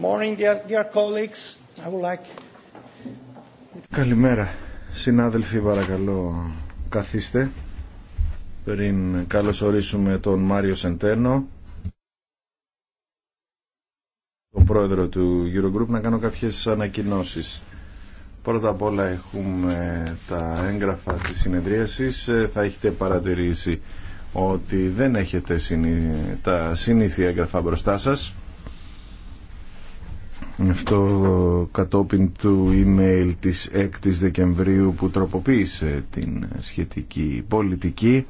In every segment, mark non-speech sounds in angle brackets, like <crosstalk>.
Morning, dear, dear colleagues. I would like... Καλημέρα. Συνάδελφοι, παρακαλώ, καθίστε. Πριν καλωσορίσουμε τον Μάριο Σεντένο, τον πρόεδρο του Eurogroup, να κάνω κάποιες ανακοινώσεις. Πρώτα απ' όλα έχουμε τα έγγραφα της συνεδρίασης. Ε, θα έχετε παρατηρήσει ότι δεν έχετε τα συνήθεια έγγραφα μπροστά σας. Αυτό κατόπιν του email της 6ης Δεκεμβρίου που τροποποίησε την σχετική πολιτική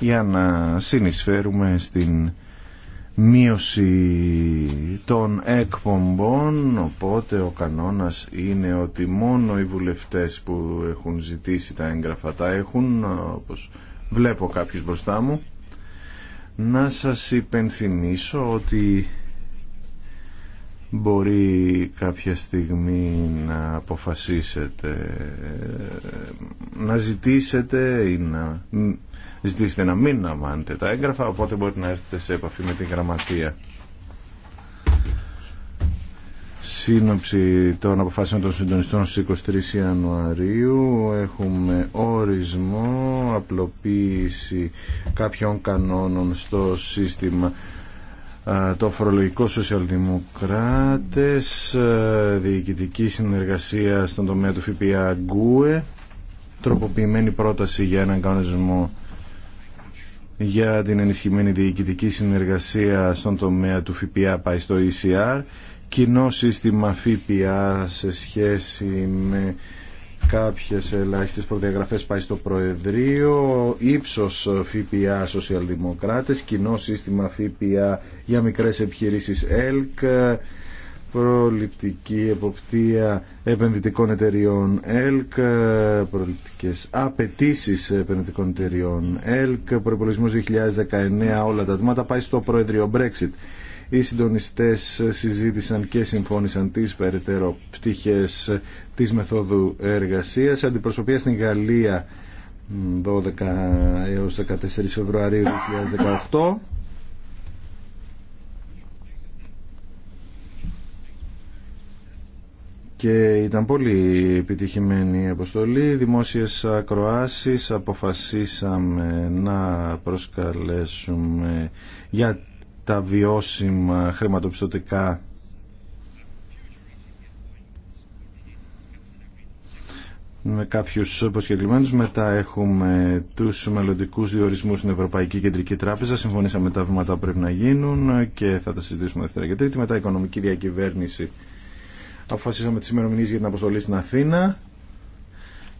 για να συνεισφέρουμε στην μείωση των εκπομπών οπότε ο κανόνας είναι ότι μόνο οι βουλευτές που έχουν ζητήσει τα έγγραφα έχουν όπως βλέπω κάποιους μπροστά μου να σας υπενθυμίσω ότι μπορεί κάποια στιγμή να αποφασίσετε ε, να ζητήσετε ή να ζητήσετε να μην λαμβάνετε τα έγγραφα οπότε μπορείτε να έρθετε σε επαφή με την γραμματεία Σύνοψη των αποφάσεων των συντονιστών στις 23 Ιανουαρίου έχουμε ορισμό, απλοποίηση κάποιων κανόνων στο σύστημα το φορολογικό σοσιαλδημοκράτες, διοικητική συνεργασία στον τομέα του ΦΠΑ ΓΚΟΕ, τροποποιημένη πρόταση για έναν κανονισμό για την ενισχυμένη διοικητική συνεργασία στον τομέα του ΦΠΑ πάει στο ECR, κοινό σύστημα ΦΠΑ σε σχέση με κάποιες ελάχιστες προδιαγραφές πάει στο Προεδρείο, ύψος ΦΠΑ σοσιαλδημοκράτες, κοινό σύστημα ΦΠΑ για μικρές επιχειρήσεις ΕΛΚ, προληπτική εποπτεία επενδυτικών εταιριών ΕΛΚ, προληπτικές απαιτήσει επενδυτικών εταιριών ΕΛΚ, προπολογισμό 2019, όλα τα τμήματα πάει στο Προεδρείο Brexit. Οι συντονιστές συζήτησαν και συμφώνησαν τις περαιτέρω πτυχές της μεθόδου εργασίας. Αντιπροσωπεία στην Γαλλία 12 έως 14 Φεβρουαρίου 2018. και ήταν πολύ επιτυχημένη η αποστολή. Δημόσιες ακροάσεις αποφασίσαμε να προσκαλέσουμε για τα βιώσιμα χρηματοπιστωτικά με κάποιους προσκεκλημένους. Μετά έχουμε τους μελλοντικού διορισμούς στην Ευρωπαϊκή Κεντρική Τράπεζα. Συμφωνήσαμε με τα βήματα που πρέπει να γίνουν και θα τα συζητήσουμε Δευτέρα και Τρίτη. Μετά οικονομική διακυβέρνηση. Αποφασίσαμε τις ημερομηνίες για την αποστολή στην Αθήνα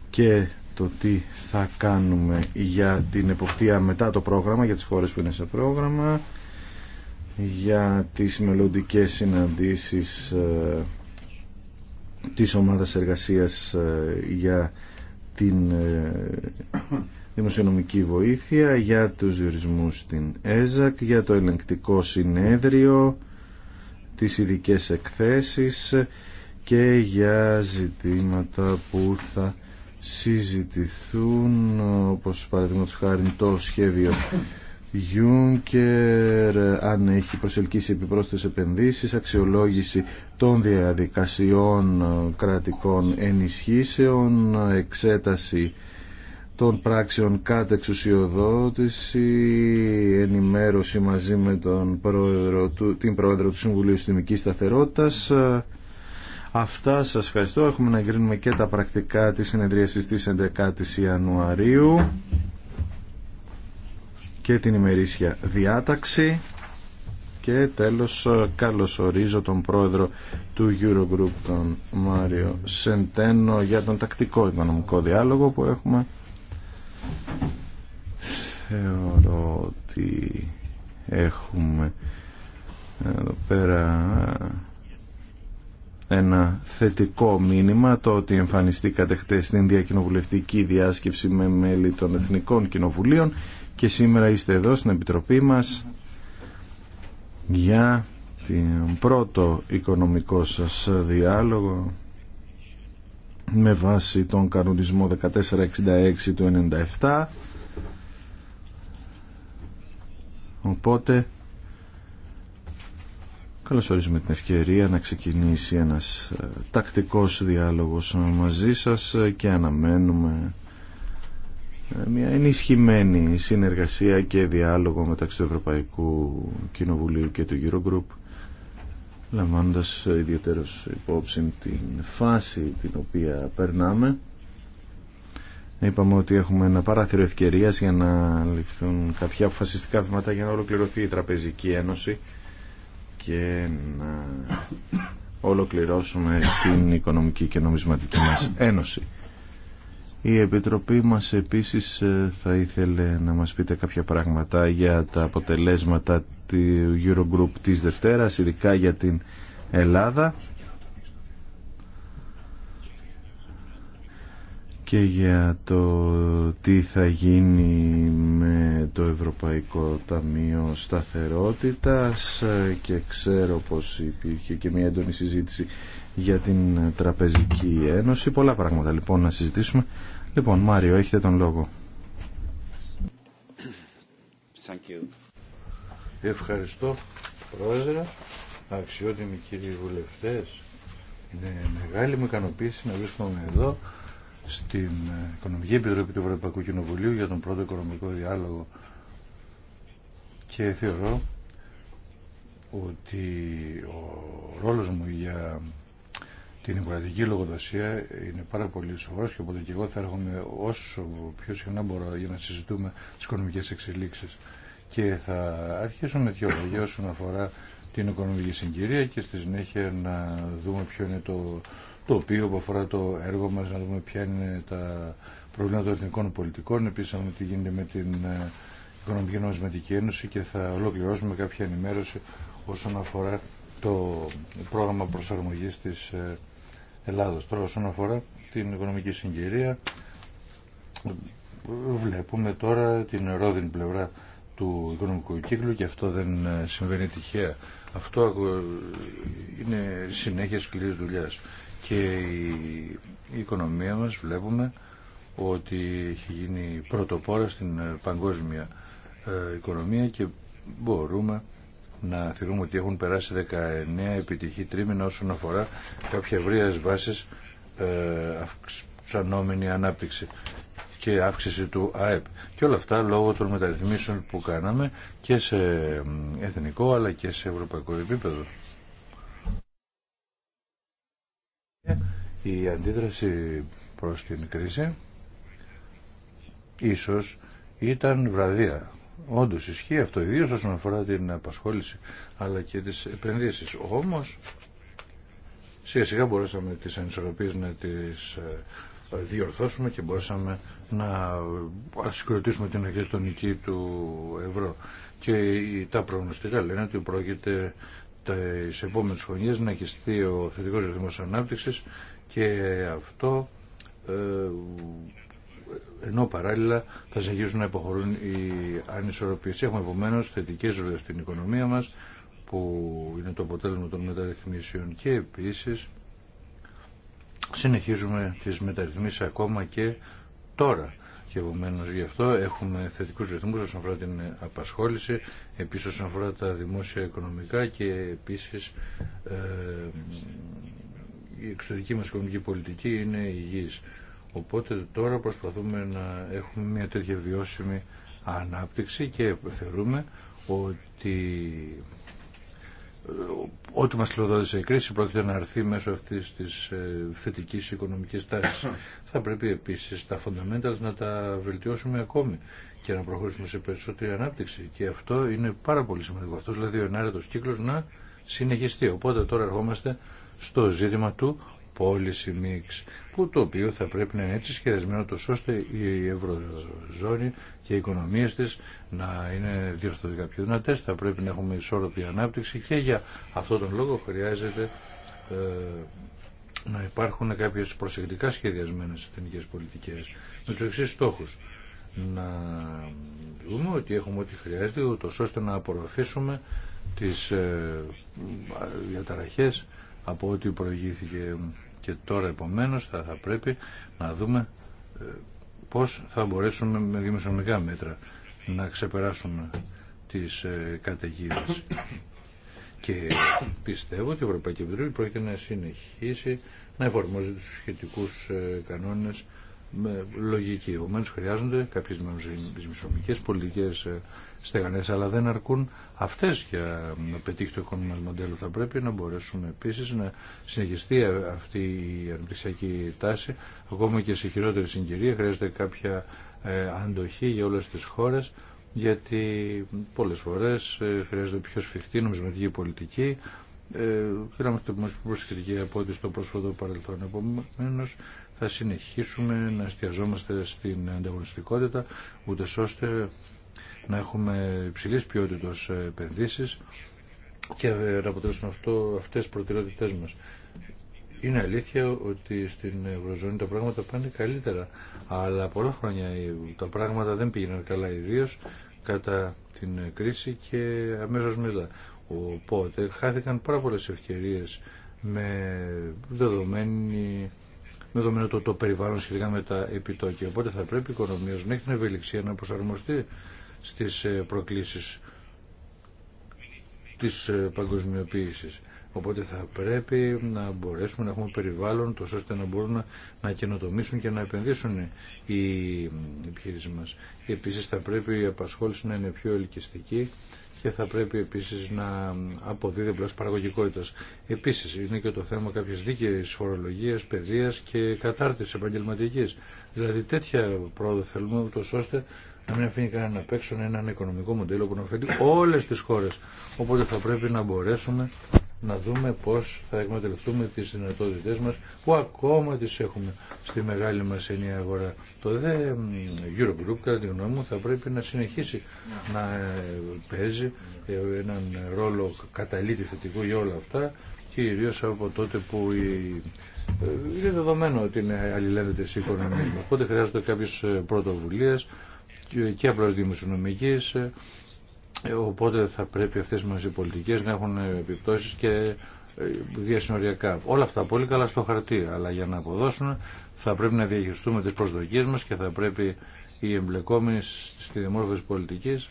και το τι θα κάνουμε για την εποπτεία μετά το πρόγραμμα, για τις χώρες που είναι σε πρόγραμμα για τις μελλοντικέ συναντήσεις ε, της ομάδας εργασίας ε, για την ε, δημοσιονομική βοήθεια, για τους διορισμούς στην ΕΖΑΚ, για το ελεγκτικό συνέδριο, τις ειδικέ εκθέσεις και για ζητήματα που θα συζητηθούν όπως παραδείγματος χάρη το σχέδιο Γιούνκερ αν έχει προσελκύσει επιπρόσθετες επενδύσεις, αξιολόγηση των διαδικασιών κρατικών ενισχύσεων, εξέταση των πράξεων κάτω εξουσιοδότηση, ενημέρωση μαζί με τον πρόεδρο του, την πρόεδρο του Συμβουλίου Συστημικής Σταθερότητας. Αυτά σας ευχαριστώ. Έχουμε να εγκρίνουμε και τα πρακτικά της συνεδρίασης της 11 η Ιανουαρίου και την ημερήσια διάταξη και τέλος καλωσορίζω τον πρόεδρο του Eurogroup τον Μάριο Σεντένο για τον τακτικό οικονομικό διάλογο που έχουμε θεωρώ ότι έχουμε εδώ πέρα ένα θετικό μήνυμα το ότι εμφανιστήκατε χτες στην διακοινοβουλευτική διάσκεψη με μέλη των Εθνικών Κοινοβουλίων και σήμερα είστε εδώ στην Επιτροπή μας για την πρώτο οικονομικό σας διάλογο με βάση τον κανονισμό 1466 του 97 οπότε ορίζουμε την ευκαιρία να ξεκινήσει ένας ε, τακτικός διάλογος μαζί σας και αναμένουμε μια ενισχυμένη συνεργασία και διάλογο μεταξύ του Ευρωπαϊκού Κοινοβουλίου και του Eurogroup λαμβάνοντας ιδιαίτερος υπόψη την φάση την οποία περνάμε είπαμε ότι έχουμε ένα παράθυρο ευκαιρίας για να ληφθούν κάποια αποφασιστικά βήματα για να ολοκληρωθεί η Τραπεζική Ένωση και να ολοκληρώσουμε την Οικονομική και Νομισματική μας Ένωση η Επιτροπή μας επίσης ε, θα ήθελε να μας πείτε κάποια πράγματα για τα αποτελέσματα του Eurogroup της Δευτέρας, ειδικά για την Ελλάδα και για το τι θα γίνει με το Ευρωπαϊκό Ταμείο Σταθερότητας ε, και ξέρω πως υπήρχε και μια έντονη συζήτηση για την Τραπεζική Ένωση. Πολλά πράγματα λοιπόν να συζητήσουμε. Λοιπόν, Μάριο, έχετε τον λόγο. Thank you. Ευχαριστώ, Πρόεδρε, αξιότιμοι κύριοι βουλευτές. Είναι μεγάλη μου ικανοποίηση να βρίσκομαι εδώ στην ε, Οικονομική Επιτροπή του Ευρωπαϊκού Κοινοβουλίου για τον πρώτο οικονομικό διάλογο και θεωρώ ότι ο ρόλος μου για η δημοκρατική λογοδοσία είναι πάρα πολύ σοβαρό και οπότε και εγώ θα έρχομαι όσο πιο συχνά μπορώ για να συζητούμε τι οικονομικέ εξελίξει. Και θα αρχίσουμε δυο λόγια όσον αφορά την οικονομική συγκυρία και στη συνέχεια να δούμε ποιο είναι το, το οποίο που αφορά το έργο μα, να δούμε ποια είναι τα προβλήματα των εθνικών πολιτικών, επίση να δούμε τι γίνεται με την ε, Οικονομική Νομισματική Ένωση και θα ολοκληρώσουμε κάποια ενημέρωση όσον αφορά το πρόγραμμα προσαρμογής της ε, Ελλάδος. Τώρα όσον αφορά την οικονομική συγκυρία βλέπουμε τώρα την ρόδινη πλευρά του οικονομικού κύκλου και αυτό δεν ε, συμβαίνει τυχαία. Αυτό ε, είναι συνέχεια σκληρής δουλειάς και η οικονομία μας βλέπουμε ότι έχει γίνει πρωτοπόρα στην ε, παγκόσμια οικονομία και μπορούμε να θυμούμε ότι έχουν περάσει 19 επιτυχή τρίμηνα όσον αφορά κάποια ευρεία βάσεις ε, αυξανόμενη ανάπτυξη και αύξηση του ΑΕΠ. Και όλα αυτά λόγω των μεταρρυθμίσεων που κάναμε και σε εθνικό αλλά και σε ευρωπαϊκό επίπεδο. Η αντίδραση προς την κρίση ίσως ήταν βραδία Όντω ισχύει αυτό, ιδίω όσον αφορά την απασχόληση αλλά και τι επενδύσει. Όμω, σιγά σιγά μπορέσαμε τι ανισορροπίε να τι ε, διορθώσουμε και μπορέσαμε να συγκροτήσουμε την αρχιτεκτονική του ευρώ. Και τα προγνωστικά λένε ότι πρόκειται τις επόμενες χρονιέ να χυστεί ο θετικός ρυθμό ανάπτυξη και αυτό ε, ενώ παράλληλα θα συνεχίσουν να υποχωρούν οι ανισορροπίες. Έχουμε επομένως θετικές ροές στην οικονομία μας που είναι το αποτέλεσμα των μεταρρυθμίσεων και επίσης συνεχίζουμε τις μεταρρυθμίσεις ακόμα και τώρα. Και επομένω γι' αυτό έχουμε θετικού ρυθμού όσον αφορά την απασχόληση, επίση όσον αφορά τα δημόσια οικονομικά και επίση ε, η εξωτερική μα οικονομική πολιτική είναι υγιή. Οπότε τώρα προσπαθούμε να έχουμε μια τέτοια βιώσιμη ανάπτυξη και θεωρούμε ότι ε, ό,τι μας κλωδόδησε η κρίση πρόκειται να αρθεί μέσω αυτής της ε, θετικής οικονομικής τάσης. Θα πρέπει επίσης τα fundamentals να τα βελτιώσουμε ακόμη και να προχωρήσουμε σε περισσότερη ανάπτυξη. Και αυτό είναι πάρα πολύ σημαντικό. Αυτός δηλαδή ο ενάρετος κύκλος να συνεχιστεί. Οπότε τώρα ερχόμαστε στο ζήτημα του πώληση μίξ που το οποίο θα πρέπει να είναι έτσι σχεδιασμένο τόσο ώστε η ευρωζώνη και οι οικονομίες της να είναι διορθωτικά πιο δυνατέ, θα πρέπει να έχουμε ισόρροπη ανάπτυξη και για αυτόν τον λόγο χρειάζεται ε, να υπάρχουν κάποιες προσεκτικά σχεδιασμένες εθνικές πολιτικές με τους εξής στόχους να δούμε ότι έχουμε ό,τι χρειάζεται ούτως ώστε να απορροφήσουμε τις ε, διαταραχές από ό,τι προηγήθηκε και τώρα επομένως θα, πρέπει να δούμε ε, πώς θα μπορέσουμε με δημοσιονομικά μέτρα να ξεπεράσουμε τις ε, Και πιστεύω ότι η Ευρωπαϊκή Επιτροπή πρόκειται να συνεχίσει να εφαρμόζει τους σχετικούς ε, κανόνες με λογική. Επομένω χρειάζονται κάποιες δημοσιονομικές πολιτικές ε, στεγανές, αλλά δεν αρκούν αυτές για να πετύχει το οικονομικό μοντέλο. Θα πρέπει να μπορέσουμε επίσης να συνεχιστεί αυτή η αναπτυξιακή τάση, ακόμα και σε χειρότερη συγκυρία. Χρειάζεται κάποια ε, αντοχή για όλες τις χώρες, γιατί πολλές φορές ε, χρειάζεται πιο σφιχτή νομισματική πολιτική, και να στο πιο από ό,τι στο πρόσφατο παρελθόν. Επομένω, θα συνεχίσουμε να εστιαζόμαστε στην ανταγωνιστικότητα, ούτε ώστε να έχουμε υψηλής ποιότητας επενδύσεις και να αποτελέσουν αυτό, αυτές τις προτεραιότητές μας. Είναι αλήθεια ότι στην Ευρωζώνη τα πράγματα πάνε καλύτερα, αλλά πολλά χρόνια τα πράγματα δεν πήγαιναν καλά, ιδίω κατά την κρίση και αμέσως μετά. Οπότε χάθηκαν πάρα πολλές ευκαιρίες με δεδομένη με δεδομένο το, το περιβάλλον σχετικά με τα επιτόκια. Οπότε θα πρέπει η οικονομία να έχει την ευελιξία να προσαρμοστεί στις ε, προκλήσεις της ε, παγκοσμιοποίησης. Οπότε θα πρέπει να μπορέσουμε να έχουμε περιβάλλον τόσο ώστε να μπορούν να, να καινοτομήσουν και να επενδύσουν οι επιχειρήσεις μας. Επίσης θα πρέπει η απασχόληση να είναι πιο ελκυστική και θα πρέπει επίσης να αποδίδει πλάς παραγωγικότητα. Επίσης είναι και το θέμα κάποιες δίκαιες φορολογίας, παιδείας και κατάρτισης επαγγελματικής. Δηλαδή τέτοια πρόοδο θέλουμε ώστε να μην αφήνει κανένα να παίξουν έναν οικονομικό μοντέλο που να ωφελεί όλες τις χώρες. Οπότε θα πρέπει να μπορέσουμε να δούμε πώς θα εκμεταλλευτούμε τις δυνατότητές μας που ακόμα τις έχουμε στη μεγάλη μας ενιαία αγορά. Το δε Eurogroup κατά τη γνώμη μου θα πρέπει να συνεχίσει να ε, παίζει ε, έναν ρόλο καταλήτη θετικό για όλα αυτά και κυρίω από τότε που η... Ε, είναι δεδομένο ότι είναι αλληλένδετες οι οικονομίες. Οπότε χρειάζονται κάποιες πρωτοβουλίες και απλώς δημοσιονομικής ε, οπότε θα πρέπει αυτές μας οι πολιτικές να έχουν επιπτώσεις και ε, διασυνοριακά. Όλα αυτά πολύ καλά στο χαρτί, αλλά για να αποδώσουν θα πρέπει να διαχειριστούμε τις προσδοκίες μας και θα πρέπει οι εμπλεκόμενοι στη δημόρφωση πολιτική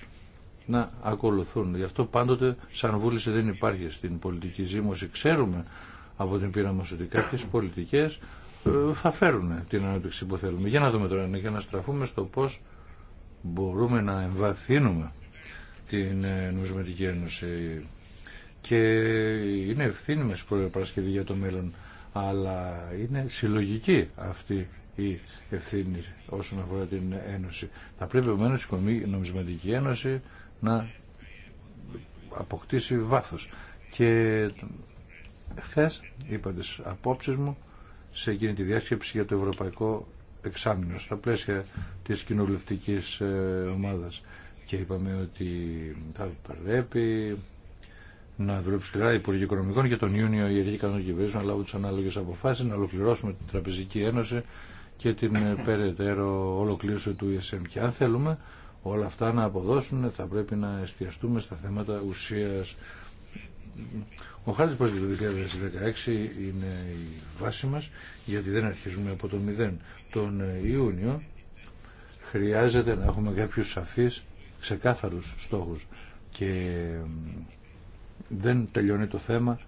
να ακολουθούν. Γι' αυτό πάντοτε σαν βούληση δεν υπάρχει στην πολιτική ζήμωση. Ξέρουμε από την πείρα μας ότι κάποιες πολιτικές ε, θα φέρουν την ανάπτυξη που θέλουμε. Για να δούμε τώρα και να στραφούμε στο πώς μπορούμε να εμβαθύνουμε την ε, Νομισματική Ένωση και είναι ευθύνη μας Παρασκευή για το μέλλον αλλά είναι συλλογική αυτή η ευθύνη όσον αφορά την Ένωση. Θα πρέπει μενος η Νομισματική Ένωση να αποκτήσει βάθος. Και χθε είπα τις απόψεις μου σε εκείνη τη διάσκεψη για το Ευρωπαϊκό εξάμεινο στα πλαίσια της κοινοβουλευτική ε, ομάδας και είπαμε ότι θα πρέπει να δουλέψει σκληρά η Οικονομικών και τον Ιούνιο η Ελληνική Κανονική Κυβέρνηση να λάβουν τι ανάλογε αποφάσει, να ολοκληρώσουμε την Τραπεζική Ένωση και την ε, περαιτέρω ολοκλήρωση του ESM. Και αν θέλουμε όλα αυτά να αποδώσουν, θα πρέπει να εστιαστούμε στα θέματα ουσία. Ο χάρτη προς το 2016 είναι η βάση μας, γιατί δεν αρχίζουμε από το 0. Τον ε, Ιούνιο χρειάζεται να έχουμε κάποιους σαφείς, ξεκάθαρους στόχους και δεν τελειώνει το θέμα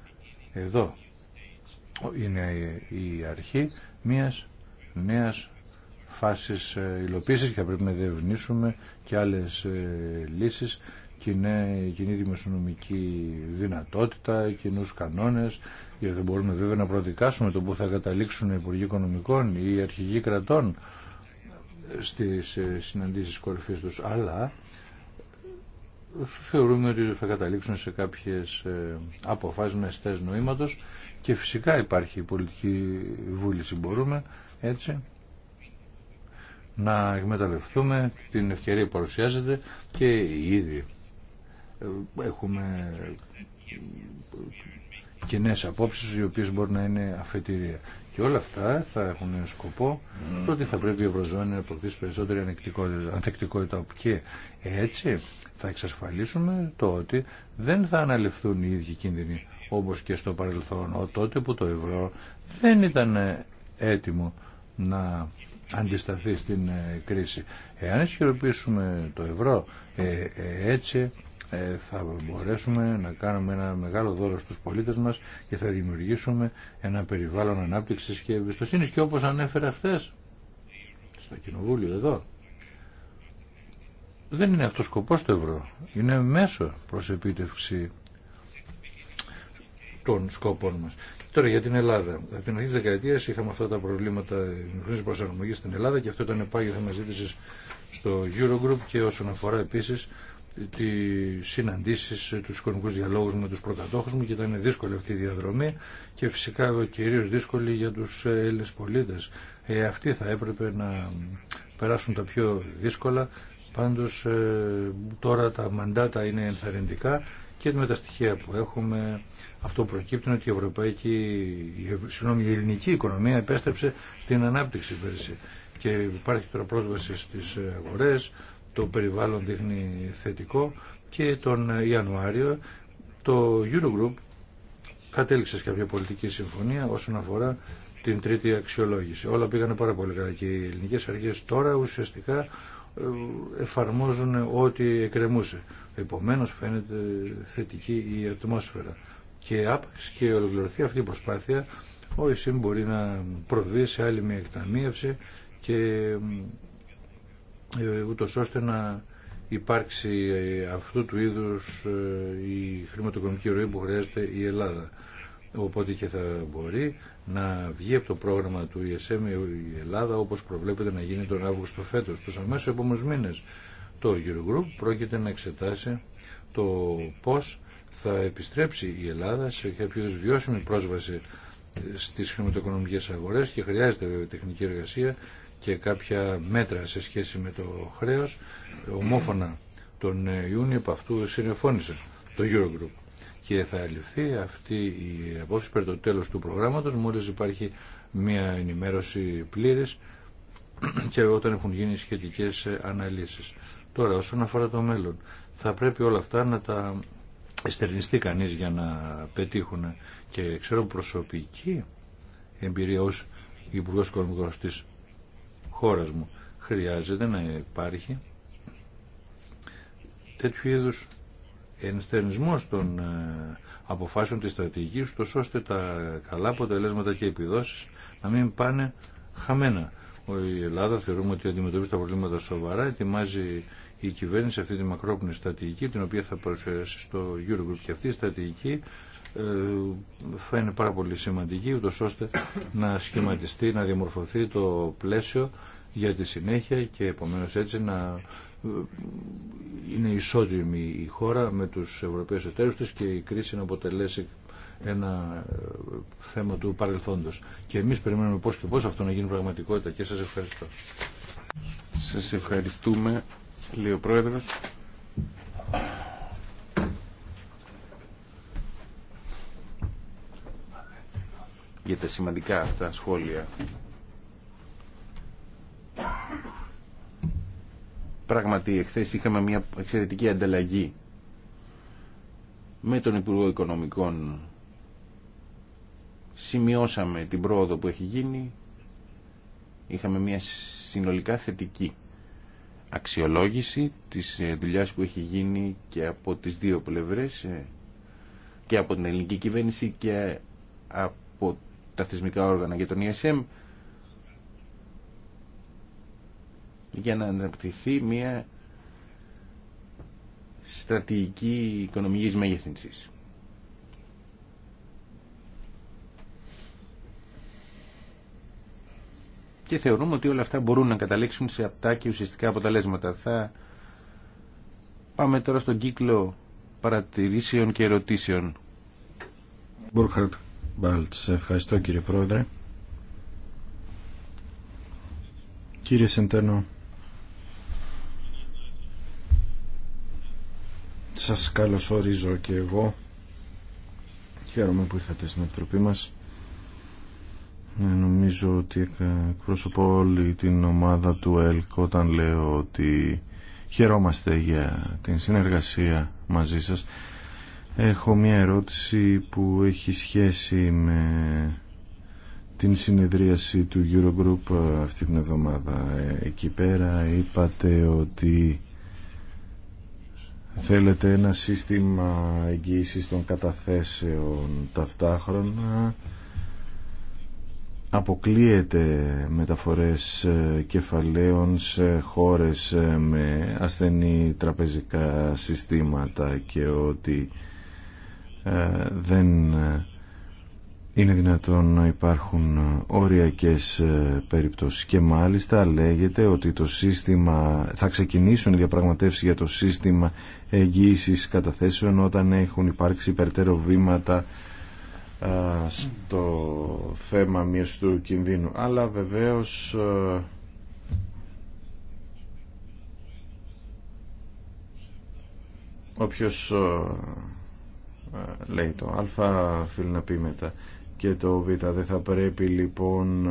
εδώ. Είναι ε, η αρχή μιας νέας φάσης ε, υλοποίησης και θα πρέπει να διευνήσουμε και άλλες λύσεις κοινή, κοινή δημοσιονομική δυνατότητα, κοινού κανόνε. Γιατί δεν μπορούμε βέβαια να προδικάσουμε το που θα καταλήξουν οι Υπουργοί Οικονομικών ή οι αρχηγοί κρατών στι ε, συναντήσει κορυφή του. Αλλά θεωρούμε ότι θα καταλήξουν σε κάποιε αποφάσει μεστέ νοήματο και φυσικά υπάρχει η πολιτική βούληση. Μπορούμε έτσι να εκμεταλλευτούμε την ευκαιρία αποφασει που παρουσιάζεται και ήδη ε, έχουμε κοινέ απόψει οι οποίες μπορεί να είναι αφετηρία. Και όλα αυτά θα έχουν σκοπό το ότι θα πρέπει η Ευρωζώνη να αποκτήσει περισσότερη ανθεκτικότητα και έτσι θα εξασφαλίσουμε το ότι δεν θα αναλυφθούν οι ίδιοι κίνδυνοι όπως και στο παρελθόν ο τότε που το ευρώ δεν ήταν έτοιμο να αντισταθεί στην ε, κρίση. Εάν ισχυροποιήσουμε το ευρώ ε, έτσι ε, θα μπορέσουμε να κάνουμε ένα μεγάλο δώρο στους πολίτες μας και θα δημιουργήσουμε ένα περιβάλλον ανάπτυξης και εμπιστοσύνη και όπως ανέφερα χθε στο κοινοβούλιο εδώ δεν είναι αυτός σκοπός το ευρώ είναι μέσο προς επίτευξη των σκόπων μας Τώρα για την Ελλάδα. Από την αρχή τη δεκαετία είχαμε αυτά τα προβλήματα μικρή προσαρμογή στην Ελλάδα και αυτό ήταν πάγιο θέμα ζήτηση στο Eurogroup και όσον αφορά επίση τι συναντήσεις, τους οικονομικούς διαλόγους με τους προκατόχου μου και ήταν δύσκολη αυτή η διαδρομή και φυσικά κυρίω δύσκολη για τους ε, Έλληνε πολίτε. Ε, αυτοί θα έπρεπε να περάσουν τα πιο δύσκολα. Πάντως ε, τώρα τα μαντάτα είναι ενθαρρυντικά και με τα στοιχεία που έχουμε αυτό προκύπτει ότι η, ευρωπαϊκή, η ελληνική οικονομία επέστρεψε στην ανάπτυξη πέρσι και υπάρχει τώρα πρόσβαση στις αγορές το περιβάλλον δείχνει θετικό και τον Ιανουάριο το Eurogroup κατέληξε σε κάποια πολιτική συμφωνία όσον αφορά την τρίτη αξιολόγηση. Όλα πήγανε πάρα πολύ καλά και οι ελληνικές αρχές τώρα ουσιαστικά ε, εφαρμόζουν ό,τι εκκρεμούσε. Επομένως φαίνεται θετική η ατμόσφαιρα. Και άπαξ και ολοκληρωθεί αυτή η προσπάθεια, ο ΕΣΥΜ μπορεί να προβεί σε άλλη μια εκταμείευση και ε, ούτως ώστε να υπάρξει ε, αυτού του είδους ε, η χρηματοοικονομική ροή που χρειάζεται η Ελλάδα. Οπότε και θα μπορεί να βγει από το πρόγραμμα του ESM η Ελλάδα όπως προβλέπεται να γίνει τον Αύγουστο φέτος, τους αμέσως επόμενους μήνες. Το Eurogroup πρόκειται να εξετάσει το πώς θα επιστρέψει η Ελλάδα σε κάποιο βιώσιμη πρόσβαση στις χρηματοοικονομικές αγορές και χρειάζεται βέβαια τεχνική εργασία και κάποια μέτρα σε σχέση με το χρέος ομόφωνα τον Ιούνιο από αυτού συνεφώνησε το Eurogroup και θα ληφθεί αυτή η απόφαση περί το τέλος του προγράμματος μόλις υπάρχει μια ενημέρωση πλήρης <clears throat> και όταν έχουν γίνει σχετικές αναλύσεις. Τώρα όσον αφορά το μέλλον θα πρέπει όλα αυτά να τα εστερνιστεί κανείς για να πετύχουν και ξέρω προσωπική εμπειρία ως Υπουργός Οικονομικών της χώρας μου. Χρειάζεται να υπάρχει τέτοιου είδους ενστερνισμός των ε, αποφάσεων της στρατηγικής ώστε τα καλά αποτελέσματα και επιδόσεις να μην πάνε χαμένα. Η Ελλάδα θεωρούμε ότι αντιμετωπίζει τα προβλήματα σοβαρά, ετοιμάζει η κυβέρνηση αυτή τη μακρόπνη στρατηγική την οποία θα παρουσιάσει στο Eurogroup και αυτή η στρατηγική ε, θα είναι πάρα πολύ σημαντική ούτως ώστε να σχηματιστεί, να διαμορφωθεί το πλαίσιο για τη συνέχεια και επομένως έτσι να είναι ισότιμη η χώρα με τους Ευρωπαίους εταίρους της και η κρίση να αποτελέσει ένα ε, θέμα του παρελθόντος. Και εμείς περιμένουμε πώς και πώς αυτό να γίνει πραγματικότητα και σας ευχαριστώ. Σας ευχαριστούμε, λέει ο για τα σημαντικά αυτά σχόλια. Πράγματι, εχθές είχαμε μια εξαιρετική ανταλλαγή με τον Υπουργό Οικονομικών. Σημειώσαμε την πρόοδο που έχει γίνει. Είχαμε μια συνολικά θετική αξιολόγηση της ε, δουλειάς που έχει γίνει και από τις δύο πλευρές ε, και από την ελληνική κυβέρνηση και από τα θεσμικά όργανα για τον ESM ε για να αναπτυχθεί μια στρατηγική οικονομικής μέγεθυνσης. Και θεωρούμε ότι όλα αυτά μπορούν να καταλήξουν σε απτά και ουσιαστικά αποτελέσματα. Θα πάμε τώρα στον κύκλο παρατηρήσεων και ερωτήσεων. ευχαριστώ κύριε Πρόεδρε. Κύριε Σεντένο, Σας καλωσορίζω και εγώ. Χαίρομαι που ήρθατε στην Επιτροπή μας. Ε, νομίζω ότι εκπροσωπώ όλη την ομάδα του ΕΛΚ όταν λέω ότι χαιρόμαστε για την συνεργασία μαζί σας. Έχω μια ερώτηση που έχει σχέση με την συνεδρίαση του Eurogroup ε, αυτή την εβδομάδα. Ε, εκεί πέρα είπατε ότι Θέλετε ένα σύστημα εγγύησης των καταθέσεων ταυτάχρονα αποκλείεται μεταφορές ε, κεφαλαίων σε χώρες ε, με ασθενή τραπεζικά συστήματα και ότι ε, δεν είναι δυνατόν να υπάρχουν οριακές ε, περιπτώσεις και μάλιστα λέγεται ότι το σύστημα θα ξεκινήσουν οι διαπραγματεύσεις για το σύστημα εγγύησης καταθέσεων όταν έχουν υπάρξει υπερτέρω βήματα στο θέμα μείωση του κινδύνου αλλά βεβαίως ε, όποιος ε, λέει το α φίλοι να πει μετά και το Β. Δεν θα πρέπει λοιπόν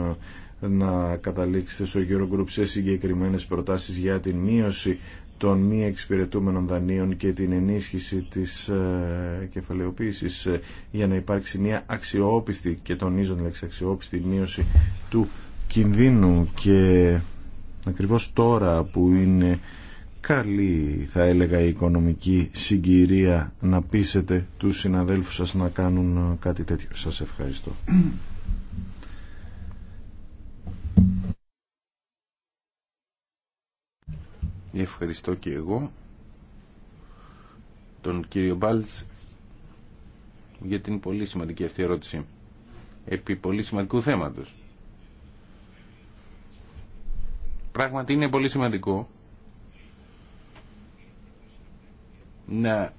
να καταλήξετε στο Eurogroup σε συγκεκριμένες προτάσεις για την μείωση των μη εξυπηρετούμενων δανείων και την ενίσχυση της ε, κεφαλαιοποίησης ε, για να υπάρξει μια αξιόπιστη και τονίζω την λέξη αξιόπιστη μείωση του κινδύνου και ακριβώς τώρα που είναι καλή θα έλεγα η οικονομική συγκυρία να πείσετε τους συναδέλφους σας να κάνουν ε, κάτι τέτοιο. Σας ευχαριστώ. Ευχαριστώ και εγώ τον κύριο Μπάλτς για την πολύ σημαντική αυτή ερώτηση επί πολύ σημαντικού θέματος. Πράγματι είναι πολύ σημαντικό να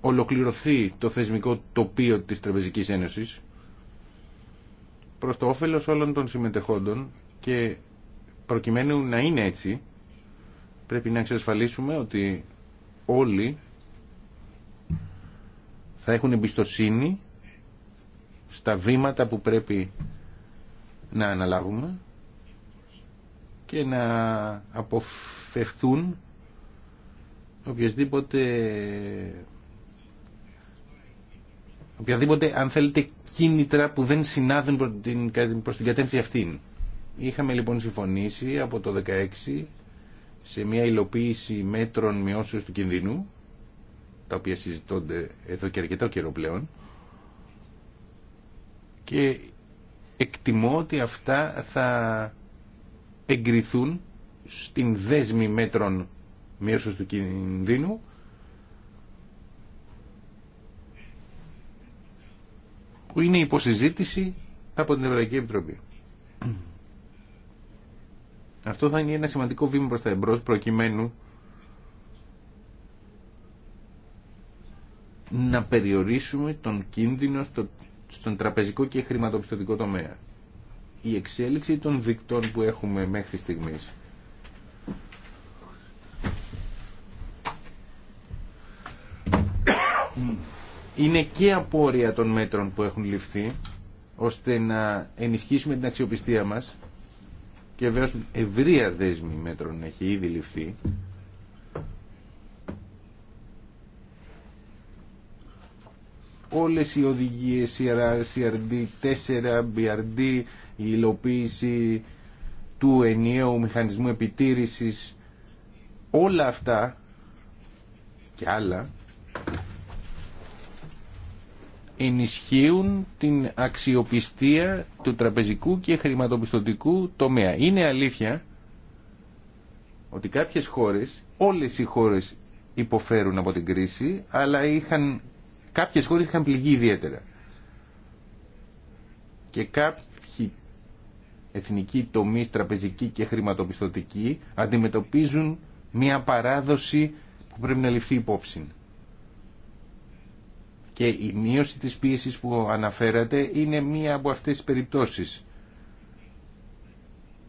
ολοκληρωθεί το θεσμικό τοπίο της Τραπεζικής Ένωσης προς το όφελος όλων των συμμετεχόντων και προκειμένου να είναι έτσι πρέπει να εξασφαλίσουμε ότι όλοι θα έχουν εμπιστοσύνη στα βήματα που πρέπει να αναλάβουμε και να αποφευθούν οποιασδήποτε οποιαδήποτε αν θέλετε κίνητρα που δεν συνάδουν προς την, κατεύθυνση αυτήν. Είχαμε λοιπόν συμφωνήσει από το 2016 σε μια υλοποίηση μέτρων μειώσεως του κινδύνου τα οποία συζητώνται εδώ και αρκετό καιρό πλέον και εκτιμώ ότι αυτά θα εγκριθούν στην δέσμη μέτρων μείωσης του κινδύνου που είναι υποσυζήτηση από την Ευρωπαϊκή Επιτροπή. Αυτό θα είναι ένα σημαντικό βήμα προς τα εμπρός προκειμένου να περιορίσουμε τον κίνδυνο στον τραπεζικό και χρηματοπιστωτικό τομέα. Η εξέλιξη των δικτών που έχουμε μέχρι στιγμής είναι και απόρρια των μέτρων που έχουν ληφθεί ώστε να ενισχύσουμε την αξιοπιστία μας και βέβαια ευρεία δέσμη μέτρων έχει ήδη ληφθεί όλες οι οδηγίες CRR, CRD, 4, BRD, η υλοποίηση του ενιαίου μηχανισμού επιτήρησης όλα αυτά και άλλα ενισχύουν την αξιοπιστία του τραπεζικού και χρηματοπιστωτικού τομέα. Είναι αλήθεια ότι κάποιες χώρες, όλες οι χώρες υποφέρουν από την κρίση, αλλά είχαν, κάποιες χώρες είχαν πληγεί ιδιαίτερα. Και κάποιοι εθνικοί τομείς, τραπεζικοί και χρηματοπιστωτικοί, αντιμετωπίζουν μια παράδοση που πρέπει να ληφθεί υπόψη. Και η μείωση της πίεσης που αναφέρατε είναι μία από αυτές τις περιπτώσεις.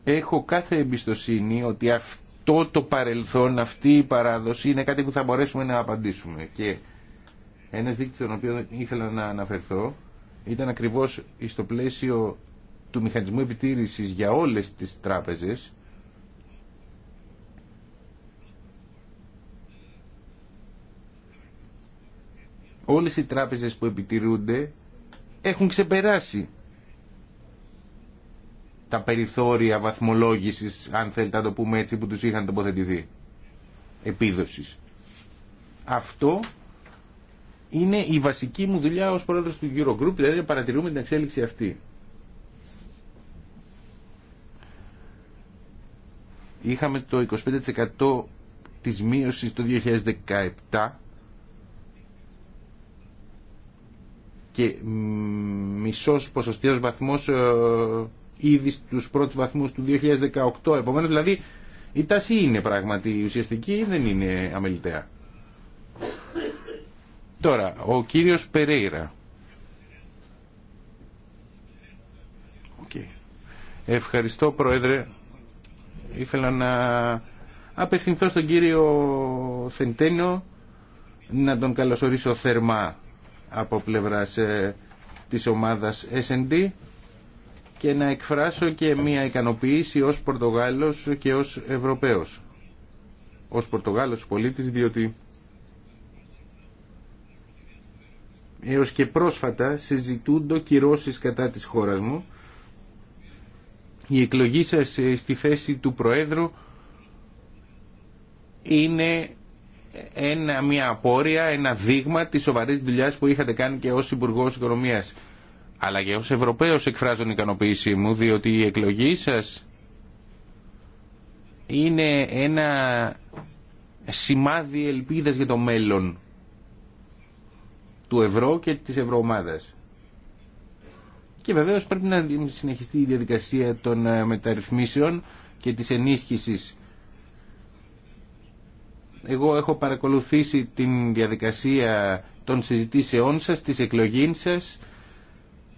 Έχω κάθε εμπιστοσύνη ότι αυτό το παρελθόν, αυτή η παράδοση είναι κάτι που θα μπορέσουμε να απαντήσουμε. Και ένας δείκτης τον οποίο ήθελα να αναφερθώ ήταν ακριβώς στο πλαίσιο του μηχανισμού επιτήρησης για όλες τις τράπεζες όλες οι τράπεζες που επιτηρούνται έχουν ξεπεράσει τα περιθώρια βαθμολόγησης, αν θέλετε να το πούμε έτσι, που τους είχαν τοποθετηθεί, επίδοσης. Αυτό είναι η βασική μου δουλειά ως πρόεδρος του Eurogroup, δηλαδή παρατηρούμε την εξέλιξη αυτή. Είχαμε το 25% της μείωσης το 2017 και μισός ποσοστιαίος βαθμός ε, ήδη στους πρώτους βαθμούς του 2018. Επομένως δηλαδή η τάση είναι πράγματι ουσιαστική, δεν είναι αμεληταία. Τώρα, ο κύριος Περέιρα. Ευχαριστώ Πρόεδρε. Ήθελα να απευθυνθώ στον κύριο Θεντένο να τον καλωσορίσω θερμά από πλευράς ε, της ομάδας S&D και να εκφράσω και μια ικανοποίηση ως Πορτογάλος και ως Ευρωπαίος. Ως Πορτογάλος πολίτης διότι έως και πρόσφατα συζητούνται κυρώσεις κατά της χώρας μου. Η εκλογή σας ε, στη θέση του Προέδρου είναι ένα, μια απόρρεια, ένα δείγμα της σοβαρή δουλειά που είχατε κάνει και ω Υπουργό Οικονομίας. Αλλά και ως Ευρωπαίος εκφράζω την ικανοποίησή μου, διότι η εκλογή σας είναι ένα σημάδι ελπίδας για το μέλλον του ευρώ και της ευρωομάδας. Και βεβαίως πρέπει να συνεχιστεί η διαδικασία των ε, μεταρρυθμίσεων και της ενίσχυσης εγώ έχω παρακολουθήσει την διαδικασία των συζητήσεών σας, της εκλογής σας.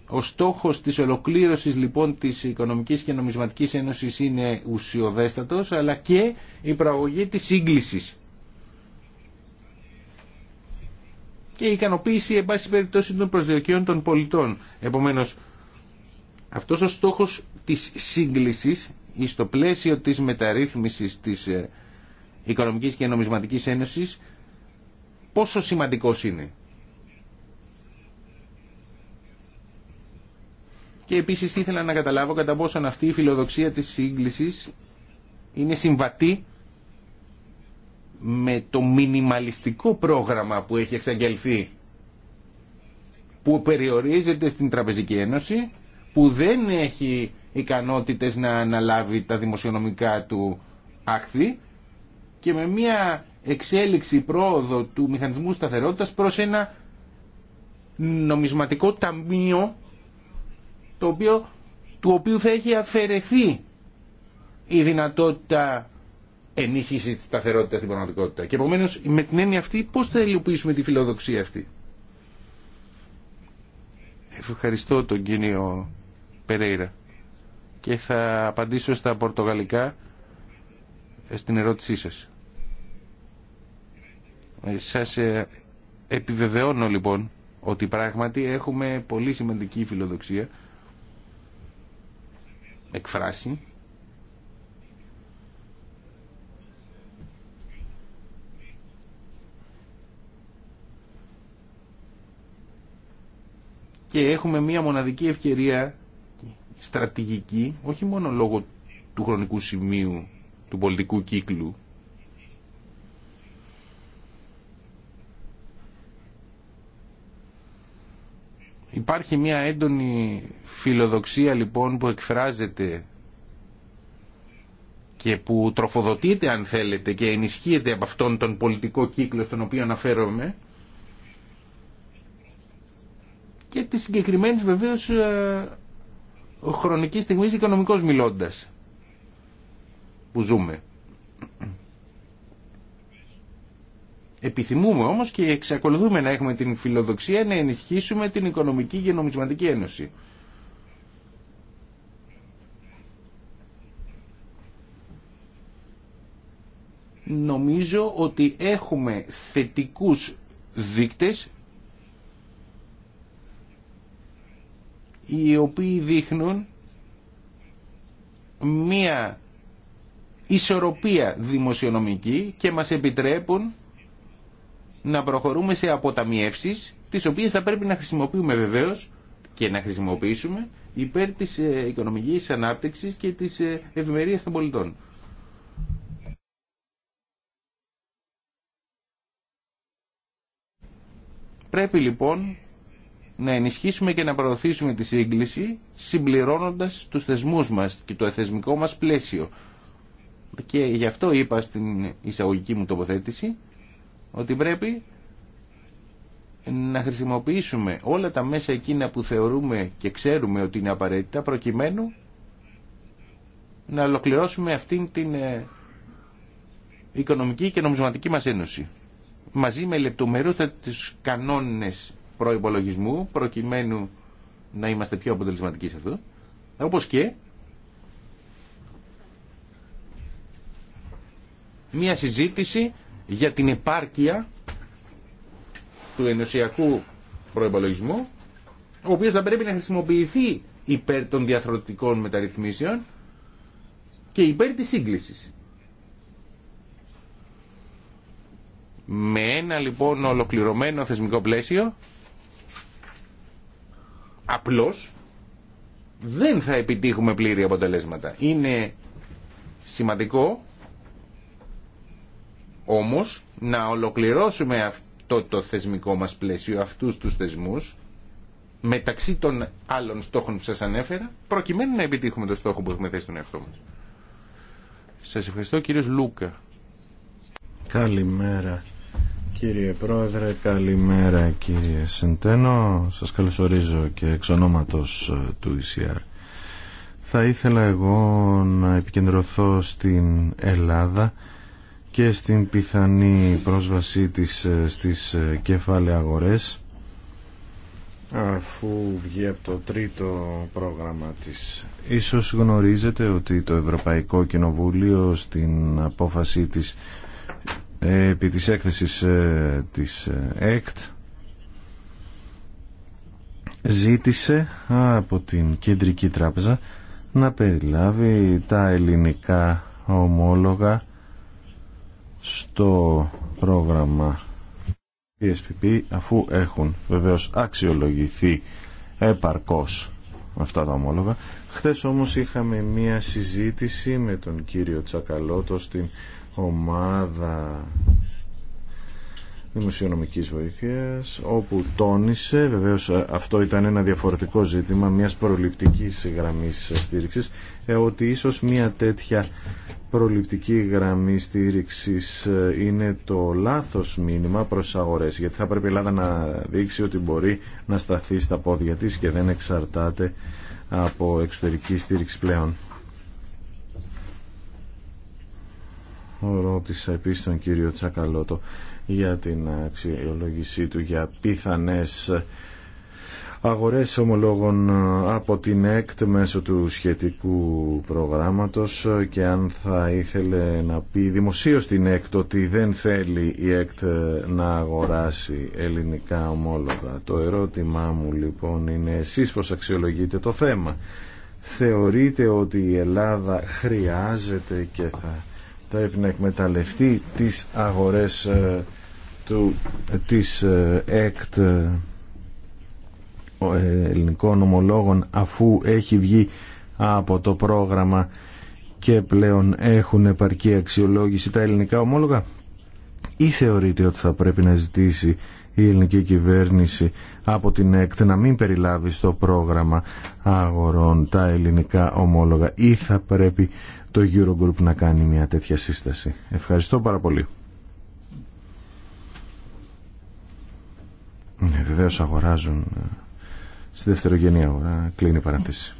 Ο στόχος της ολοκλήρωσης λοιπόν της Οικονομικής και Νομισματικής Ένωσης είναι ουσιοδέστατος, αλλά και η προαγωγή της σύγκλησης. Και η ικανοποίηση, εν πάση περιπτώσει, των προσδιοκίων των πολιτών. Επομένως, αυτός ο στόχος της σύγκλησης, στο πλαίσιο της μεταρρύθμισης της ε, Οικονομικής και Νομισματικής Ένωσης πόσο σημαντικός είναι. Και επίσης ήθελα να καταλάβω κατά πόσον αυτή η φιλοδοξία της σύγκλησης είναι συμβατή με το μινιμαλιστικό πρόγραμμα που έχει εξαγγελθεί που περιορίζεται στην Τραπεζική Ένωση που δεν έχει ικανότητες να αναλάβει τα δημοσιονομικά του άχθη και με μια εξέλιξη πρόοδο του μηχανισμού σταθερότητας προς ένα νομισματικό ταμείο το οποίο, του οποίου θα έχει αφαιρεθεί η δυνατότητα ενίσχυση της σταθερότητας στην πραγματικότητα. Και επομένω, με την έννοια αυτή πώς θα υλοποιήσουμε τη φιλοδοξία αυτή. Ευχαριστώ τον κύριο Περέιρα και θα απαντήσω στα πορτογαλικά ε, στην ερώτησή σας. Σας ε, επιβεβαιώνω λοιπόν ότι πράγματι έχουμε πολύ σημαντική φιλοδοξία εκφράσει και έχουμε μία μοναδική ευκαιρία στρατηγική όχι μόνο λόγω του χρονικού σημείου του πολιτικού κύκλου Υπάρχει μια έντονη φιλοδοξία λοιπόν που εκφράζεται και που τροφοδοτείται αν θέλετε και ενισχύεται από αυτόν τον πολιτικό κύκλο στον οποίο αναφέρομαι και τη συγκεκριμένη βεβαίως ε, χρονική στιγμή οικονομικός μιλώντας που ζούμε. Επιθυμούμε όμως και εξακολουθούμε να έχουμε την φιλοδοξία να ενισχύσουμε την Οικονομική και Νομισματική Ένωση. Νομίζω ότι έχουμε θετικούς δείκτες οι οποίοι δείχνουν μία ισορροπία δημοσιονομική και μας επιτρέπουν να προχωρούμε σε αποταμιεύσεις τις οποίες θα πρέπει να χρησιμοποιούμε βεβαίως και να χρησιμοποιήσουμε υπέρ της ε, οικονομικής ανάπτυξης και της ε, ευημερίας των πολιτών. Πρέπει λοιπόν να ενισχύσουμε και να προωθήσουμε τη σύγκληση συμπληρώνοντας τους θεσμούς μας και το εθεσμικό μας πλαίσιο. Και γι' αυτό είπα στην εισαγωγική μου τοποθέτηση ότι πρέπει να χρησιμοποιήσουμε όλα τα μέσα εκείνα που θεωρούμε και ξέρουμε ότι είναι απαραίτητα προκειμένου να ολοκληρώσουμε αυτήν την ε, οικονομική και νομισματική μας ένωση μαζί με λεπτομερούς τους κανόνες προϋπολογισμού προκειμένου να είμαστε πιο αποτελεσματικοί σε αυτό όπως και μια συζήτηση για την επάρκεια του ενωσιακού προϋπολογισμού ο οποίος θα πρέπει να χρησιμοποιηθεί υπέρ των διαθροτικών μεταρρυθμίσεων και υπέρ της σύγκλησης. Με ένα λοιπόν ολοκληρωμένο θεσμικό πλαίσιο απλώς δεν θα επιτύχουμε πλήρη αποτελέσματα. Είναι σημαντικό όμως να ολοκληρώσουμε αυτό το θεσμικό μας πλαίσιο, αυτούς τους θεσμούς, μεταξύ των άλλων στόχων που σας ανέφερα, προκειμένου να επιτύχουμε το στόχο που έχουμε θέσει τον εαυτό μας. Σας ευχαριστώ κύριος Λούκα. Καλημέρα κύριε Πρόεδρε, καλημέρα κύριε Σεντένο. Σας καλωσορίζω και εξ ε, του ECR. Θα ήθελα εγώ να επικεντρωθώ στην Ελλάδα και στην πιθανή πρόσβασή της ε, στις ε, κεφάλαια αγορές αφού βγει από το τρίτο πρόγραμμα της. Ίσως γνωρίζετε ότι το Ευρωπαϊκό Κοινοβούλιο στην απόφαση της ε, επί της έκθεσης της ΕΚΤ ζήτησε από την Κεντρική Τράπεζα να περιλάβει τα ελληνικά ομόλογα στο πρόγραμμα PSPP αφού έχουν βεβαίως αξιολογηθεί επαρκώς αυτά τα ομόλογα. Χθες όμως είχαμε μία συζήτηση με τον κύριο Τσακαλώτο στην ομάδα δημοσιονομικής βοήθειας όπου τόνισε, βεβαίως ε, αυτό ήταν ένα διαφορετικό ζήτημα μιας προληπτικής γραμμής στήριξης ε, ότι ίσως μια τέτοια προληπτική γραμμή στήριξη ε, είναι το λάθος μήνυμα προς αγορές γιατί θα πρέπει η Ελλάδα να δείξει ότι μπορεί να σταθεί στα πόδια της και δεν εξαρτάται από εξωτερική στήριξη πλέον. Ρώτησα επίσης τον κύριο Τσακαλώτο για την αξιολόγησή του για πιθανές αγορές ομολόγων ε, από την ΕΚΤ μέσω του σχετικού προγράμματος ε, και αν θα ήθελε να πει δημοσίως την ΕΚΤ ότι δεν θέλει η ΕΚΤ ε, να αγοράσει ελληνικά ομόλογα. Το ερώτημά μου λοιπόν είναι εσείς πώς αξιολογείτε το θέμα. Θεωρείτε ότι η Ελλάδα χρειάζεται και θα πρέπει να εκμεταλλευτεί τις αγορές του, της ΕΚΤ ε, ελληνικών ομολόγων αφού έχει βγει από το πρόγραμμα και πλέον έχουν επαρκή αξιολόγηση τα ελληνικά ομόλογα ή θεωρείτε ότι θα πρέπει να ζητήσει η ελληνική κυβέρνηση από την ΕΚΤ να μην περιλάβει στο πρόγραμμα αγορών τα ελληνικά ομόλογα ή θα πρέπει το Eurogroup να κάνει μια τέτοια σύσταση. Ευχαριστώ πάρα πολύ. Ε, Βεβαίω αγοράζουν ε, στη δευτερογενή αγορά. Κλείνει η παρατήση.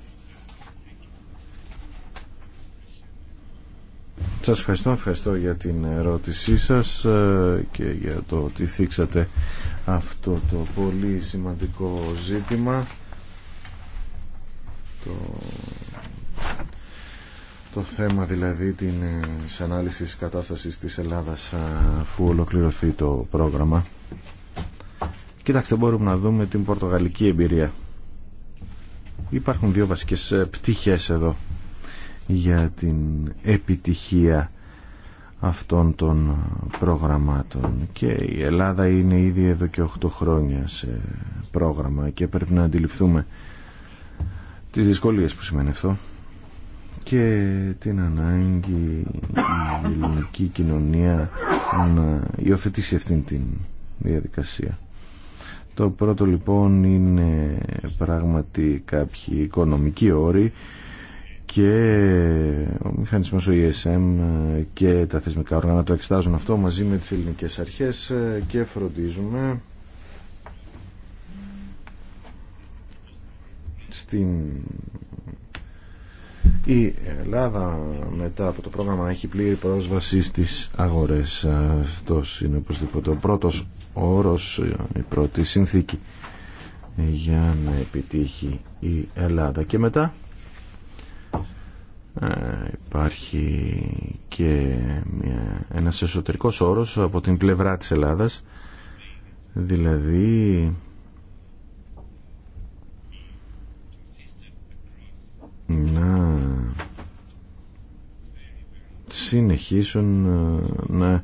Σας ευχαριστώ, ευχαριστώ για την ερώτησή σας ε, και για το ότι θίξατε αυτό το πολύ σημαντικό ζήτημα. Το, το θέμα δηλαδή την ανάλυση ε, της κατάστασης της Ελλάδας ε, αφού ολοκληρωθεί το πρόγραμμα. Κοιτάξτε, μπορούμε να δούμε την πορτογαλική εμπειρία. Υπάρχουν δύο βασικές ε, πτυχές εδώ για την επιτυχία αυτών των ε, προγραμμάτων και η Ελλάδα είναι ήδη εδώ και 8 χρόνια σε πρόγραμμα και πρέπει να αντιληφθούμε τις δυσκολίες που σημαίνει αυτό και την ανάγκη η ελληνική κοινωνία να υιοθετήσει αυτήν την διαδικασία. Το πρώτο λοιπόν είναι πράγματι κάποιοι οικονομικοί όροι και ο μηχανισμός ο ESM και τα θεσμικά όργανα το εξετάζουν αυτό μαζί με τις ελληνικές αρχές και φροντίζουμε στην η Ελλάδα μετά από το πρόγραμμα έχει πλήρη πρόσβαση στις αγορές. Αυτός είναι οπωσδήποτε ο πρώτος όρος, η πρώτη συνθήκη για να επιτύχει η Ελλάδα. Και μετά ε, υπάρχει και μια, ένας εσωτερικός όρος από την πλευρά της Ελλάδας δηλαδή να συνεχίσουν ε, να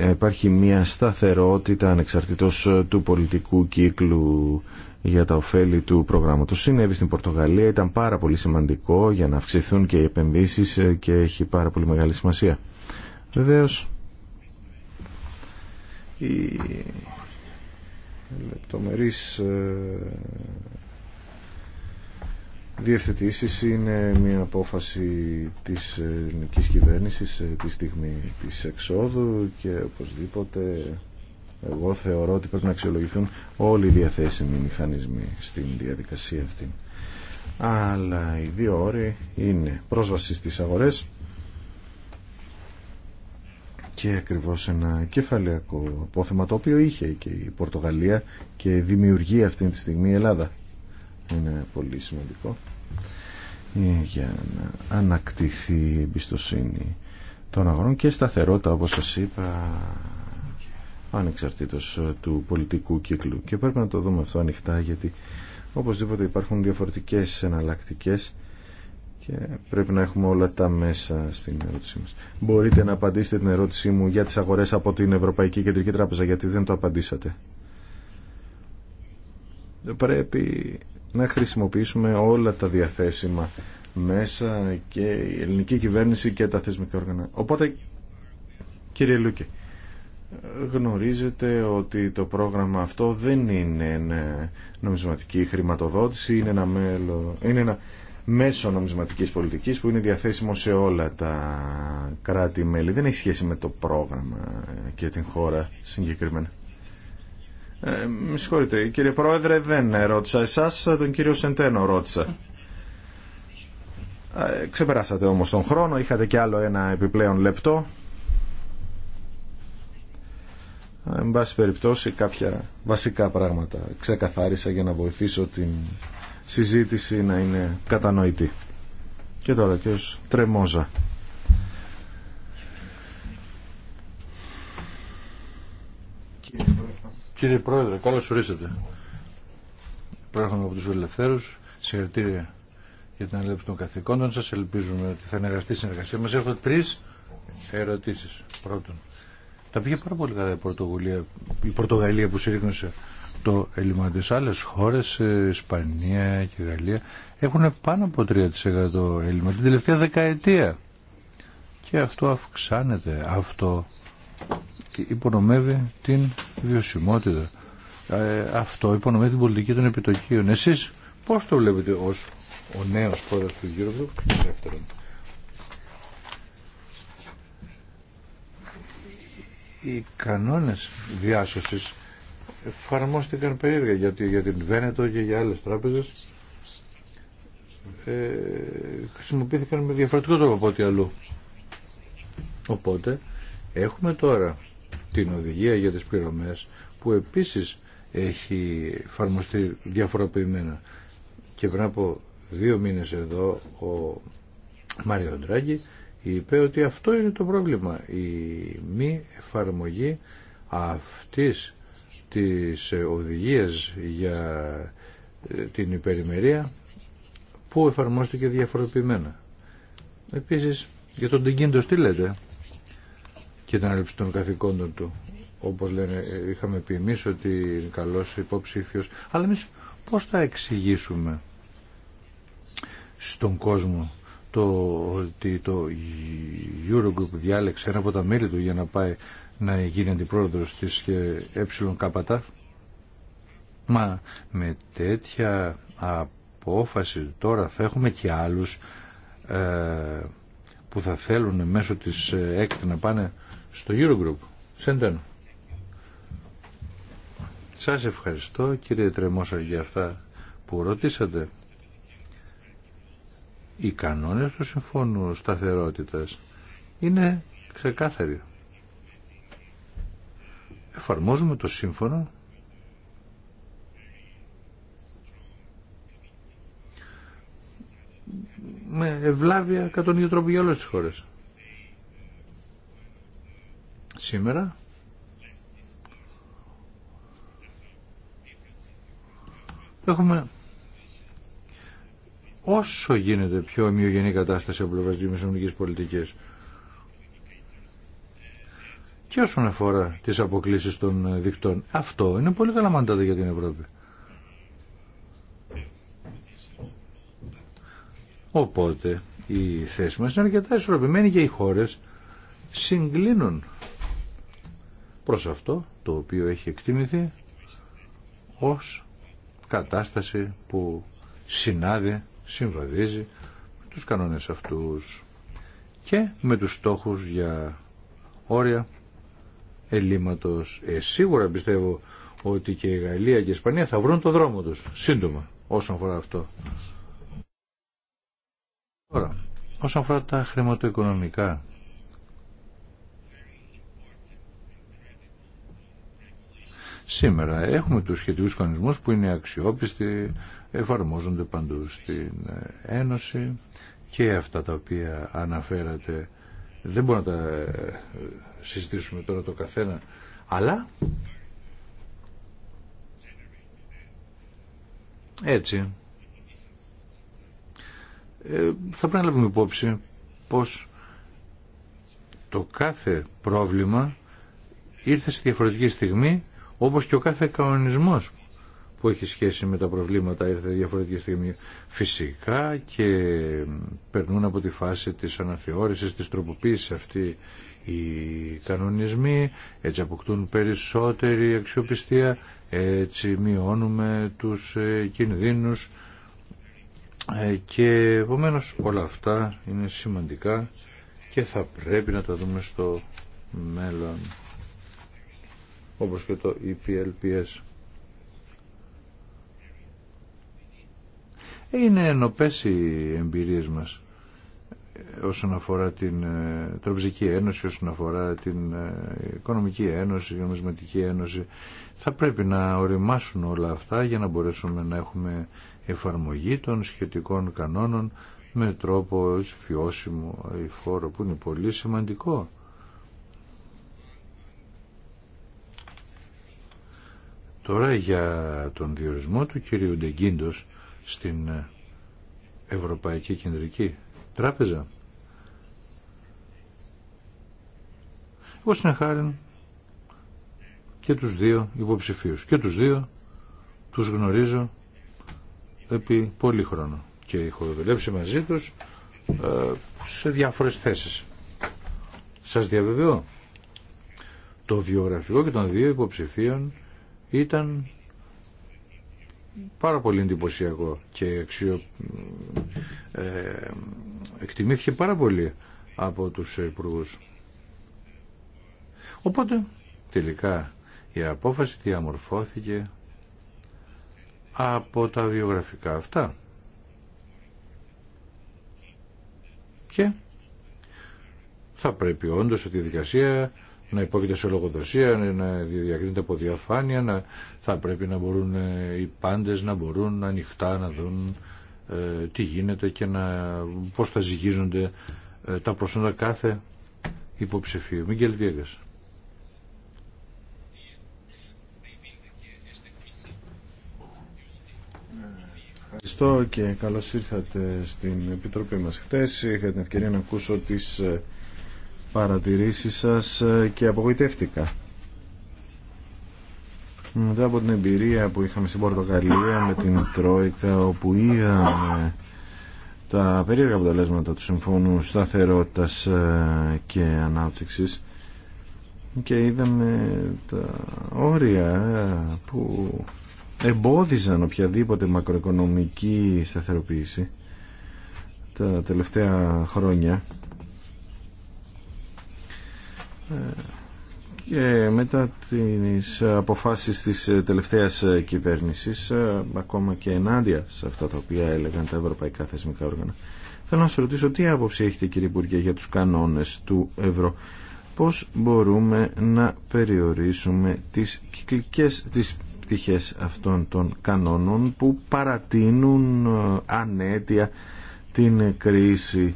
ε, υπάρχει μια σταθερότητα ανεξαρτήτως ε, του πολιτικού κύκλου για τα ωφέλη του προγράμματος. Συνέβη στην Πορτογαλία, ήταν πάρα πολύ σημαντικό για να αυξηθούν και οι επενδύσεις και έχει πάρα πολύ μεγάλη σημασία. Βεβαίως, η λεπτομερείς διευθετήσεις είναι μια απόφαση της ελληνικής κυβέρνησης ε, τη στιγμή της εξόδου και οπωσδήποτε εγώ θεωρώ ότι πρέπει να αξιολογηθούν όλοι οι διαθέσιμοι μηχανισμοί στην διαδικασία αυτή. Αλλά οι δύο όροι είναι πρόσβαση στις αγορές και ακριβώς ένα κεφαλαιακό απόθεμα το οποίο είχε και η Πορτογαλία και δημιουργεί αυτή τη στιγμή η Ελλάδα είναι πολύ σημαντικό ε, για να ανακτηθεί η εμπιστοσύνη των αγορών και σταθερότητα όπως σας είπα ανεξαρτήτως ε, του πολιτικού κύκλου και πρέπει να το δούμε αυτό ανοιχτά γιατί οπωσδήποτε υπάρχουν διαφορετικές εναλλακτικέ και πρέπει να έχουμε όλα τα μέσα στην ερώτησή μας. Μπορείτε να απαντήσετε την ερώτησή μου για τις αγορές από την Ευρωπαϊκή Κεντρική Τράπεζα γιατί δεν το απαντήσατε. Πρέπει να χρησιμοποιήσουμε όλα τα διαθέσιμα μέσα και η ελληνική κυβέρνηση και τα θεσμικά όργανα. Οπότε, κύριε Λούκη, γνωρίζετε ότι το πρόγραμμα αυτό δεν είναι νομισματική χρηματοδότηση, είναι ένα, είναι ένα μέσο νομισματικής πολιτικής που είναι διαθέσιμο σε όλα τα κράτη-μέλη. Δεν έχει σχέση με το πρόγραμμα και την χώρα συγκεκριμένα. Ε, με συγχωρείτε, κύριε Πρόεδρε, δεν ρώτησα εσάς, τον κύριο Σεντένο ρώτησα. Ε, ξεπεράσατε όμως τον χρόνο, είχατε κι άλλο ένα επιπλέον λεπτό. Ε, εν πάση περιπτώσει, κάποια βασικά πράγματα ξεκαθάρισα για να βοηθήσω την συζήτηση να είναι κατανοητή. Και τώρα, κύριος Τρεμόζα. Κύριε Πρόεδρε, καλώ ορίσατε. Προέρχομαι από τους Ελευθέρους. Συγχαρητήρια για την αλέπεια των καθηκόντων σας. Ελπίζουμε ότι θα είναι η συνεργασία μας. Έχω τρεις ερωτήσεις. Πρώτον, τα πήγε πάρα πολύ καλά η Πορτογαλία, η Πορτογαλία που συρρήκνωσε το έλλειμμα Άλλε Άλλες χώρες, ε, Ισπανία και Γαλλία, έχουν πάνω από 3% έλλειμμα την τελευταία δεκαετία. Και αυτό αυξάνεται. Αυτό υπονομεύει την βιωσιμότητα. Ε, αυτό υπονομεύει την πολιτική των επιτοκίων. Εσεί πώς το βλέπετε ως ο νέος πρόεδρο του γύρω Οι κανόνες διάσωσης εφαρμόστηκαν περίεργα γιατί για την Βένετο και για άλλες τράπεζες ε, χρησιμοποιήθηκαν με διαφορετικό τρόπο από ό,τι αλλού. Οπότε Έχουμε τώρα την οδηγία για τις πληρωμές που επίσης έχει εφαρμοστεί διαφοροποιημένα. Και πριν από δύο μήνες εδώ ο Μάριο Ντράγκη είπε ότι αυτό είναι το πρόβλημα. Η μη εφαρμογή αυτής της οδηγίας για ε, την υπερημερία που εφαρμόστηκε διαφοροποιημένα. Επίσης για τον Τεγκίντος τι λέτε και την ανάληψη των καθηκόντων του. Όπως λένε, ε, είχαμε πει εμεί ότι είναι καλό υποψήφιο. Αλλά εμεί πώς θα εξηγήσουμε στον κόσμο το ότι το Eurogroup διάλεξε ένα από τα μέλη του για να πάει να γίνει αντιπρόεδρο της ε, ΕΚΤ. Μα με τέτοια απόφαση τώρα θα έχουμε και άλλους ε, που θα θέλουν μέσω της ΕΚΤ να πάνε στο Eurogroup. Σεντέν. Σας ευχαριστώ κύριε Τρεμόσα για αυτά που ρωτήσατε. Οι κανόνες του Συμφώνου Σταθερότητας είναι ξεκάθαροι. Εφαρμόζουμε το σύμφωνο με ευλάβεια κατά τον ίδιο τρόπο για όλες τις χώρες σήμερα έχουμε όσο γίνεται πιο ομοιογενή κατάσταση από τη μεσογειακή πολιτικής και όσον αφορά τι αποκλήσει των δικτών. Αυτό είναι πολύ καλά μαντάτα για την Ευρώπη. Οπότε η θέση μα είναι αρκετά ισορροπημένη και οι χώρε συγκλίνουν προς αυτό το οποίο έχει εκτιμηθεί ως κατάσταση που συνάδει, συμβαδίζει με τους κανόνες αυτούς και με τους στόχους για όρια ελλείμματος. Ε, σίγουρα πιστεύω ότι και η Γαλλία και η Ισπανία θα βρουν το δρόμο τους σύντομα όσον αφορά αυτό. Τώρα, όσον αφορά τα χρηματοοικονομικά Σήμερα έχουμε τους σχετικούς κανονισμούς που είναι αξιόπιστοι, εφαρμόζονται παντού στην Ένωση και αυτά τα οποία αναφέρατε δεν μπορούμε να τα ε, συζητήσουμε τώρα το καθένα, αλλά έτσι ε, θα πρέπει να λάβουμε υπόψη πως το κάθε πρόβλημα ήρθε στη διαφορετική στιγμή όπως και ο κάθε κανονισμός που έχει σχέση με τα προβλήματα ήρθε διαφορετική στιγμή. Φυσικά και περνούν από τη φάση της αναθεώρησης, της τροποποίησης αυτή οι κανονισμοί, έτσι αποκτούν περισσότερη αξιοπιστία, έτσι μειώνουμε τους ε, κινδύνους ε, και επομένως όλα αυτά είναι σημαντικά και θα πρέπει να τα δούμε στο μέλλον όπως και το EPLPS. Είναι ενωπές οι εμπειρίες μας ε, όσον αφορά την ε, Τραπεζική Ένωση, όσον αφορά την ε, Οικονομική Ένωση, την Νομισματική Ένωση. Θα πρέπει να οριμάσουν όλα αυτά για να μπορέσουμε να έχουμε εφαρμογή των σχετικών κανόνων με τρόπο ή φόρο που είναι πολύ σημαντικό Τώρα για τον διορισμό του κυρίου Ντεγκίντος στην ε, Ευρωπαϊκή Κεντρική Τράπεζα. Εγώ συνεχάριν και τους δύο υποψηφίους. Και τους δύο τους γνωρίζω επί πολύ χρόνο και έχω δουλέψει μαζί τους ε, σε διάφορες θέσεις. Σας διαβεβαιώ το βιογραφικό και των δύο υποψηφίων ήταν πάρα πολύ εντυπωσιακό και ε, εκτιμήθηκε πάρα πολύ από τους υπουργού. Οπότε τελικά η απόφαση διαμορφώθηκε από τα βιογραφικά αυτά. Και θα πρέπει όντως αυτή η δικασία να υπόκειται σε λογοδοσία, να διακρίνεται από διαφάνεια, να, θα πρέπει να μπορούν ε, οι πάντες να μπορούν ανοιχτά να δουν ε, τι γίνεται και να, πώς θα ζυγίζονται ε, τα προσόντα κάθε υποψηφίου. Μίγκελ Βιέγκας. Ευχαριστώ και καλώς ήρθατε στην Επιτροπή μας. Χτες είχα την ευκαιρία να ακούσω τις παρατηρήσεις σας ε, και απογοητεύτηκα. Μετά από την εμπειρία που είχαμε στην Πορτοκαλία με την Τρόικα όπου είδαμε τα περίεργα αποτελέσματα του Συμφώνου Σταθερότητας ε, και Ανάπτυξης και είδαμε τα όρια ε, που εμπόδιζαν οποιαδήποτε μακροοικονομική σταθεροποίηση τα τελευταία χρόνια και ε, μετά τις αποφάσεις της ε, τελευταίας ε, κυβέρνησης, ακόμα και ενάντια σε αυτά τα οποία έλεγαν τα ευρωπαϊκά θεσμικά όργανα, θέλω να σας ρωτήσω τι άποψη έχετε κύριε Υπουργέ για τους κανόνες του ευρώ. Πώς μπορούμε να περιορίσουμε τις κυκλικές, τις πτυχές αυτών των κανόνων που παρατείνουν ανέτεια την κρίση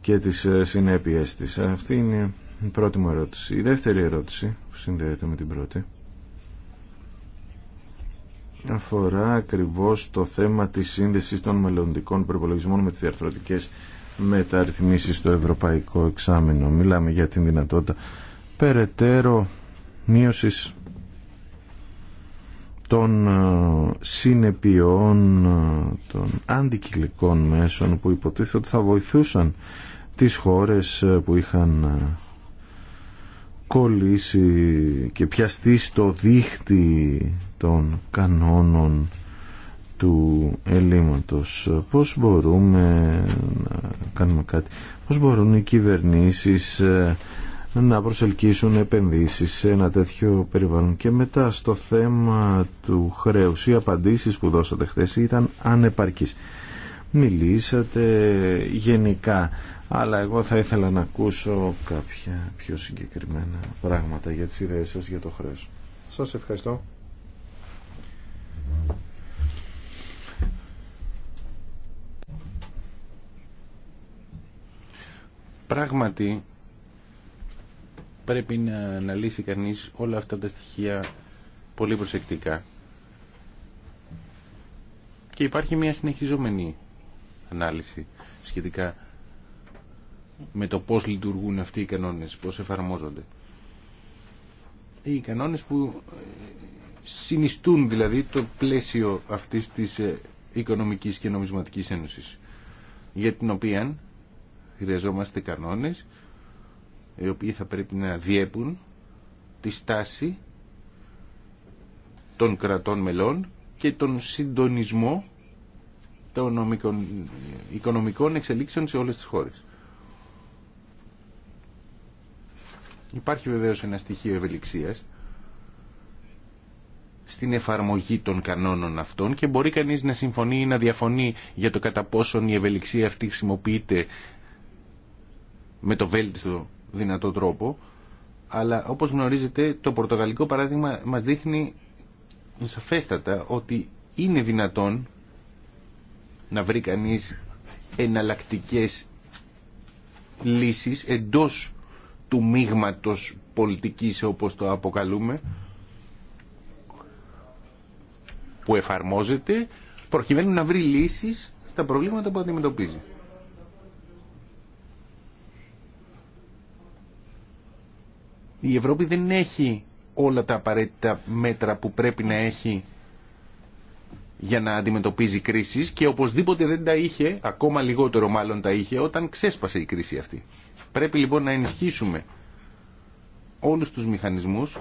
και τις συνέπειες της. Αυτή είναι η πρώτη μου ερώτηση. Η δεύτερη ερώτηση που συνδέεται με την πρώτη αφορά ακριβώς το θέμα της σύνδεσης των μελλοντικών προπολογισμών με τις διαρθρωτικές μεταρρυθμίσεις στο ευρωπαϊκό εξάμεινο. Μιλάμε για την δυνατότητα περαιτέρω μείωσης των ε, συνεπειών ε, των αντικυλικών μέσων που υποτίθεται ότι θα βοηθούσαν τις χώρες ε, που είχαν κολλήσει και πιαστεί στο δίχτυ των κανόνων του ελλείμματος πώς μπορούμε να κάνουμε κάτι πώς μπορούν οι κυβερνήσεις ε, να προσελκύσουν επενδύσεις σε ένα τέτοιο περιβάλλον και μετά στο θέμα του χρέους οι απαντήσεις που δώσατε χθες ήταν ανεπαρκείς μιλήσατε γενικά αλλά εγώ θα ήθελα να ακούσω κάποια πιο συγκεκριμένα πράγματα για τις ιδέες σας για το χρέος. Σας ευχαριστώ. Πράγματι πρέπει να αναλύσει κανείς όλα αυτά τα στοιχεία πολύ προσεκτικά. Και υπάρχει μια συνεχιζόμενη ανάλυση σχετικά με το πώς λειτουργούν αυτοί οι κανόνες, πώς εφαρμόζονται. Οι κανόνες που ε, συνιστούν δηλαδή το πλαίσιο αυτής της ε, Οικονομικής και Νομισματικής Ένωσης για την οποία χρειαζόμαστε κανόνες οι οποίοι θα πρέπει να διέπουν τη στάση των κρατών μελών και τον συντονισμό των οικονομικών εξελίξεων σε όλες τις χώρες. Υπάρχει βεβαίως ένα στοιχείο ευελιξίας στην εφαρμογή των κανόνων αυτών και μπορεί κανείς να συμφωνεί ή να διαφωνεί για το κατά πόσον η ευελιξία αυτή χρησιμοποιείται με το βέλτιστο δυνατό τρόπο αλλά όπως γνωρίζετε το πορτογαλικό παράδειγμα μας δείχνει σαφέστατα ότι είναι δυνατόν να βρει κανείς εναλλακτικές λύσεις εντός του μείγματο πολιτικής όπως το αποκαλούμε που εφαρμόζεται προκειμένου να βρει λύσεις στα προβλήματα που αντιμετωπίζει. Η Ευρώπη δεν έχει όλα τα απαραίτητα μέτρα που πρέπει να έχει για να αντιμετωπίζει κρίσεις και οπωσδήποτε δεν τα είχε, ακόμα λιγότερο μάλλον τα είχε, όταν ξέσπασε η κρίση αυτή. Πρέπει λοιπόν να ενισχύσουμε όλους τους μηχανισμούς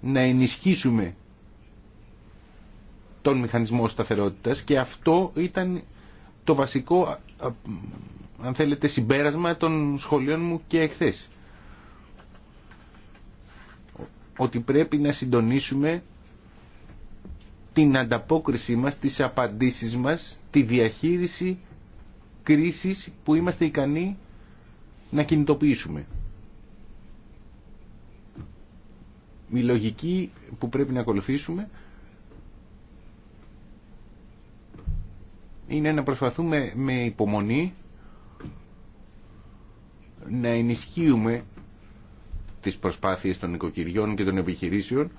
να ενισχύσουμε τον μηχανισμό σταθερότητας και αυτό ήταν το βασικό αν θέλετε συμπέρασμα των σχολείων μου και εχθές ότι πρέπει να συντονίσουμε την ανταπόκριση μας, τις απαντήσεις μας, τη διαχείριση κρίσης που είμαστε ικανοί να κινητοποιήσουμε. Η λογική που πρέπει να ακολουθήσουμε είναι να προσπαθούμε με υπομονή να ενισχύουμε τις προσπάθειες των οικοκυριών και των επιχειρήσεων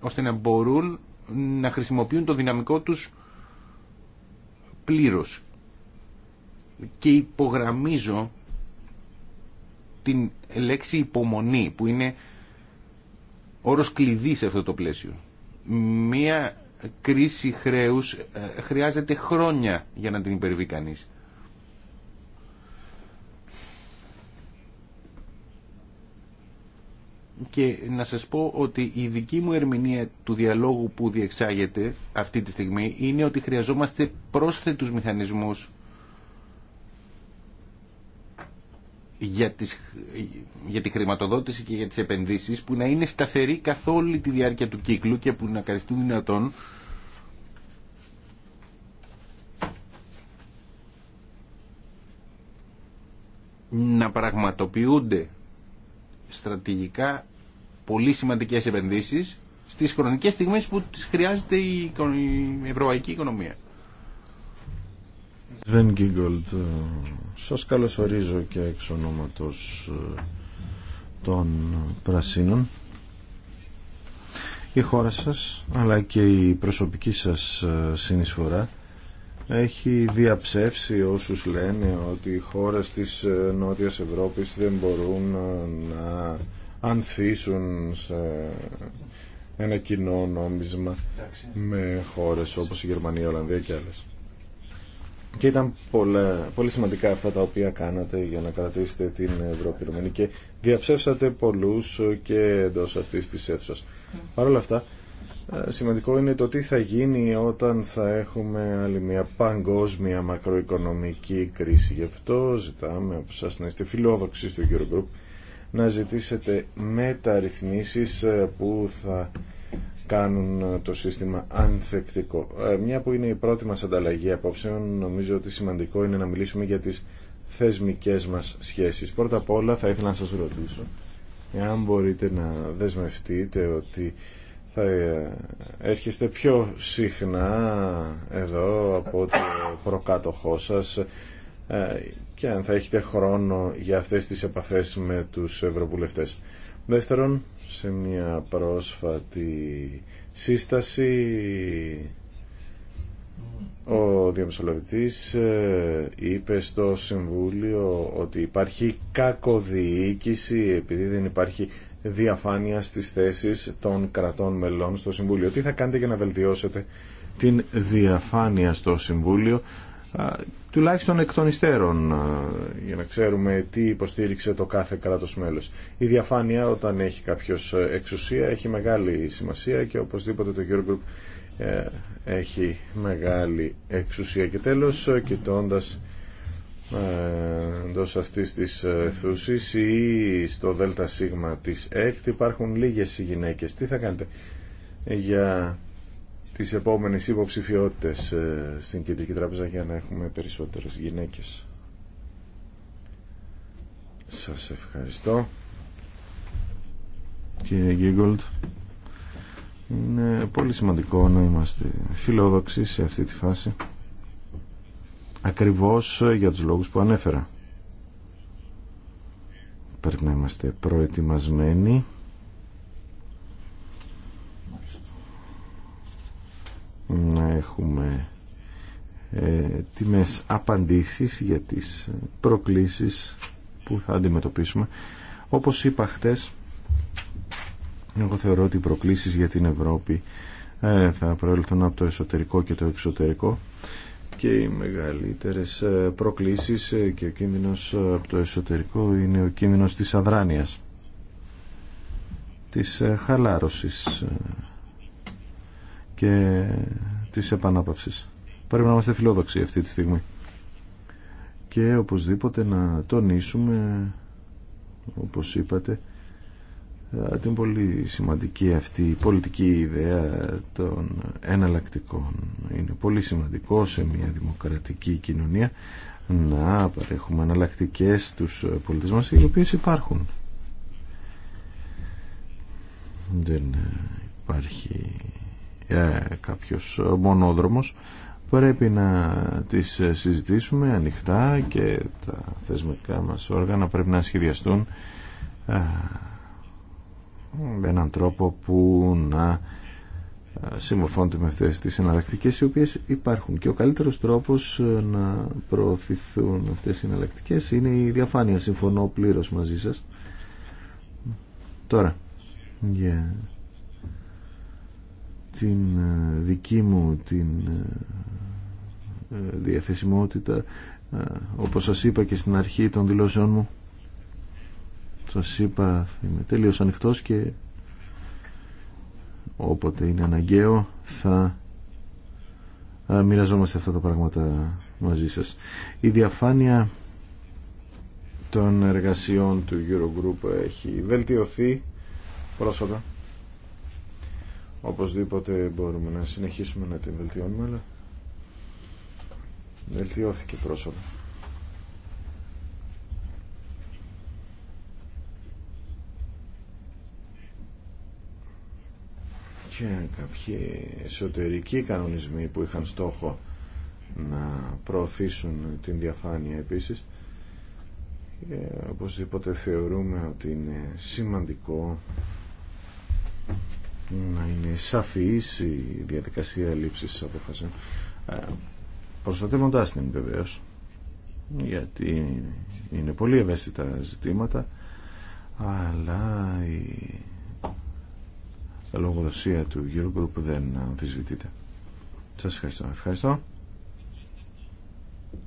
ώστε να μπορούν να χρησιμοποιούν το δυναμικό τους πλήρως. Και υπογραμμίζω την λέξη υπομονή που είναι όρος κλειδί σε αυτό το πλαίσιο. Μία κρίση χρέους ε, χρειάζεται χρόνια για να την υπερβεί κανείς. και να σας πω ότι η δική μου ερμηνεία του διαλόγου που διεξάγεται αυτή τη στιγμή είναι ότι χρειαζόμαστε πρόσθετους μηχανισμούς για, τις, για τη χρηματοδότηση και για τις επενδύσεις που να είναι σταθεροί καθ' όλη τη διάρκεια του κύκλου και που να καθιστούν δυνατόν να πραγματοποιούνται στρατηγικά πολύ σημαντικές επενδύσεις στις χρονικές στιγμές που τις χρειάζεται η ευρωπαϊκή οικονομία. Σβέν ε, σας καλωσορίζω και εξ ονόματος ε, των Πρασίνων. Η χώρα σας, αλλά και η προσωπική σας ε, συνεισφορά έχει διαψεύσει όσους λένε ότι οι χώρες της ε, Νότιας Ευρώπης δεν μπορούν ε, να ανθίσουν σε ένα κοινό νόμισμα με χώρες όπως η Γερμανία, η Ολλανδία και άλλες. Και ήταν πολύ σημαντικά αυτά τα οποία κάνατε για να κρατήσετε την Ευρώπη Ρωμανική. και διαψεύσατε πολλούς ε, και εντό αυτής της αίθουσας. Παρ' αυτά, ε, σημαντικό είναι το τι θα γίνει όταν θα έχουμε άλλη μια παγκόσμια μακροοικονομική κρίση. Γι' αυτό ζητάμε από σας να είστε φιλόδοξοι στο Eurogroup να ζητήσετε μεταρρυθμίσεις ε, που θα κάνουν ε, το σύστημα ανθεκτικό. Μια που είναι η πρώτη μας ανταλλαγή απόψεων, νομίζω ότι σημαντικό είναι να μιλήσουμε για τις θεσμικές μας σχέσεις. Πρώτα απ' όλα θα ήθελα να σας ρωτήσω, εάν μπορείτε να δεσμευτείτε ότι θα ε, έρχεστε πιο συχνά εδώ από το προκάτοχό σας ε, και αν θα έχετε χρόνο για αυτές τις επαφές με τους ευρωβουλευτές. Δεύτερον, σε μια πρόσφατη σύσταση ο διαμεσολαβητής ε, είπε στο Συμβούλιο ότι υπάρχει κακοδιοίκηση επειδή δεν υπάρχει διαφάνεια στις θέσεις των κρατών μελών στο Συμβούλιο. Τι θα κάνετε για να βελτιώσετε την διαφάνεια στο Συμβούλιο τουλάχιστον εκ των υστέρων για να ξέρουμε τι υποστήριξε το κάθε κράτος μέλος. Η διαφάνεια όταν έχει κάποιος ε, εξουσία έχει μεγάλη σημασία και οπωσδήποτε το Eurogroup ε, έχει μεγάλη εξουσία. Και τέλος ε, κοιτώντα ε, εντό αυτή της ε, θούση ή στο ΔΣ τη ΕΚΤ υπάρχουν λίγες γυναίκες. Τι θα κάνετε για τις επόμενες υποψηφιότητες ε, στην Κεντρική Τράπεζα για να έχουμε περισσότερες γυναίκες. Σας ευχαριστώ. Κύριε Γκίγκολτ, είναι πολύ σημαντικό να είμαστε φιλόδοξοι σε αυτή τη φάση ακριβώς ε, για τους λόγους που ανέφερα. Πρέπει να είμαστε προετοιμασμένοι να έχουμε ε, τιμές απαντήσεις για τις προκλήσεις που θα αντιμετωπίσουμε. Όπως είπα χτες, εγώ θεωρώ ότι οι προκλήσεις για την Ευρώπη ε, θα προέλθουν από το εσωτερικό και το εξωτερικό και οι μεγαλύτερες ε, προκλήσεις ε, και ο κίνδυνος ε, από το εσωτερικό είναι ο κίνδυνος της αδράνειας της χαλάρωσης και της επανάπαυσης πρέπει να είμαστε φιλόδοξοι αυτή τη στιγμή και οπωσδήποτε να τονίσουμε όπως είπατε ε, την πολύ σημαντική αυτή η πολιτική ιδέα των εναλλακτικών. Είναι πολύ σημαντικό σε μια δημοκρατική κοινωνία να παρέχουμε εναλλακτικέ στους πολίτες μας οι οποίες υπάρχουν. Δεν υπάρχει ε, κάποιος μονόδρομος. Πρέπει να τις συζητήσουμε ανοιχτά και τα θεσμικά μας όργανα πρέπει να σχεδιαστούν ε, με έναν τρόπο που να ε, συμμορφώνεται με αυτές τις εναλλακτικές οι οποίες υπάρχουν και ο καλύτερος τρόπος ε, να προωθηθούν αυτές οι εναλλακτικές είναι η διαφάνεια συμφωνώ πλήρως μαζί σας τώρα για την ε, δική μου την διαθεσιμότητα όπως σας είπα και στην αρχή των δηλώσεών μου Σα είπα, είμαι τέλειο ανοιχτός και όποτε είναι αναγκαίο θα μοιραζόμαστε αυτά τα πράγματα μαζί σας. Η διαφάνεια των εργασιών του Eurogroup έχει βελτιωθεί πρόσφατα. Οπωσδήποτε μπορούμε να συνεχίσουμε να την βελτιώνουμε, αλλά βελτιώθηκε πρόσφατα. και κάποιοι εσωτερικοί κανονισμοί που είχαν στόχο να προωθήσουν την διαφάνεια επίσης και ε, οπωσδήποτε θεωρούμε ότι είναι σημαντικό να είναι σαφής η διαδικασία λήψης αποφάσεων ε, προστατεύοντάς την βεβαίω, γιατί είναι πολύ ευαίσθητα ζητήματα αλλά η τα λογοδοσία του που δεν αμφισβητείται. Σας ευχαριστώ. Ευχαριστώ.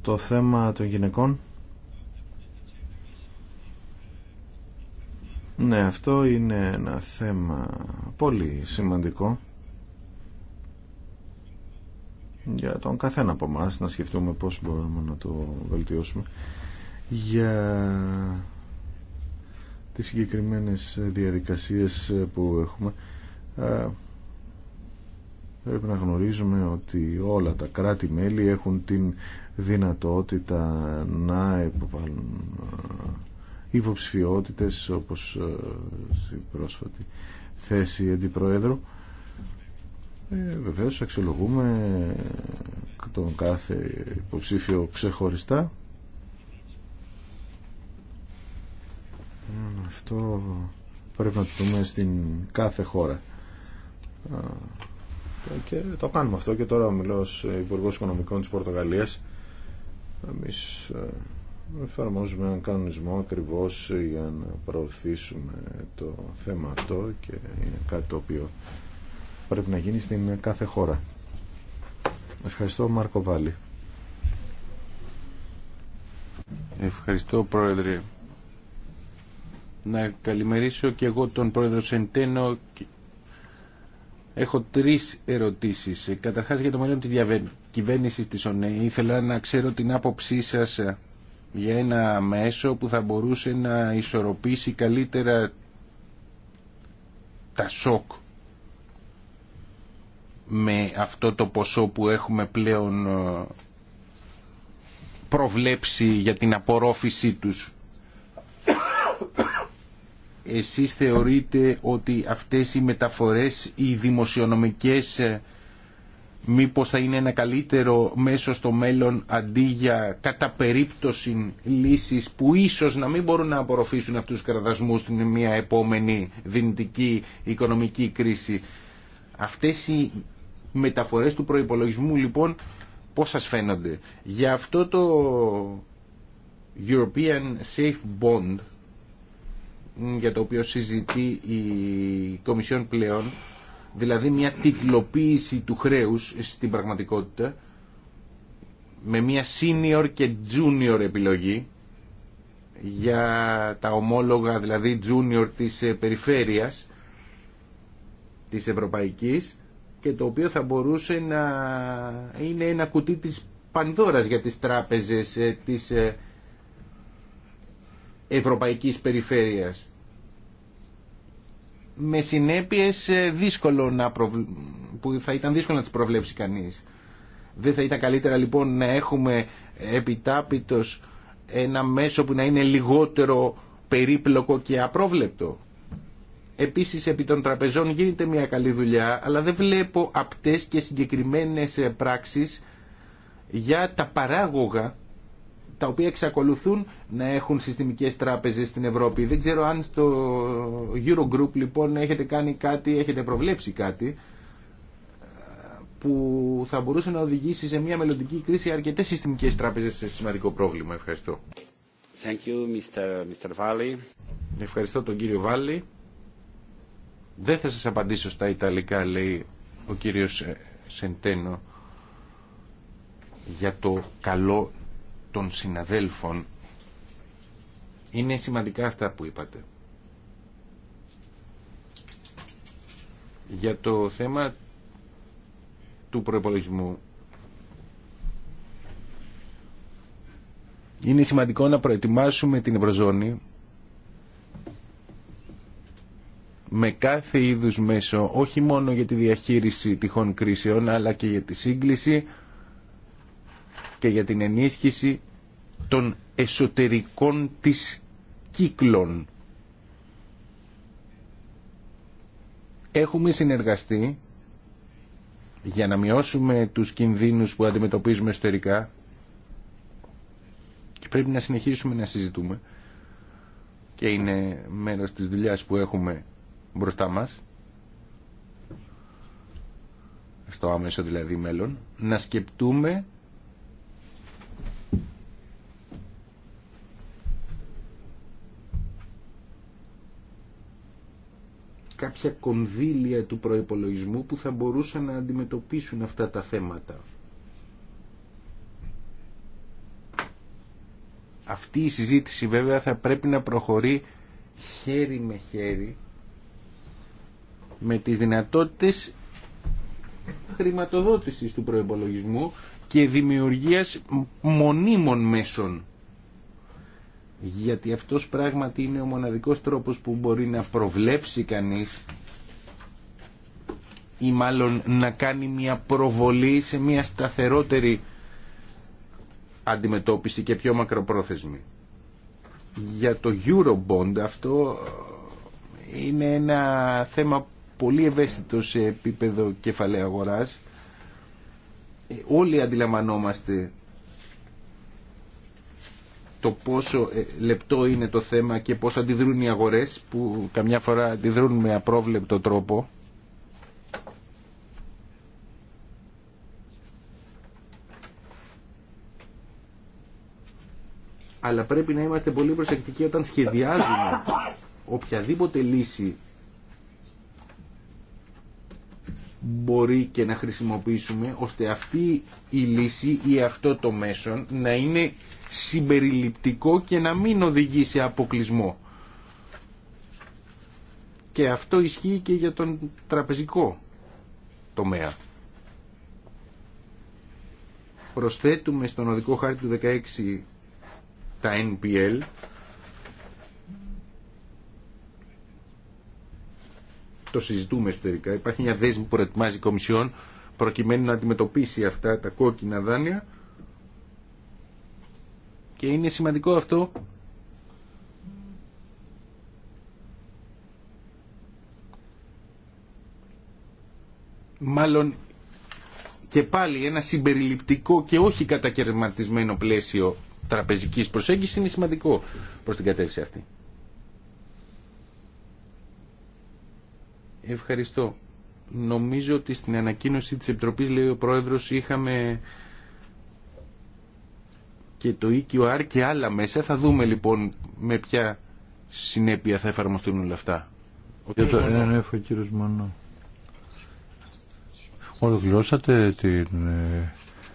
Το θέμα των γυναικών. Ναι, αυτό είναι ένα θέμα πολύ σημαντικό για τον καθένα από εμά να σκεφτούμε πώς μπορούμε να το βελτιώσουμε για τις συγκεκριμένες διαδικασίες που έχουμε ε, πρέπει να γνωρίζουμε ότι όλα τα κράτη-μέλη έχουν την δυνατότητα να υποβάλουν ε, υποψηφιότητες όπως ε, η πρόσφατη θέση αντιπροέδρου ε, βεβαίως αξιολογούμε τον κάθε υποψήφιο ξεχωριστά αυτό πρέπει να το δούμε στην κάθε χώρα και το κάνουμε αυτό και τώρα μιλώ ως Υπουργός Οικονομικών της Πορτογαλίας εμείς ε, εφαρμόζουμε έναν κανονισμό ακριβώς για να προωθήσουμε το θέμα αυτό και είναι κάτι το οποίο πρέπει να γίνει στην κάθε χώρα Ευχαριστώ Μάρκο Βάλλη Ευχαριστώ Πρόεδρε να καλημερίσω και εγώ τον Πρόεδρο Σεντένο Έχω τρεις ερωτήσεις. Καταρχάς για το μέλλον τη κυβέρνηση τη ΟΝΕ. Ήθελα να ξέρω την άποψή σα ε, για ένα μέσο που θα μπορούσε να ισορροπήσει καλύτερα τα σοκ με αυτό το ποσό που έχουμε πλέον ε, προβλέψει για την απορρόφησή τους εσείς θεωρείτε ότι αυτές οι μεταφορές, οι δημοσιονομικές, ε, μήπως θα είναι ένα καλύτερο μέσο στο μέλλον αντί για κατά περίπτωση λύσεις που ίσως να μην μπορούν να απορροφήσουν αυτούς τους κραδασμούς στην μια επόμενη δυνητική οικονομική κρίση. Αυτές οι μεταφορές του προϋπολογισμού λοιπόν πώς σας φαίνονται. Για αυτό το European Safe Bond για το οποίο συζητεί η Κομισιόν πλέον, δηλαδή μια τυκλοποίηση του χρέους στην πραγματικότητα, με μια senior και junior επιλογή για τα ομόλογα, δηλαδή junior της ε, περιφέρειας της Ευρωπαϊκής και το οποίο θα μπορούσε να είναι ένα κουτί της πανδόρας για τις τράπεζες ε, της ε, Ευρωπαϊκής Περιφέρειας με συνέπειες ε, δύσκολο να που θα ήταν δύσκολο να τις προβλέψει κανείς. Δεν θα ήταν καλύτερα λοιπόν να έχουμε επιτάπητος ένα μέσο που να είναι λιγότερο περίπλοκο και απρόβλεπτο. Επίσης επί των τραπεζών γίνεται μια καλή δουλειά, αλλά δεν βλέπω απτές και συγκεκριμένες ε, πράξεις για τα παράγωγα τα οποία εξακολουθούν να έχουν συστημικές τράπεζες στην Ευρώπη. Δεν ξέρω αν στο Eurogroup λοιπόν έχετε κάνει κάτι, έχετε προβλέψει κάτι που θα μπορούσε να οδηγήσει σε μια μελλοντική κρίση αρκετές συστημικές τράπεζες σε σημαντικό πρόβλημα. Ευχαριστώ. Thank you, Mr. Mr. Ευχαριστώ τον κύριο Βάλλη. Δεν θα σας απαντήσω στα Ιταλικά, λέει ο κύριος ε, Σεντένο, για το καλό των συναδέλφων. Είναι σημαντικά αυτά που είπατε. Για το θέμα του προεπολισμού είναι σημαντικό να προετοιμάσουμε την Ευρωζώνη με κάθε είδους μέσο, όχι μόνο για τη διαχείριση τυχών κρίσεων, αλλά και για τη σύγκληση και για την ενίσχυση των εσωτερικών της κύκλων. Έχουμε συνεργαστεί για να μειώσουμε τους κινδύνους που αντιμετωπίζουμε εσωτερικά και πρέπει να συνεχίσουμε να συζητούμε και είναι μέρος της δουλειάς που έχουμε μπροστά μας στο άμεσο δηλαδή μέλλον να σκεπτούμε κάποια κονδύλια του προεπολογισμού που θα μπορούσαν να αντιμετωπίσουν αυτά τα θέματα. Αυτή η συζήτηση βέβαια θα πρέπει να προχωρεί χέρι με χέρι με τις δυνατότητες χρηματοδότησης του προεπολογισμού και δημιουργίας μονίμων μέσων γιατί αυτός πράγματι είναι ο μοναδικός τρόπος που μπορεί να προβλέψει κανείς ή μάλλον να κάνει μια προβολή σε μια σταθερότερη αντιμετώπιση και πιο μακροπρόθεσμη. Για το Eurobond αυτό είναι ένα θέμα πολύ ευαίσθητο σε επίπεδο κεφαλαίου αγοράς. Ε, όλοι αντιλαμβανόμαστε το πόσο ε, λεπτό είναι το θέμα και πώς αντιδρούν οι αγορές που καμιά φορά αντιδρούν με απρόβλεπτο τρόπο. Αλλά πρέπει να είμαστε πολύ προσεκτικοί όταν σχεδιάζουμε οποιαδήποτε λύση μπορεί και να χρησιμοποιήσουμε ώστε αυτή η λύση ή αυτό το μέσον να είναι συμπεριληπτικό και να μην οδηγεί σε αποκλεισμό. Και αυτό ισχύει και για τον τραπεζικό τομέα. Προσθέτουμε στον οδικό χάρτη του 16 τα NPL το συζητούμε εσωτερικά υπάρχει μια δέσμη που προετοιμάζει η Κομισιόν προκειμένου να αντιμετωπίσει αυτά τα κόκκινα δάνεια και είναι σημαντικό αυτό μάλλον και πάλι ένα συμπεριληπτικό και όχι κατακαιρματισμένο πλαίσιο τραπεζικής προσέγγισης είναι σημαντικό προς την κατεύθυνση αυτή. Ευχαριστώ. Νομίζω ότι στην ανακοίνωση της Επιτροπής, λέει ο Πρόεδρος, είχαμε και το EQR και άλλα μέσα. Θα δούμε λοιπόν με ποια συνέπεια θα εφαρμοστούν όλα αυτά. Για το ο κύριο Μονό. Ολοκληρώσατε την ε,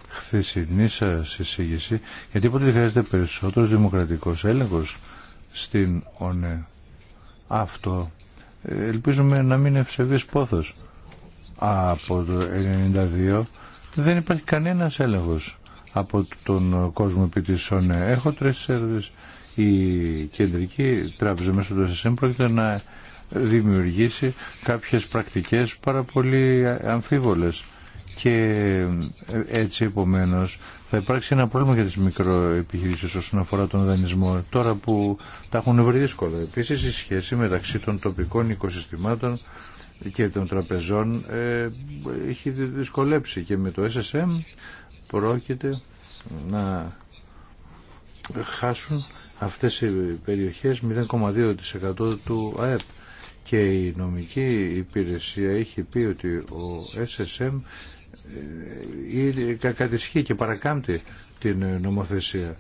χθεσινή σα εισήγηση γιατί ποτέ χρειάζεται περισσότερο δημοκρατικός έλεγχος στην ΩΝΕ. Αυτό ε, ελπίζουμε να μην ευσεβείς πόθος. Από το 1992 δεν υπάρχει κανένας έλεγχος από τον κόσμο επί της ΩΝΕ. Έχω τρεις έρευνες. Η κεντρική τράπεζα μέσω του ΣΣΜ πρόκειται να δημιουργήσει κάποιες πρακτικές πάρα πολύ αμφίβολες και έτσι επομένως θα υπάρξει ένα πρόβλημα για τις μικροεπιχειρήσεις όσον αφορά τον δανεισμό τώρα που τα έχουν βρει δύσκολα. Επίσης η σχέση μεταξύ των τοπικών οικοσυστημάτων και των τραπεζών ε, έχει δυσκολέψει και με το SSM πρόκειται να χάσουν αυτές οι περιοχές 0,2% του ΑΕΠ και η νομική υπηρεσία έχει πει ότι ο SSM ε, ε, ε, κατησχεί και παρακάμπτει την νομοθεσία.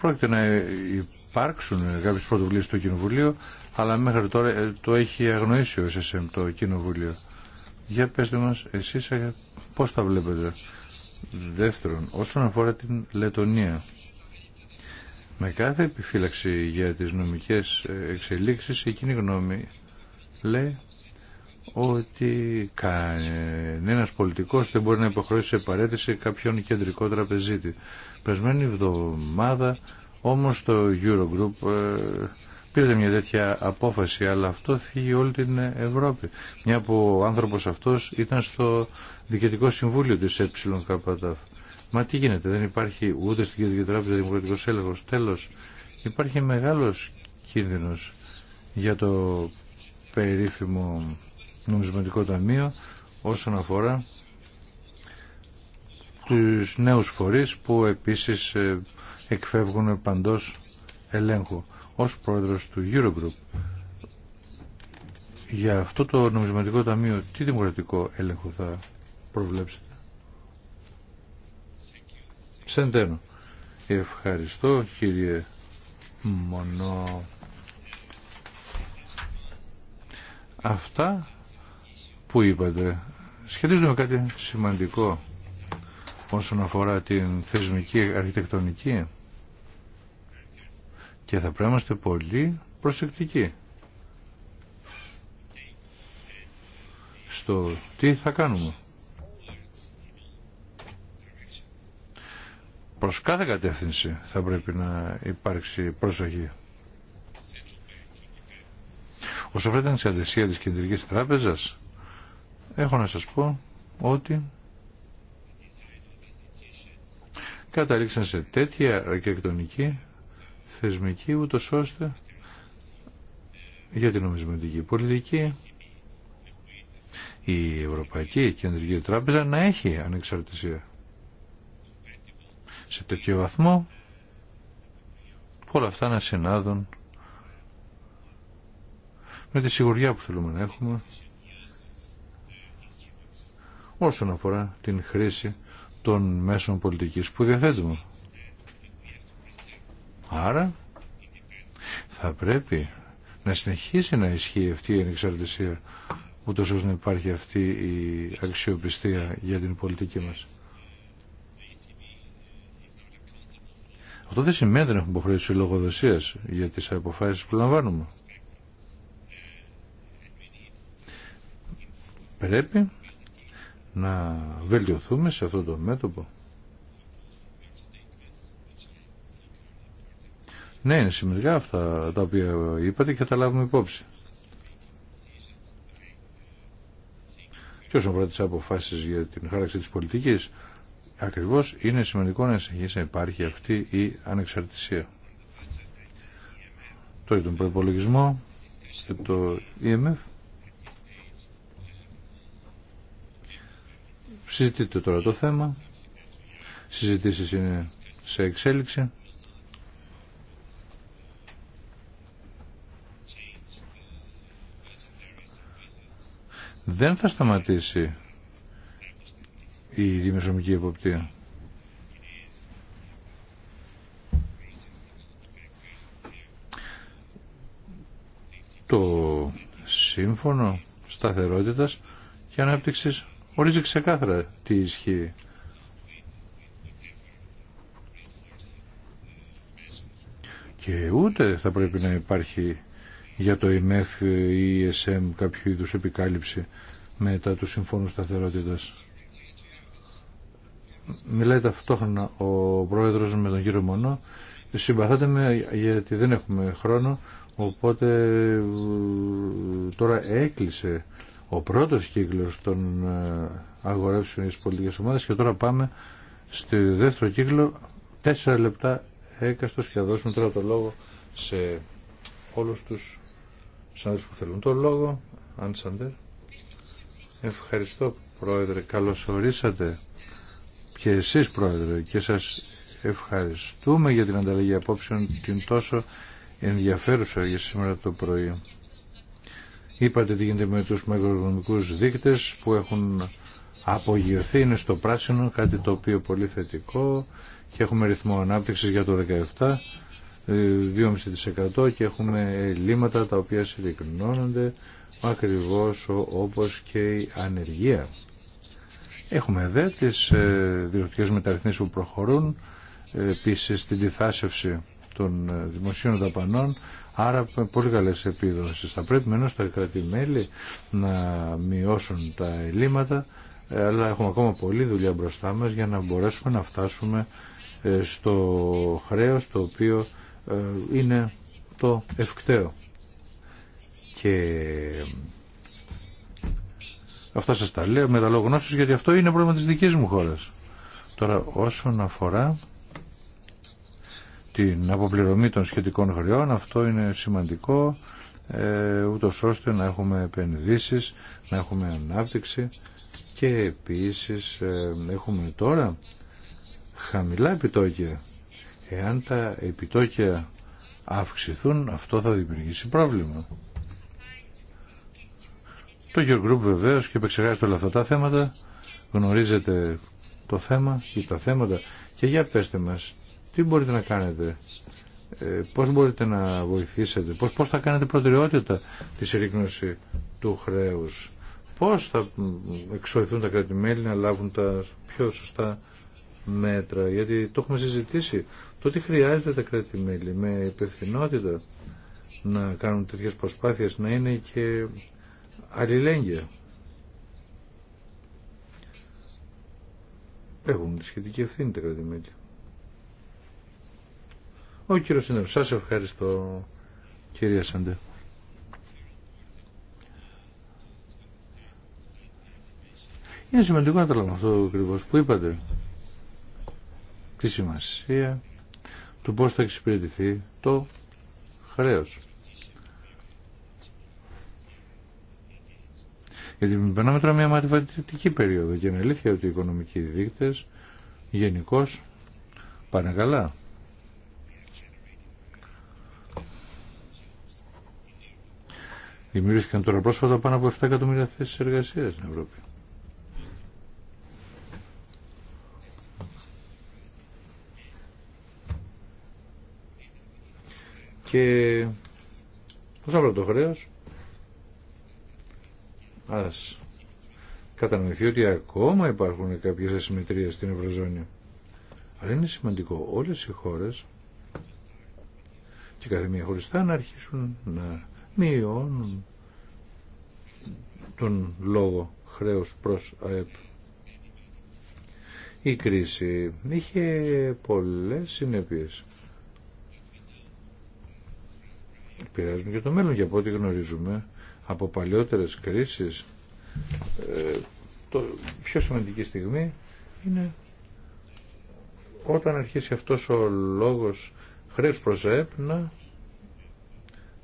Πρόκειται να υπάρξουν κάποιες πρωτοβουλίες στο Κοινοβουλίο αλλά μέχρι τώρα το έχει αγνοήσει ο SSM το Κοινοβουλίο. Για πέστε μας εσείς ε, πώς τα βλέπετε. Δεύτερον, όσον αφορά την Λετωνία, με κάθε επιφύλαξη για τις νομικές ε, εξελίξεις, η κοινή γνώμη λέει ότι κανένα πολιτικός δεν μπορεί να υποχρεώσει σε παρέτηση κάποιον κεντρικό τραπεζίτη. Πρεσμένη εβδομάδα όμως το Eurogroup ε, πήρε μια τέτοια απόφαση, αλλά αυτό φύγει όλη την Ευρώπη. Μια που ο άνθρωπος αυτός ήταν στο Διοικητικό Συμβούλιο της ΕΚΤ. Μα τι γίνεται, δεν υπάρχει ούτε στην Κεντρική Τράπεζα Δημοκρατικός Έλεγχος. Τέλος, υπάρχει μεγάλος κίνδυνος για το περίφημο νομισματικό ταμείο όσον αφορά τους νέους φορείς που επίσης ε, εκφεύγουν παντός ελέγχου ως πρόεδρος του Eurogroup για αυτό το νομισματικό ταμείο τι δημοκρατικό έλεγχο θα προβλέψετε. Σεντένο. Ευχαριστώ κύριε Μονό. Αυτά που είπατε σχετίζονται με κάτι σημαντικό όσον αφορά την θεσμική αρχιτεκτονική και θα πρέπει να είμαστε πολύ προσεκτικοί στο τι θα κάνουμε. Προς κάθε κατεύθυνση θα πρέπει να υπάρξει προσοχή. Όσο αφορά την εξαρτησία της Κεντρικής Τράπεζας, έχω να σας πω ότι καταλήξαν σε τέτοια ρακεκτονική θεσμική ούτως ώστε για την νομισματική πολιτική η Ευρωπαϊκή Κεντρική Τράπεζα να έχει ανεξαρτησία. Σε τέτοιο βαθμό όλα αυτά να συνάδουν με τη σιγουριά που θέλουμε να έχουμε όσον αφορά την χρήση των μέσων πολιτικής που διαθέτουμε. Άρα θα πρέπει να συνεχίσει να ισχύει αυτή η ανεξαρτησία ούτως ώστε να υπάρχει αυτή η αξιοπιστία για την πολιτική μας. Αυτό δεν σημαίνει ότι δεν έχουμε υποχρέωση λογοδοσία για τις αποφάσεις που λαμβάνουμε. Πρέπει να βελτιωθούμε σε αυτό το μέτωπο. Ναι, είναι σημαντικά αυτά τα οποία είπατε και θα τα λάβουμε υπόψη. Και όσον αφορά τι αποφάσει για την χάραξη τη πολιτική, ακριβώ είναι σημαντικό να συνεχίσει να υπάρχει αυτή η ανεξαρτησία. Τώρα τον προπολογισμό και το EMF. Συζητείτε τώρα το θέμα. Συζητήσεις είναι σε εξέλιξη. δεν θα σταματήσει η δημοσιομική εποπτεία. Το σύμφωνο σταθερότητας και ανάπτυξης ορίζει ξεκάθαρα τι ισχύει. Και ούτε θα πρέπει να υπάρχει για το ΕΜΕΦ ή ΕΣΕΜ κάποιο είδου επικάλυψη μετά του Συμφώνου σταθερότητα. Μιλάει ταυτόχρονα ο πρόεδρος με τον κύριο Μονό. Συμπαθάτε με γιατί δεν έχουμε χρόνο, οπότε ε, τώρα έκλεισε ο πρώτος κύκλος των ε, αγορεύσεων της πολιτικής ομάδας και τώρα πάμε στο δεύτερο κύκλο τέσσερα λεπτά έκαστος και θα δώσουμε τώρα το λόγο σε όλους τους Σαν που θέλουν το λόγο, αν Σαντέρ. Ευχαριστώ Πρόεδρε, καλώς ορίσατε και εσείς Πρόεδρε και σας ευχαριστούμε για την ανταλλαγή απόψεων την τόσο ενδιαφέρουσα για σήμερα το πρωί. Είπατε τι γίνεται με τους μεγαλογονομικούς δείκτες που έχουν απογειωθεί, είναι στο πράσινο, κάτι το οποίο πολύ θετικό και έχουμε ρυθμό ανάπτυξης για το 2,5% ε, και έχουμε ελλείμματα τα οποία συρρυκνώνονται ακριβώς όπως και η ανεργία. Έχουμε δε τις ε, μεταρρυθμίσεις που προχωρούν, ε, επίση την διθάσευση των ε, δημοσίων δαπανών, άρα πολύ καλές επίδοσεις. Θα πρέπει τα κρατημέλη να μειώσουν τα ελλείμματα, αλλά έχουμε ακόμα πολλή δουλειά μπροστά μας για να μπορέσουμε να φτάσουμε στο χρέος το οποίο ε, είναι το ευκταίο. Και αυτά σας τα λέω με τα λόγω γιατί αυτό είναι πρόβλημα της δικής μου χώρας. Τώρα όσον αφορά την αποπληρωμή των σχετικών χρεών αυτό είναι σημαντικό ε, ούτως ώστε να έχουμε επενδύσεις, να έχουμε ανάπτυξη και επίσης ε, έχουμε τώρα χαμηλά επιτόκια Εάν τα επιτόκια αυξηθούν, αυτό θα δημιουργήσει πρόβλημα. Το Eurogroup βεβαίως και επεξεργάζεται όλα αυτά τα θέματα, γνωρίζετε το θέμα ή τα θέματα και για πέστε μας τι μπορείτε να κάνετε, ε, πώς μπορείτε να βοηθήσετε, πώς, πώς θα κάνετε προτεραιότητα τη συρρήκνωση του χρέους, πώς θα εξοηθούν τα κρατημέλη να λάβουν τα πιο σωστά μέτρα, γιατί το έχουμε συζητήσει Τότε χρειάζεται τα κράτη-μέλη με υπευθυνότητα να κάνουν τέτοιες προσπάθειες, να είναι και αλληλέγγυα. Έχουν τη σχετική ευθύνη τα κράτη-μέλη. Ο κύριος Σύνδερο, σας ευχαριστώ κυρία Σαντέ. Είναι σημαντικό να τα λέμε αυτό ακριβώ που είπατε. Τι σημασία του πώς θα εξυπηρετηθεί το χρέος. Γιατί περνάμε τώρα μια μαθηματική περίοδο και είναι αλήθεια ότι οι οικονομικοί δείκτες γενικώ πάνε καλά. Δημιουργήθηκαν τώρα πρόσφατα πάνω από 7 εκατομμύρια θέσεις εργασίας στην Ευρώπη. Και πώς απλά το χρέος ας κατανοηθεί ότι ακόμα υπάρχουν κάποιες ασυμμετρίες στην Ευρωζώνη. Αλλά είναι σημαντικό όλες οι χώρες και κάθε μία χωριστά να αρχίσουν να μειώνουν τον λόγο χρέους προς ΑΕΠ. Η κρίση είχε πολλές συνέπειες επηρεάζουν και το μέλλον και από ό,τι γνωρίζουμε από παλιότερες κρίσεις ε, το πιο σημαντική στιγμή είναι όταν αρχίσει αυτός ο λόγος χρέους προς ΑΕΠ να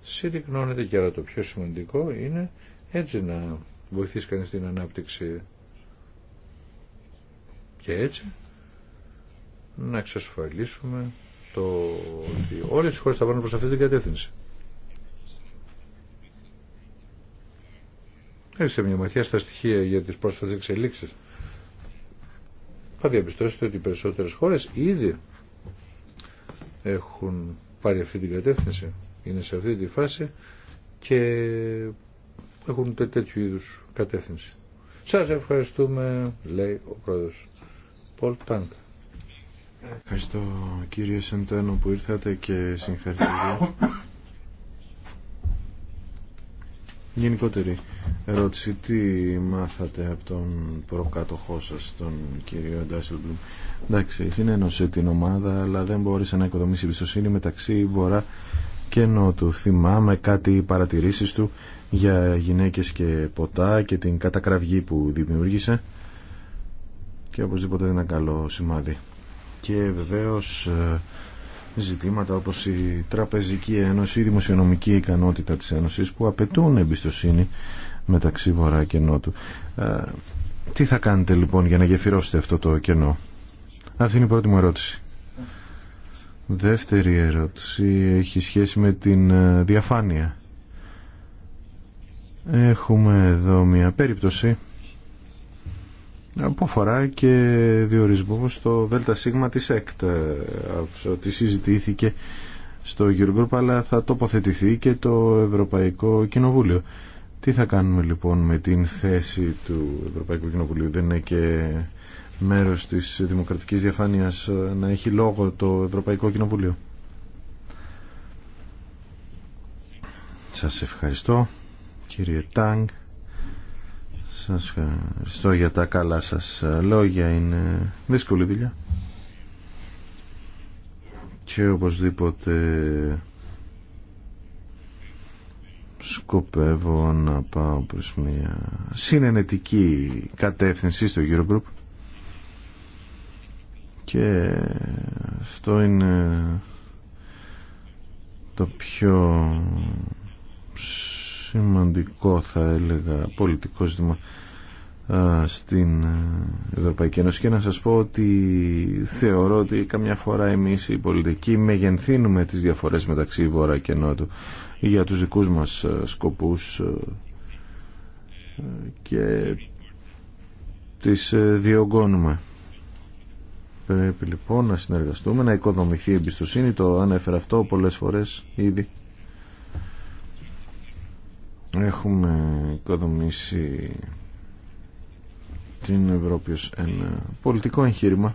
συρρυκνώνεται και άρα το πιο σημαντικό είναι έτσι να βοηθήσει κανείς την ανάπτυξη και έτσι να εξασφαλίσουμε το ότι όλες οι χώρες θα πάνε προς αυτή την κατεύθυνση. Έχετε μια ματιά στα στοιχεία για τις πρόσφατες εξελίξεις. Θα διαπιστώσετε ότι οι περισσότερες χώρες ήδη έχουν πάρει αυτή την κατεύθυνση. Είναι σε αυτή τη φάση και έχουν τέ, τέτοιου είδους κατεύθυνση. Σας ευχαριστούμε, λέει ο πρόεδρος Πολ Τάνκ. Ευχαριστώ κύριε Σεντένο που ήρθατε και συγχαρητήρια γενικότερη ερώτηση. Τι μάθατε από τον προκάτοχό σας, τον κύριο Ντάσσελμπλουμ. Εντάξει, συνένωσε την ομάδα, αλλά δεν μπόρεσε να οικοδομήσει πιστοσύνη. μεταξύ Βορρά και Νότου. Θυμάμαι κάτι παρατηρήσεις του για γυναίκες και ποτά και την κατακραυγή που δημιούργησε και οπωσδήποτε είναι ένα καλό σημάδι. Και βεβαίως ε, ζητήματα όπως η Τραπεζική Ένωση, η Δημοσιονομική Ικανότητα της Ένωσης που απαιτούν εμπιστοσύνη μεταξύ Βορρά και Νότου. Ε, τι θα κάνετε λοιπόν για να γεφυρώσετε αυτό το κενό. Αυτή είναι η πρώτη μου ερώτηση. Δεύτερη ερώτηση έχει σχέση με την ε, διαφάνεια. Έχουμε εδώ μια περίπτωση που αφορά και διορισμό στο ΔΣ της ΕΚΤ ε, ότι συζητήθηκε στο Eurogroup αλλά θα τοποθετηθεί και το Ευρωπαϊκό Κοινοβούλιο. Τι θα κάνουμε λοιπόν με την θέση του Ευρωπαϊκού Κοινοβουλίου δεν είναι και μέρος της δημοκρατικής διαφάνειας ε, να έχει λόγο το Ευρωπαϊκό Κοινοβούλιο. Σας ευχαριστώ κύριε Τάγκ. Σας ευχαριστώ για τα καλά σας λόγια. Είναι δύσκολη δουλειά. Και οπωσδήποτε σκοπεύω να πάω προς μια συνενετική κατεύθυνση στο Eurogroup και αυτό είναι το πιο σημαντικό θα έλεγα πολιτικό ζήτημα στην ε, Ευρωπαϊκή Ένωση και να σας πω ότι θεωρώ ότι καμιά φορά εμείς οι πολιτικοί μεγενθύνουμε τις διαφορές μεταξύ Βόρα και Νότου για τους δικούς μας ε, σκοπούς ε, και τις διωγγώνουμε. Πρέπει λοιπόν να συνεργαστούμε, να οικοδομηθεί η εμπιστοσύνη, το ανέφερα αυτό πολλές φορές ήδη έχουμε οικοδομήσει την Ευρώπη ως ένα πολιτικό εγχείρημα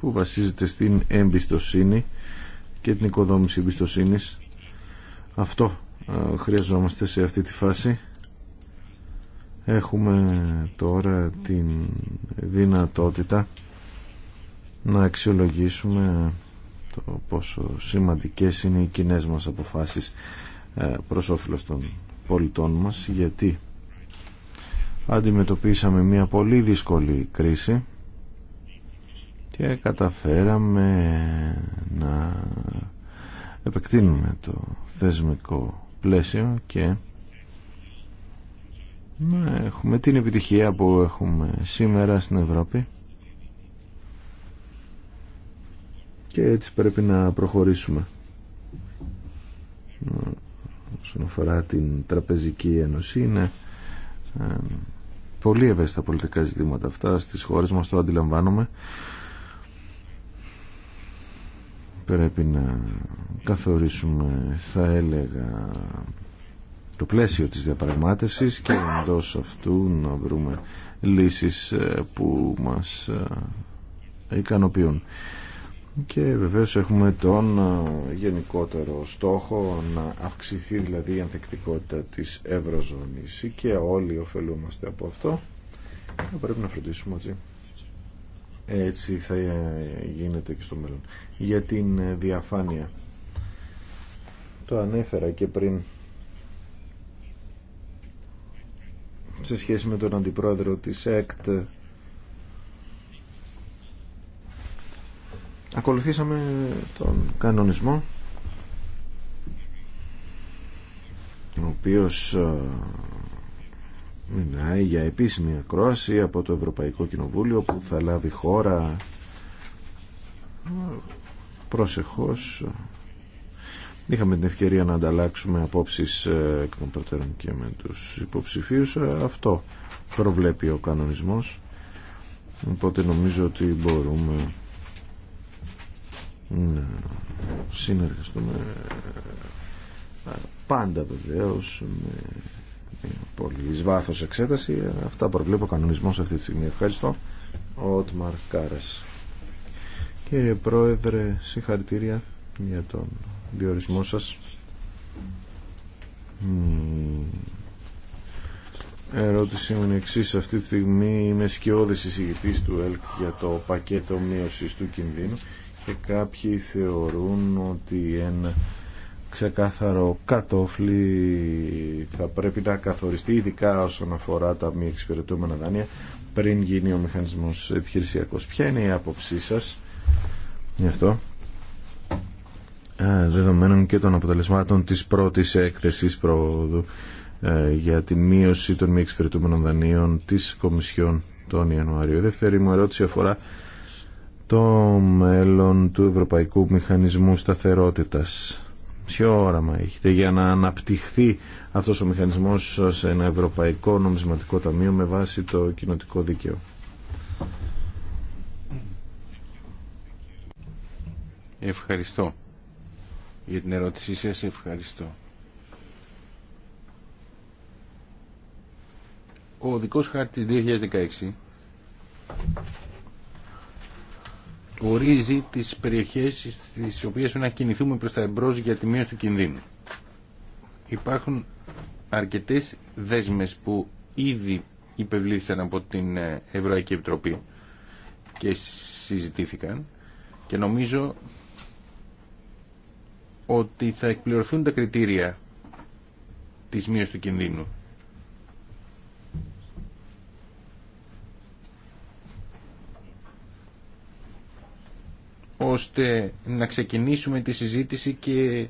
που βασίζεται στην εμπιστοσύνη και την οικοδόμηση εμπιστοσύνης αυτό ε, χρειαζόμαστε σε αυτή τη φάση έχουμε τώρα την δυνατότητα να αξιολογήσουμε το πόσο σημαντικές είναι οι κοινέ μας αποφάσεις ε, προς όφελος των πολιτών μας γιατί αντιμετωπίσαμε μια πολύ δύσκολη κρίση και καταφέραμε να επεκτείνουμε το θεσμικό πλαίσιο και να έχουμε την επιτυχία που έχουμε σήμερα στην Ευρώπη και έτσι πρέπει να προχωρήσουμε όσον αφορά την Τραπεζική Ένωση είναι ε, πολύ ευαίσθητα πολιτικά ζητήματα αυτά στις χώρες μας το αντιλαμβάνομαι πρέπει να καθορίσουμε θα έλεγα το πλαίσιο της διαπραγμάτευσης και εντό αυτού να βρούμε λύσεις ε, που μας ε, ικανοποιούν και βεβαίως έχουμε τον ε, γενικότερο στόχο να αυξηθεί δηλαδή η ανθεκτικότητα της Ευρωζώνης και όλοι ωφελούμαστε από αυτό θα πρέπει να φροντίσουμε ότι έτσι θα ε, γίνεται και στο μέλλον για την ε, διαφάνεια το ανέφερα και πριν σε σχέση με τον αντιπρόεδρο της ΕΚΤ ακολουθήσαμε τον κανονισμό ο οποίος ε, μιλάει για επίσημη ακρόαση από το Ευρωπαϊκό Κοινοβούλιο που θα λάβει χώρα ε, προσεχώς είχαμε την ευκαιρία να ανταλλάξουμε απόψεις ε, εκ των προτέρων και με τους υποψηφίους αυτό προβλέπει ο κανονισμός οπότε νομίζω ότι μπορούμε να συνεργαστούμε ε, πάντα βεβαίω με πολύ βάθο εξέταση αυτά προβλέπω κανονισμό αυτή τη στιγμή ευχαριστώ Ότμαρ Κάρα. Κύριε Πρόεδρε συγχαρητήρια για τον διορισμό σας ερώτηση μου είναι εξή. Αυτή τη στιγμή είμαι σκιώδη εισηγητή του ΕΛΚ για το πακέτο μείωση του κινδύνου και κάποιοι θεωρούν ότι ένα ξεκάθαρο κατόφλι θα πρέπει να καθοριστεί ειδικά όσον αφορά τα μη εξυπηρετούμενα δάνεια πριν γίνει ο μηχανισμός επιχειρησιακός. Ποια είναι η άποψή σας γι' αυτό ε, δεδομένων και των αποτελεσμάτων της πρώτης έκθεσης προόδου ε, για τη μείωση των μη εξυπηρετούμενων δανείων της Κομισιόν τον Ιανουάριο. Η δεύτερη μου ερώτηση αφορά το μέλλον του Ευρωπαϊκού Μηχανισμού Σταθερότητας. Ποιο όραμα έχετε για να αναπτυχθεί αυτός ο μηχανισμός σε ένα Ευρωπαϊκό Νομισματικό Ταμείο με βάση το κοινοτικό δίκαιο. Ευχαριστώ. Για την ερώτησή σας ευχαριστώ. Ο δικός χάρτης 2016 ορίζει τις περιοχές στις οποίες να κινηθούμε προς τα εμπρός για τη μείωση του κινδύνου. Υπάρχουν αρκετές δέσμες που ήδη υπευλήθησαν από την ε, Ευρωπαϊκή Επιτροπή και συζητήθηκαν και νομίζω ότι θα εκπληρωθούν τα κριτήρια της μείωσης του κινδύνου ώστε να ξεκινήσουμε τη συζήτηση και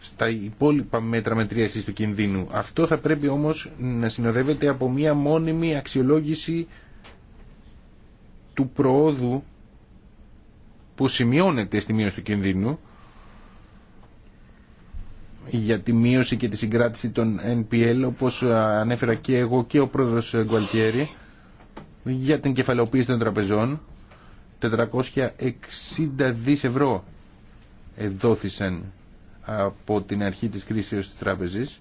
στα υπόλοιπα μέτρα μετρίασης του κινδύνου. Αυτό θα πρέπει όμως να συνοδεύεται από μία μόνιμη αξιολόγηση του προόδου που σημειώνεται στη μείωση του κινδύνου για τη μείωση και τη συγκράτηση των NPL όπως ανέφερα και εγώ και ο πρόεδρος Γκουαλτιέρη για την κεφαλαιοποίηση των τραπεζών 460 δις ευρώ εδόθησαν από την αρχή της κρίσης της τράπεζης.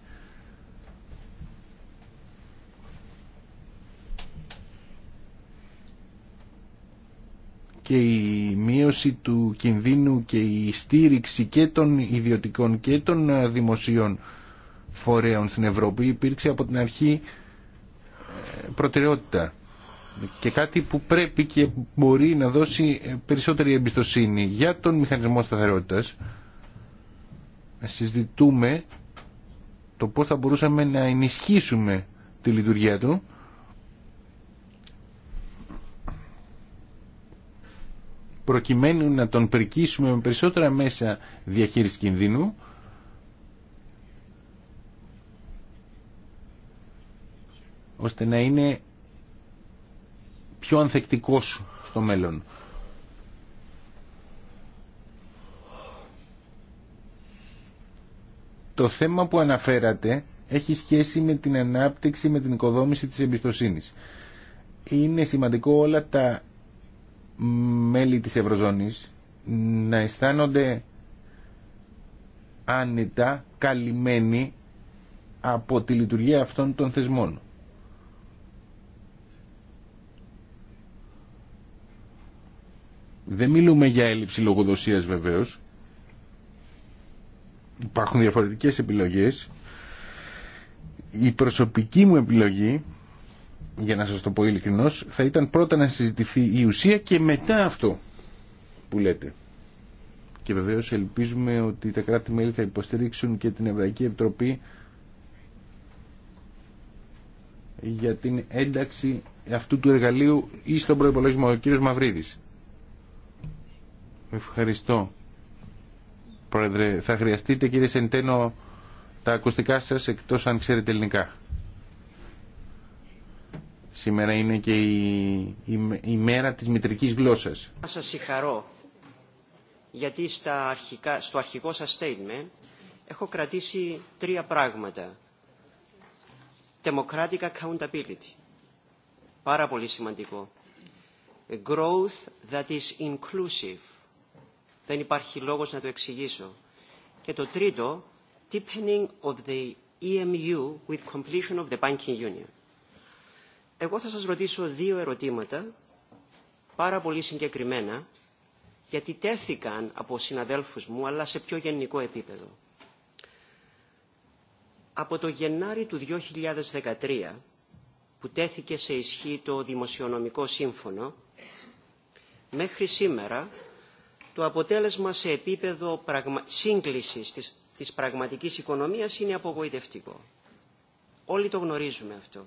και η μείωση του κινδύνου και η στήριξη και των ιδιωτικών και των ε, δημοσίων φορέων στην Ευρώπη υπήρξε από την αρχή ε, προτεραιότητα και κάτι που πρέπει και μπορεί να δώσει ε, περισσότερη εμπιστοσύνη για τον μηχανισμό σταθερότητας συζητούμε το πώς θα μπορούσαμε να ενισχύσουμε τη λειτουργία του προκειμένου να τον πρικήσουμε με περισσότερα μέσα διαχείρισης κινδύνου ώστε να είναι πιο ανθεκτικός στο μέλλον. Το θέμα που αναφέρατε έχει σχέση με την ανάπτυξη, με την οικοδόμηση της εμπιστοσύνης. Είναι σημαντικό όλα τα μέλη της Ευρωζώνης να αισθάνονται άνετα καλυμμένοι από τη λειτουργία αυτών των θεσμών. Δεν μιλούμε για έλλειψη λογοδοσίας βεβαίως. Υπάρχουν διαφορετικές επιλογές. Η προσωπική μου επιλογή, για να σας το πω ειλικρινώς, θα ήταν πρώτα να συζητηθεί η ουσία και μετά αυτό που λέτε. Και βεβαίως ελπίζουμε ότι τα κράτη-μέλη θα υποστηρίξουν και την Ευρωπαϊκή Επιτροπή για την ένταξη αυτού του εργαλείου ή στον προϋπολογισμό Ο κύριος Μαυρίδης. Ευχαριστώ. Πρόεδρε, θα χρειαστείτε κύριε Σεντένο τα ακουστικά σας εκτός αν ξέρετε ελληνικά. Σήμερα είναι και η, η, μέρα της μητρικής γλώσσας. Θα σας συγχαρώ, γιατί στα στο αρχικό σας statement έχω κρατήσει τρία πράγματα. Democratic accountability, πάρα πολύ σημαντικό. growth that is inclusive δεν υπάρχει λόγος να το εξηγήσω. Και το τρίτο, deepening of the EMU with completion of the banking union. Εγώ θα σας ρωτήσω δύο ερωτήματα, πάρα πολύ συγκεκριμένα, γιατί τέθηκαν από συναδέλφους μου, αλλά σε πιο γενικό επίπεδο. Από το Γενάρη του 2013, που τέθηκε σε ισχύ το Δημοσιονομικό Σύμφωνο, μέχρι σήμερα το αποτέλεσμα σε επίπεδο πραγμα... σύγκλησης της, της πραγματικής οικονομίας είναι απογοητευτικό. Όλοι το γνωρίζουμε αυτό.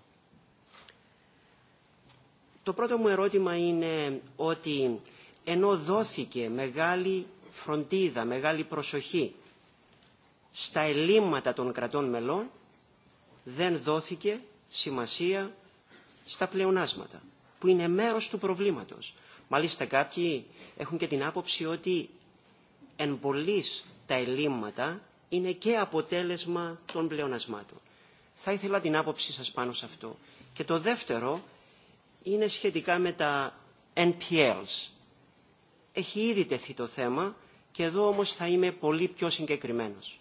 Το πρώτο μου ερώτημα είναι ότι ενώ δόθηκε μεγάλη φροντίδα, μεγάλη προσοχή στα ελλείμματα των κρατών μελών, δεν δόθηκε σημασία στα πλεονάσματα, που είναι μέρος του προβλήματος. Μάλιστα κάποιοι έχουν και την άποψη ότι εν πολλής τα ελλείμματα είναι και αποτέλεσμα των πλεονασμάτων. Θα ήθελα την άποψή σας πάνω σε αυτό. Και το δεύτερο είναι σχετικά με τα NPLs. Έχει ήδη τεθεί το θέμα και εδώ όμως θα είμαι πολύ πιο συγκεκριμένος.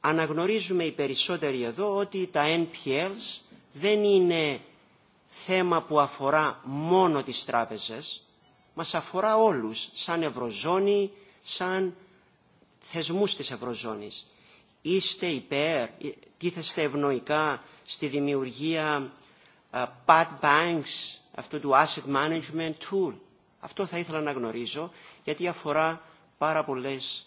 Αναγνωρίζουμε οι περισσότεροι εδώ ότι τα NPLs δεν είναι θέμα που αφορά μόνο τις τράπεζες, μας αφορά όλους, σαν Ευρωζώνη, σαν θεσμούς της Ευρωζώνης. Είστε υπέρ, ε, τίθεστε ευνοϊκά στη δημιουργία uh, bad banks, αυτού του asset management tool. Αυτό θα ήθελα να γνωρίζω, γιατί αφορά πάρα πολλές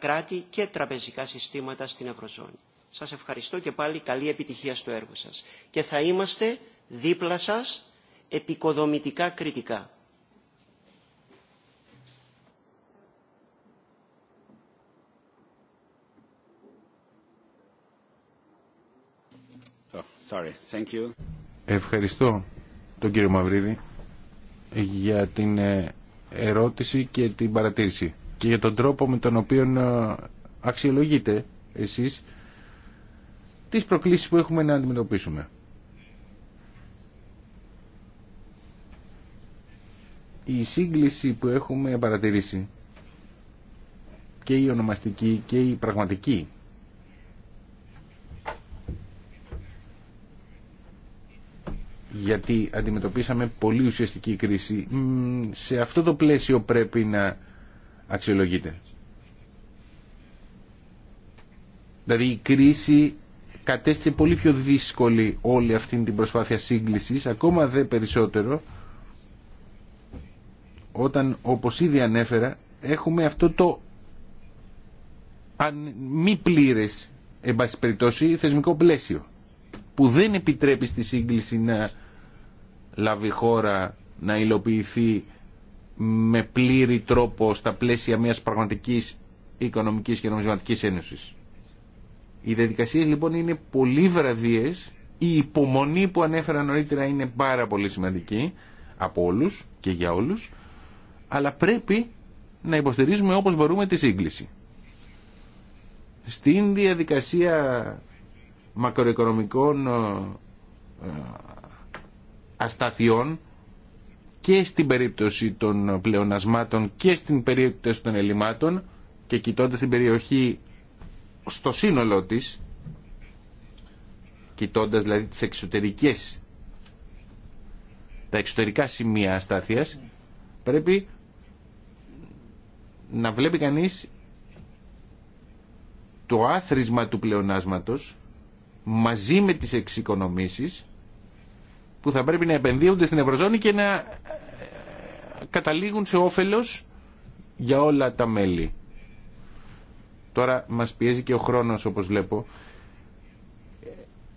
κράτη και τραπεζικά συστήματα στην Ευρωζώνη. Σας ευχαριστώ και πάλι καλή επιτυχία στο έργο σας. Και θα είμαστε δίπλα σας επικοδομητικά κριτικά. Oh, Ευχαριστώ τον κύριο Μαυρίδη για την ε, ερώτηση και την παρατήρηση και για τον τρόπο με τον οποίο ε, αξιολογείτε εσείς τις προκλήσεις που έχουμε να αντιμετωπίσουμε. η σύγκληση που έχουμε παρατηρήσει και η ονομαστική και η πραγματική γιατί αντιμετωπίσαμε πολύ ουσιαστική κρίση σε αυτό το πλαίσιο πρέπει να αξιολογείται δηλαδή η κρίση κατέστησε πολύ πιο δύσκολη όλη αυτή την προσπάθεια σύγκλησης ακόμα δε περισσότερο όταν όπως ήδη ανέφερα έχουμε αυτό το αν μη πλήρες εν περιπτώσει θεσμικό πλαίσιο που δεν επιτρέπει στη σύγκληση να λάβει χώρα να υλοποιηθεί με πλήρη τρόπο στα πλαίσια μιας πραγματικής οικονομικής και νομισματικής ένωσης. Οι διαδικασίε λοιπόν είναι πολύ βραδίες, η υπομονή που ανέφερα νωρίτερα είναι πάρα πολύ σημαντική από όλους και για όλους αλλά πρέπει να υποστηρίζουμε όπως μπορούμε τη σύγκληση. Στην διαδικασία μακροοικονομικών ε, ε, ασταθειών και στην περίπτωση των πλεονασμάτων και στην περίπτωση των ελλημάτων και κοιτώντας την περιοχή στο σύνολό της, κοιτώντας δηλαδή τις εξωτερικές, τα εξωτερικά σημεία αστάθειας, πρέπει να βλέπει κανείς το άθροισμα του πλεονάσματος μαζί με τις εξοικονομήσεις που θα πρέπει να επενδύονται στην Ευρωζώνη και να ε, καταλήγουν σε όφελος για όλα τα μέλη. Τώρα μας πιέζει και ο χρόνος όπως βλέπω.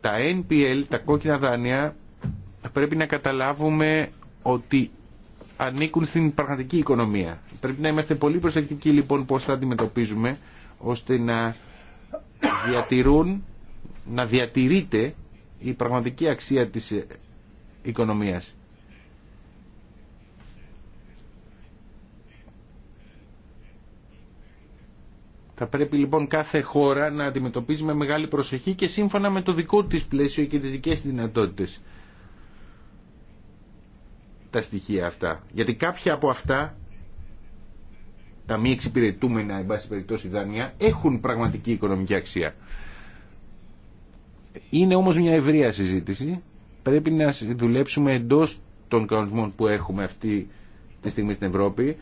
Τα NPL, τα κόκκινα δάνεια, πρέπει να καταλάβουμε ότι ανήκουν στην πραγματική οικονομία. Πρέπει να είμαστε πολύ προσεκτικοί λοιπόν πώς θα αντιμετωπίζουμε ώστε να διατηρούν, να διατηρείται η πραγματική αξία της ε, οικονομίας. Θα πρέπει λοιπόν κάθε χώρα να αντιμετωπίζει με μεγάλη προσοχή και σύμφωνα με το δικό της πλαίσιο και τις δικές της δυνατότητες τα στοιχεία αυτά. Γιατί κάποια από αυτά, τα μη εξυπηρετούμενα, εν πάση περιπτώσει, δάνεια, έχουν πραγματική οικονομική αξία. Είναι όμως μια ευρεία συζήτηση. Πρέπει να δουλέψουμε εντός των κανονισμών που έχουμε αυτή τη στιγμή στην Ευρώπη.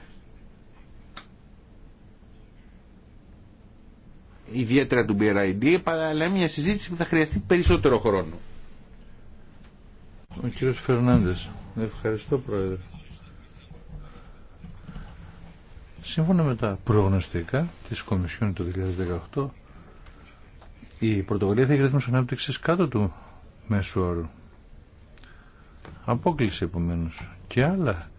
Ιδιαίτερα του BRID, αλλά μια συζήτηση που θα χρειαστεί περισσότερο χρόνο. Ο κύριος Φερνάνδες. Ευχαριστώ Πρόεδρε. Σύμφωνα με τα προγνωστικά της Κομισιόν του 2018, η πρωτοβουλία θα έχει ρυθμούς ανάπτυξης κάτω του μέσου όρου. Απόκληση επομένω. Και άλλα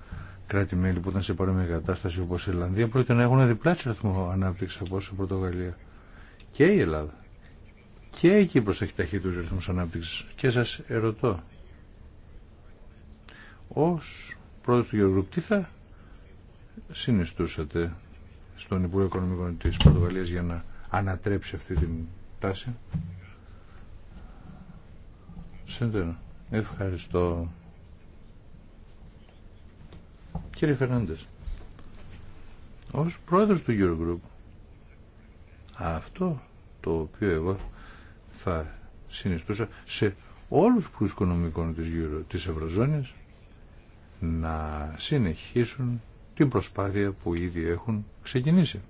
κράτη-μέλη που ήταν σε παρόμοια κατάσταση όπως η Ιρλανδία πρόκειται να έχουν διπλάσιο ρυθμό ανάπτυξη από όσο η Πορτογαλία. Και η Ελλάδα. Και εκεί προσέχει ταχύτητα του ρυθμού ανάπτυξη. Και σα ερωτώ, ως πρόεδρος του Eurogroup τι θα συνιστούσατε στον Υπουργό Οικονομικών της Πορτογαλίας για να ανατρέψει αυτή την τάση. Σέντερ, ευχαριστώ. Κύριε Φερνάντες, ως πρόεδρος του Eurogroup αυτό το οποίο εγώ θα συνιστούσα σε όλους τους οικονομικών της, Euro, της Ευρωζώνης να συνεχίσουν την προσπάθεια που ήδη έχουν ξεκινήσει.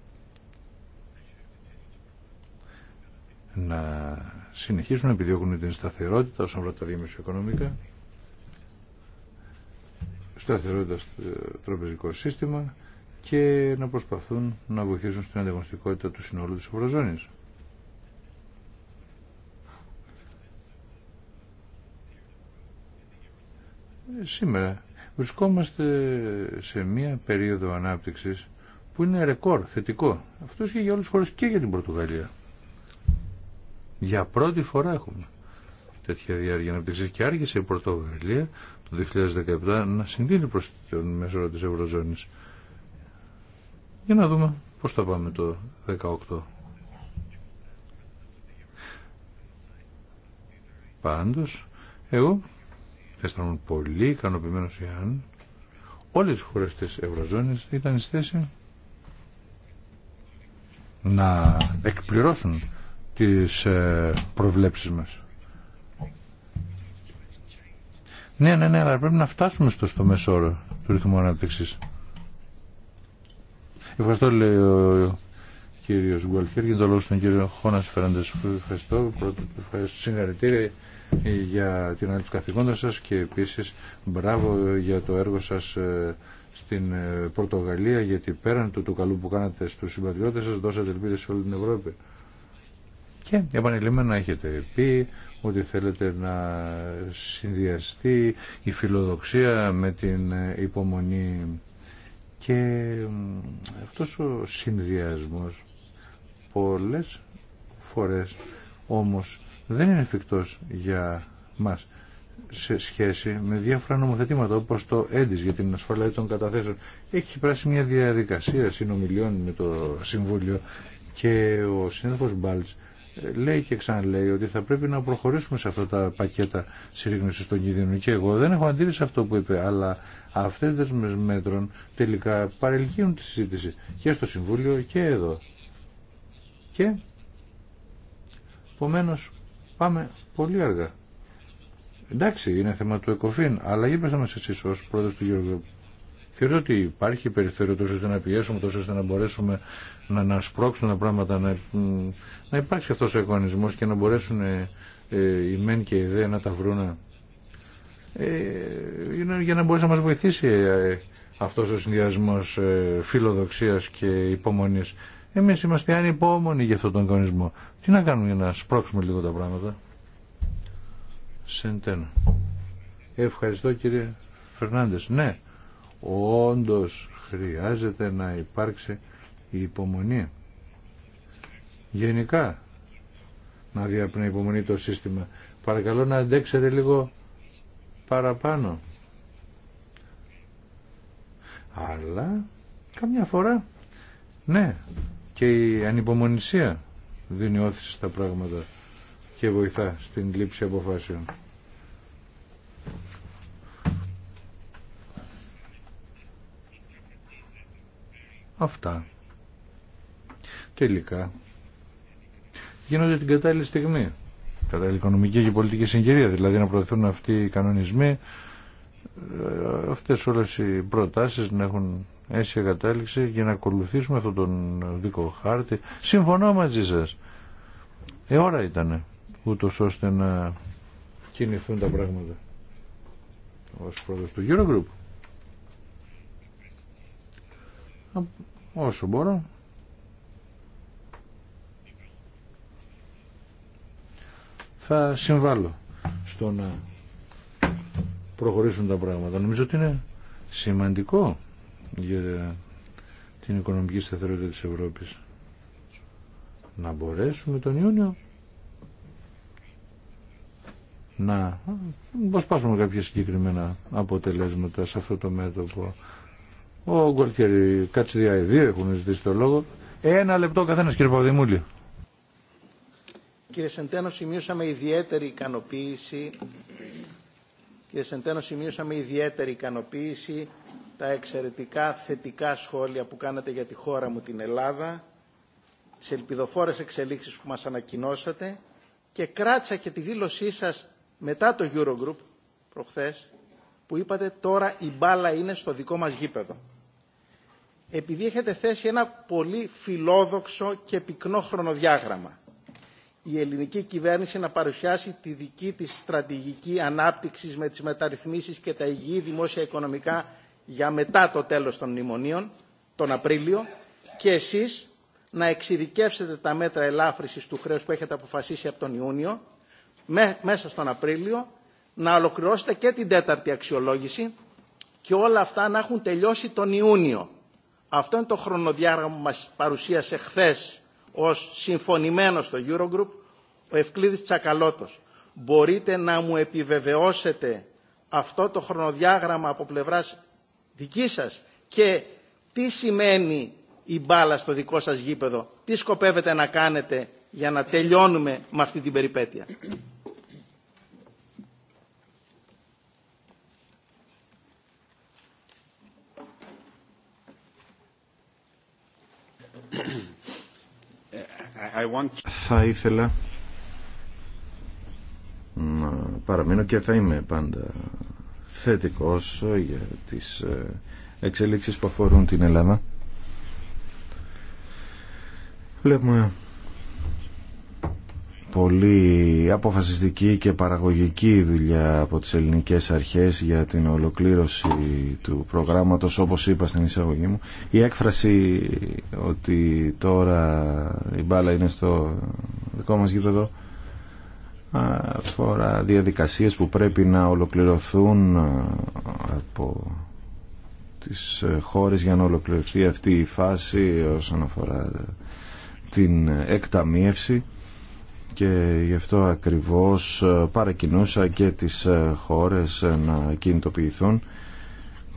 Να συνεχίσουν να επιδιώκουν την σταθερότητα όσον αφορά τα οικονομικά, σταθερότητα στο τραπεζικό σύστημα και να προσπαθούν να βοηθήσουν στην ανταγωνιστικότητα του συνόλου της Ευρωζώνης. Σήμερα Βρισκόμαστε σε μία περίοδο ανάπτυξης που είναι ρεκόρ, θετικό. Αυτό ισχύει για όλες τις χώρες και για την Πορτογαλία. Για πρώτη φορά έχουμε τέτοια διάρκεια ανάπτυξης και άρχισε η Πορτογαλία το 2017 να συγκλίνει προς τον μέσο της Ευρωζώνης. Για να δούμε πώς θα πάμε το 18. Πάντως, εγώ θα πολύ ικανοποιημένο εάν όλες οι χώρες της Ευρωζώνης ήταν στη θέση να εκπληρώσουν τις ε, προβλέψεις μας. Ναι, ναι, ναι, αλλά πρέπει να φτάσουμε στο, στο μέσο όρο του ρυθμού ανάπτυξη. Ευχαριστώ, λέει ο κύριο Γκουαλτιέρ, και το λόγο στον κύριο Χώνα Φεράντε. Ευχαριστώ, πρώτο, ευχαριστώ, συγχαρητήρια για την ανάπτυξη καθηγόντων σας και επίσης μπράβο για το έργο σας ε, στην ε, Πορτογαλία γιατί πέραν του, του καλού που κάνατε στους συμπατριώτες σας δώσατε ελπίδες σε όλη την Ευρώπη. Και επανειλημμένα έχετε πει ότι θέλετε να συνδυαστεί η φιλοδοξία με την ε, υπομονή και αυτός ο συνδυασμός πολλές φορές όμως δεν είναι εφικτός για μας σε σχέση με διάφορα νομοθετήματα όπως το έντις για την ασφαλεία των καταθέσεων. Έχει πράσει μια διαδικασία συνομιλιών με το Συμβούλιο και ο συνέδρος Μπάλτς ε, λέει και ξαναλέει ότι θα πρέπει να προχωρήσουμε σε αυτά τα πακέτα συρρήγνωσης των κινδύνων και εγώ δεν έχω αντίρρηση αυτό που είπε αλλά αυτές τις μέτρων τελικά παρελκύουν τη συζήτηση και στο Συμβούλιο και εδώ και επομένως Πάμε πολύ αργά. Εντάξει, είναι θέμα του ΕΚΟΦΗΝ, αλλά για να μας εσείς ως πρόεδρος του Γιώργου. θεωρώ ότι υπάρχει περιθώριο τόσο ώστε να πιέσουμε, τόσο ώστε να μπορέσουμε να, να τα πράγματα, να, να υπάρξει αυτός ο εγωνισμός και να μπορέσουν ε, ε, οι μεν και οι δε να τα βρουν ε, για να μπορέσει να μας βοηθήσει ε, αυτός ο συνδυασμός ε, φιλοδοξίας και υπομονής. Εμείς είμαστε ανυπόμονοι για αυτόν τον κανονισμό. Τι να κάνουμε για να σπρώξουμε λίγο τα πράγματα. Σεντένα. Ευχαριστώ κύριε Φερνάντες. Ναι, όντως χρειάζεται να υπάρξει η υπομονή. Γενικά να διαπνέει υπομονή το σύστημα. Παρακαλώ να αντέξετε λίγο παραπάνω. Αλλά καμιά φορά ναι, και η ανυπομονησία δίνει όθηση στα πράγματα και βοηθά στην λήψη αποφάσεων. Αυτά. Τελικά. Γίνονται την κατάλληλη στιγμή. Κατάλληλη οικονομική και πολιτική συγκυρία. Δηλαδή να προωθούν αυτοί οι κανονισμοί, ε, αυτές όλες οι προτάσεις να έχουν αίσια κατάληξη για να ακολουθήσουμε αυτόν τον δικό χάρτη. Συμφωνώ μαζί σας. Ε, ώρα ήτανε, ούτως ώστε να κινηθούν τα πράγματα ως πρόεδρο του Eurogroup. Όσο μπορώ. Θα συμβάλλω στο να προχωρήσουν τα πράγματα. Νομίζω ότι είναι σημαντικό για την οικονομική σταθερότητα της Ευρώπης. Να μπορέσουμε τον Ιούνιο να προσπάσουμε κάποια συγκεκριμένα αποτελέσματα σε αυτό το μέτωπο. Ο Γκολτιέρη, κάτσε διάει δύο έχουν ζητήσει το λόγο. Ένα λεπτό καθένας κύριε Παπαδημούλη. Κύριε Σεντένο, σημείωσαμε ιδιαίτερη ικανοποίηση Κύριε Σεντένο, σημείωσαμε ιδιαίτερη ικανοποίηση τα εξαιρετικά θετικά σχόλια που κάνατε για τη χώρα μου την Ελλάδα, τις ελπιδοφόρες εξελίξεις που μας ανακοινώσατε και κράτησα και τη δήλωσή σας μετά το Eurogroup προχθές που είπατε τώρα η μπάλα είναι στο δικό μας γήπεδο. Επειδή έχετε θέσει ένα πολύ φιλόδοξο και πυκνό χρονοδιάγραμμα η ελληνική κυβέρνηση να παρουσιάσει τη δική της στρατηγική ανάπτυξη με τις μεταρρυθμίσεις και τα υγιή δημόσια οικονομικά για μετά το τέλος των μνημονίων, τον Απρίλιο, και εσείς να εξειδικεύσετε τα μέτρα ελάφρυσης του χρέους που έχετε αποφασίσει από τον Ιούνιο, μέσα στον Απρίλιο, να ολοκληρώσετε και την τέταρτη αξιολόγηση και όλα αυτά να έχουν τελειώσει τον Ιούνιο. Αυτό είναι το χρονοδιάγραμμα που μας παρουσίασε χθε ως συμφωνημένο στο Eurogroup ο Ευκλήδης Τσακαλώτος. Μπορείτε να μου επιβεβαιώσετε αυτό το χρονοδιάγραμμα από πλευράς δική σας και τι σημαίνει η μπάλα στο δικό σας γήπεδο, τι σκοπεύετε να κάνετε για να τελειώνουμε με αυτή την περιπέτεια. Ε, θα ήθελα να παραμείνω και θα είμαι πάντα θετικός ε, για τις ε, εξελίξεις που αφορούν την Ελλάδα. Βλέπουμε πολύ αποφασιστική και παραγωγική δουλειά από τις ελληνικές αρχές για την ολοκλήρωση του προγράμματος όπως είπα στην εισαγωγή μου η έκφραση ότι τώρα η μπάλα είναι στο δικό μας γήπεδο αφορά διαδικασίες που πρέπει να ολοκληρωθούν ε, από τις ε, χώρες για να ολοκληρωθεί αυτή η φάση όσον αφορά την εκταμίευση και γι' αυτό ακριβώς ε, παρακινούσα και τις χώρες να κινητοποιηθούν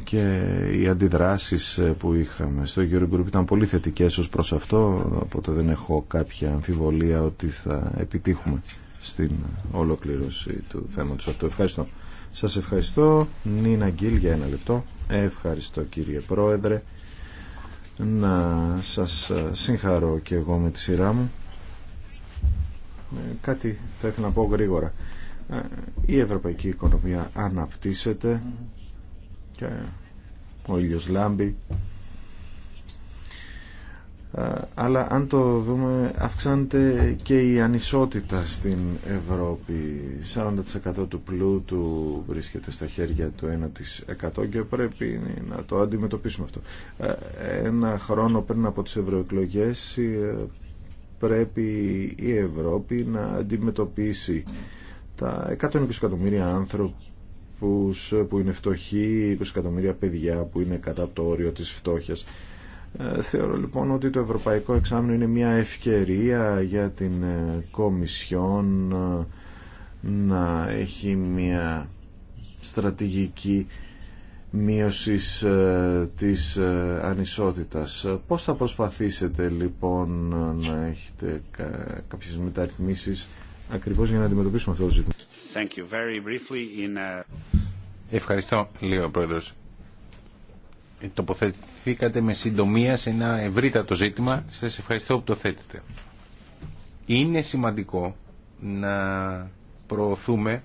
και οι αντιδράσεις που είχαμε στο Eurogroup ήταν πολύ θετικές ως προς αυτό οπότε δεν έχω κάποια αμφιβολία ότι θα επιτύχουμε στην ολοκλήρωση του θέματος αυτού. Ευχαριστώ. Σας ευχαριστώ. Νίνα Γκίλ για ένα λεπτό. Ευχαριστώ κύριε Πρόεδρε. Να σας ε, συγχαρώ και εγώ με τη σειρά μου. Ε, κάτι θα ήθελα να πω γρήγορα. Ε, η ευρωπαϊκή οικονομία αναπτύσσεται και ο ήλιος λάμπει αλλά αν το δούμε αυξάνεται και η ανισότητα στην Ευρώπη 40% του πλούτου βρίσκεται στα χέρια του 1% και πρέπει να το αντιμετωπίσουμε αυτό ένα χρόνο πριν από τις ευρωεκλογέ ε, πρέπει η Ευρώπη να αντιμετωπίσει τα 120 εκατομμύρια άνθρωπους που είναι φτωχοί 20 εκατομμύρια παιδιά που είναι κατά το όριο της φτώχειας ε, θεωρώ λοιπόν ότι το Ευρωπαϊκό Εξάμεινο είναι μια ευκαιρία για την ε, Κομισιόν ε, να έχει μια στρατηγική μείωση της ανισότητας. Πώς θα προσπαθήσετε λοιπόν να έχετε κάποιες μεταρρυθμίσεις ακριβώς για να αντιμετωπίσουμε αυτό το ζήτημα. Ευχαριστώ, λίγο Πρόεδρος. Ε, τοποθετηθήκατε με συντομία σε ένα ευρύτατο ζήτημα. Σα ευχαριστώ που το θέτετε. Είναι σημαντικό να προωθούμε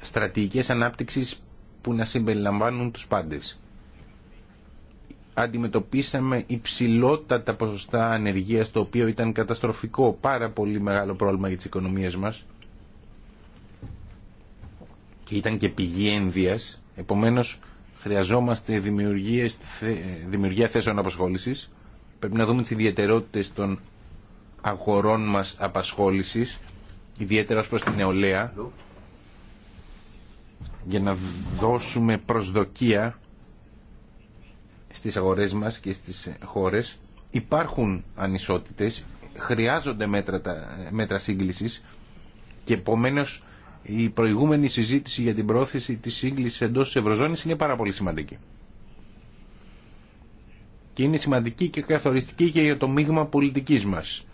στρατηγικές ανάπτυξης που να συμπεριλαμβάνουν τους πάντες. Αντιμετωπίσαμε υψηλότατα ποσοστά ανεργίας, το οποίο ήταν καταστροφικό, πάρα πολύ μεγάλο πρόβλημα για τις οικονομίες μας ήταν και πηγή ένδυας. Επομένως, χρειαζόμαστε δημιουργία θέσεων απασχόλησης. Πρέπει να δούμε τις ιδιαιτερότητες των αγορών μας απασχόλησης, ιδιαίτερα ως προς την νεολαία, για να δώσουμε προσδοκία στις αγορές μας και στις χώρες. Υπάρχουν ανισότητες, χρειάζονται μέτρα, μέτρα σύγκλησης και επομένως η προηγούμενη συζήτηση για την πρόθεση της σύγκλησης εντός της Ευρωζώνης είναι πάρα πολύ σημαντική. Και είναι σημαντική και καθοριστική και για το μείγμα πολιτικής μας.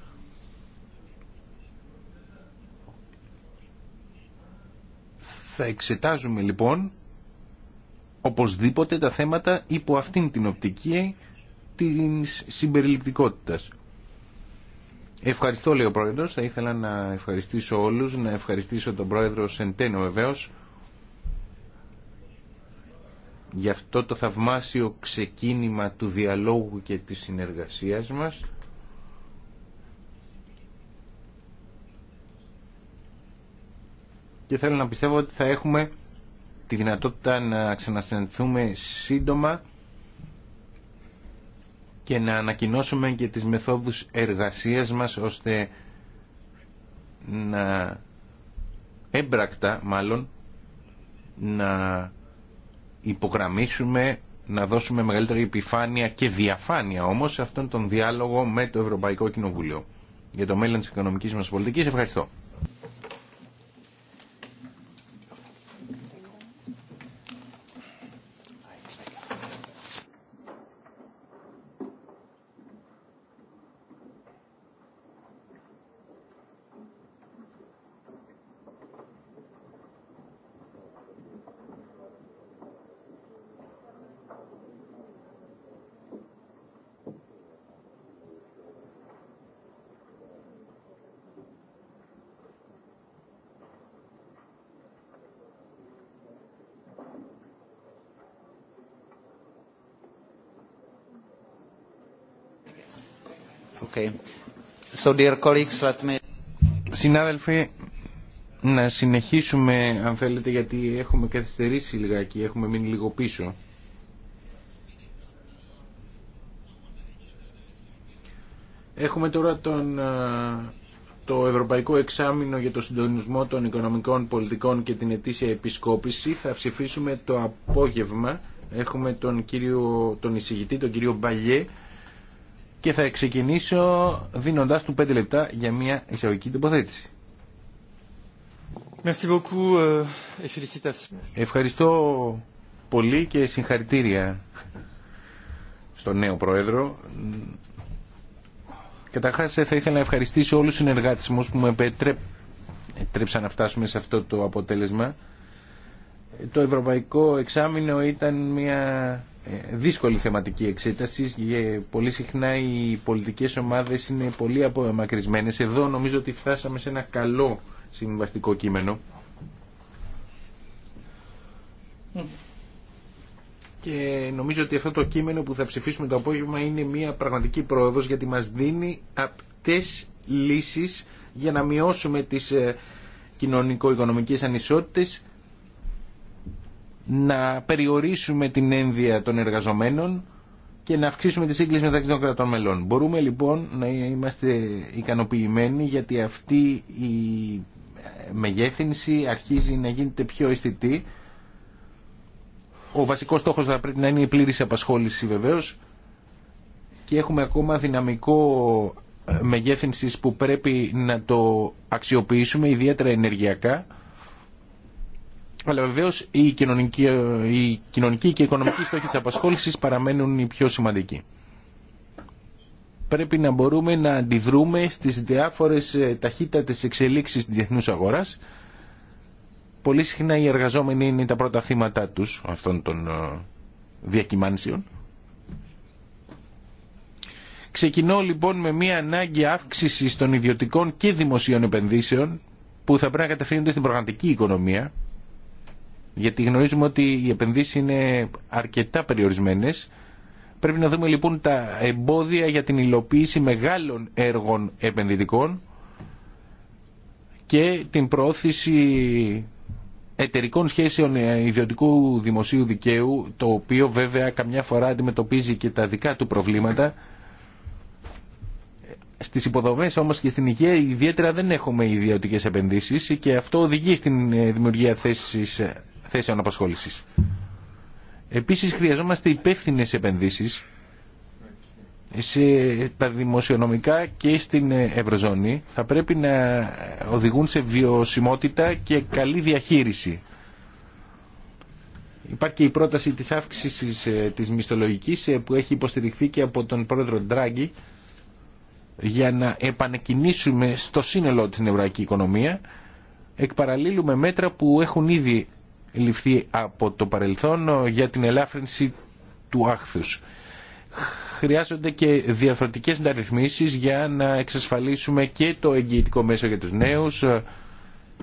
Θα εξετάζουμε λοιπόν οπωσδήποτε τα θέματα υπό αυτήν την οπτική της συμπεριληπτικότητας. Ευχαριστώ, λέει ο Πρόεδρος. Θα ήθελα να ευχαριστήσω όλους, να ευχαριστήσω τον Πρόεδρο Σεντένο βεβαίω για αυτό το θαυμάσιο ξεκίνημα του διαλόγου και της συνεργασίας μας. Και θέλω να πιστεύω ότι θα έχουμε τη δυνατότητα να ξανασυναντηθούμε σύντομα και να ανακοινώσουμε και τις μεθόδους εργασίας μας ώστε να έμπρακτα μάλλον να υπογραμμίσουμε να δώσουμε μεγαλύτερη επιφάνεια και διαφάνεια όμως σε αυτόν τον διάλογο με το Ευρωπαϊκό Κοινοβούλιο για το μέλλον της οικονομικής μας πολιτικής. Ευχαριστώ. Συνάδελφοι, να συνεχίσουμε αν θέλετε γιατί έχουμε καθυστερήσει λιγάκι, έχουμε μείνει λίγο πίσω. Έχουμε τώρα τον, το Ευρωπαϊκό Εξάμεινο για το Συντονισμό των Οικονομικών Πολιτικών και την Ετήσια Επισκόπηση. Θα ψηφίσουμε το απόγευμα. Έχουμε τον, κύριο, τον εισηγητή, τον κύριο Μπαγιέ, και θα ξεκινήσω δίνοντας του 5 λεπτά για μια εισαγωγική τοποθέτηση. Ε, Ευχαριστώ πολύ και συγχαρητήρια στον νέο Πρόεδρο. Καταρχά ε, θα ήθελα να ευχαριστήσω όλους τους συνεργάτες μου που με επέτρεψαν να φτάσουμε σε αυτό το αποτέλεσμα. Ε, το Ευρωπαϊκό Εξάμεινο ήταν μια δύσκολη θεματική εξέταση πολύ συχνά οι πολιτικέ ομάδες είναι πολύ απομακρυσμένε Εδώ νομίζω ότι φτάσαμε σε ένα καλό συμβαστικό κείμενο. Και νομίζω ότι αυτό το κείμενο που θα ψηφίσουμε το απόγευμα είναι μια πραγματική πρόοδος γιατί μας δίνει απτές λύσεις για να μειώσουμε τις ε, κοινωνικο-οικονομικές ανισότητες να περιορίσουμε την ένδυα των εργαζομένων και να αυξήσουμε τη σύγκληση μεταξύ των κρατών μελών. Μπορούμε λοιπόν να είμαστε ικανοποιημένοι γιατί αυτή η μεγέθυνση αρχίζει να γίνεται πιο αισθητή. Ο βασικός στόχος θα πρέπει να είναι η πλήρης απασχόληση βεβαίως και έχουμε ακόμα δυναμικό ε, μεγέθυνσης που πρέπει να το αξιοποιήσουμε ιδιαίτερα ενεργειακά αλλά βεβαίω οι κοινωνικοί, και οι οικονομικοί στόχοι τη απασχόληση παραμένουν οι πιο σημαντικοί. Πρέπει να μπορούμε να αντιδρούμε στις διάφορες ε, ταχύτατε εξελίξεις τη διεθνού αγορά, Πολύ συχνά οι εργαζόμενοι είναι τα πρώτα θύματα του αυτών των ε, διακυμάνσεων. Ξεκινώ λοιπόν με μια ανάγκη αύξησης των ιδιωτικών και δημοσίων επενδύσεων που θα πρέπει να κατευθύνονται στην προγραμματική οικονομία γιατί γνωρίζουμε ότι οι επενδύσεις είναι αρκετά περιορισμένες. Πρέπει να δούμε λοιπόν τα εμπόδια για την υλοποίηση μεγάλων έργων επενδυτικών και την πρόθεση εταιρικών σχέσεων ιδιωτικού δημοσίου δικαίου, το οποίο βέβαια καμιά φορά αντιμετωπίζει και τα δικά του προβλήματα. Στις υποδομές όμως και στην υγεία ιδιαίτερα δεν έχουμε ιδιωτικές επενδύσεις και αυτό οδηγεί στην δημιουργία θέσης, θέσεων απασχόλησης. Επίσης χρειαζόμαστε υπεύθυνε επενδύσεις σε τα δημοσιονομικά και στην Ευρωζώνη θα πρέπει να οδηγούν σε βιωσιμότητα και καλή διαχείριση. Υπάρχει και η πρόταση της αύξησης ε, της μισθολογικής ε, που έχει υποστηριχθεί και από τον πρόεδρο Ντράγκη για να επανεκκινήσουμε στο σύνολο της νευρακή οικονομία εκπαραλλήλουμε μέτρα που έχουν ήδη ληφθεί από το παρελθόν ε, για την ελάφρυνση του άχθους. Χρειάζονται και διαρθρωτικέ μεταρρυθμίσεις για να εξασφαλίσουμε και το εγγυητικό μέσο για τους νέους, ε,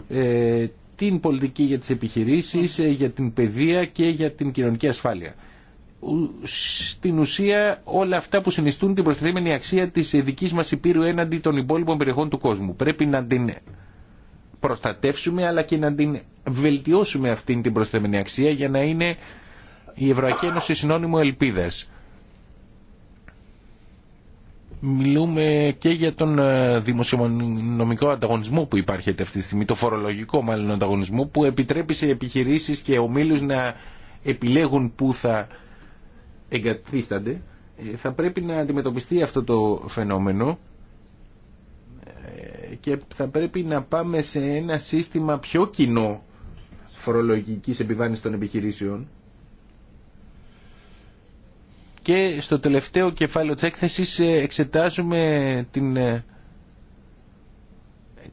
ε, την πολιτική για τις επιχειρήσεις, για την παιδεία και για την κοινωνική ασφάλεια. Στην ουσία όλα αυτά που συνιστούν την προσθέμενη αξία της δικής μας υπήρου έναντι των υπόλοιπων περιοχών του κόσμου. Πρέπει να την προστατεύσουμε αλλά και να την βελτιώσουμε αυτήν την προσθεμένη αξία για να είναι η Ευρωπαϊκή Ένωση συνώνυμο ελπίδας. Μιλούμε και για τον ε, δημοσιονομικό ανταγωνισμό που υπάρχει αυτή τη στιγμή, το φορολογικό μάλλον ανταγωνισμό που επιτρέπει σε επιχειρήσεις και ομίλους να επιλέγουν που θα εγκαθίστανται. Ε, θα πρέπει να αντιμετωπιστεί αυτό το φαινόμενο και θα πρέπει να πάμε σε ένα σύστημα πιο κοινό φορολογικής επιβάρυνσης των επιχειρήσεων. Και στο τελευταίο κεφάλαιο της έκθεσης ε, εξετάζουμε την ε,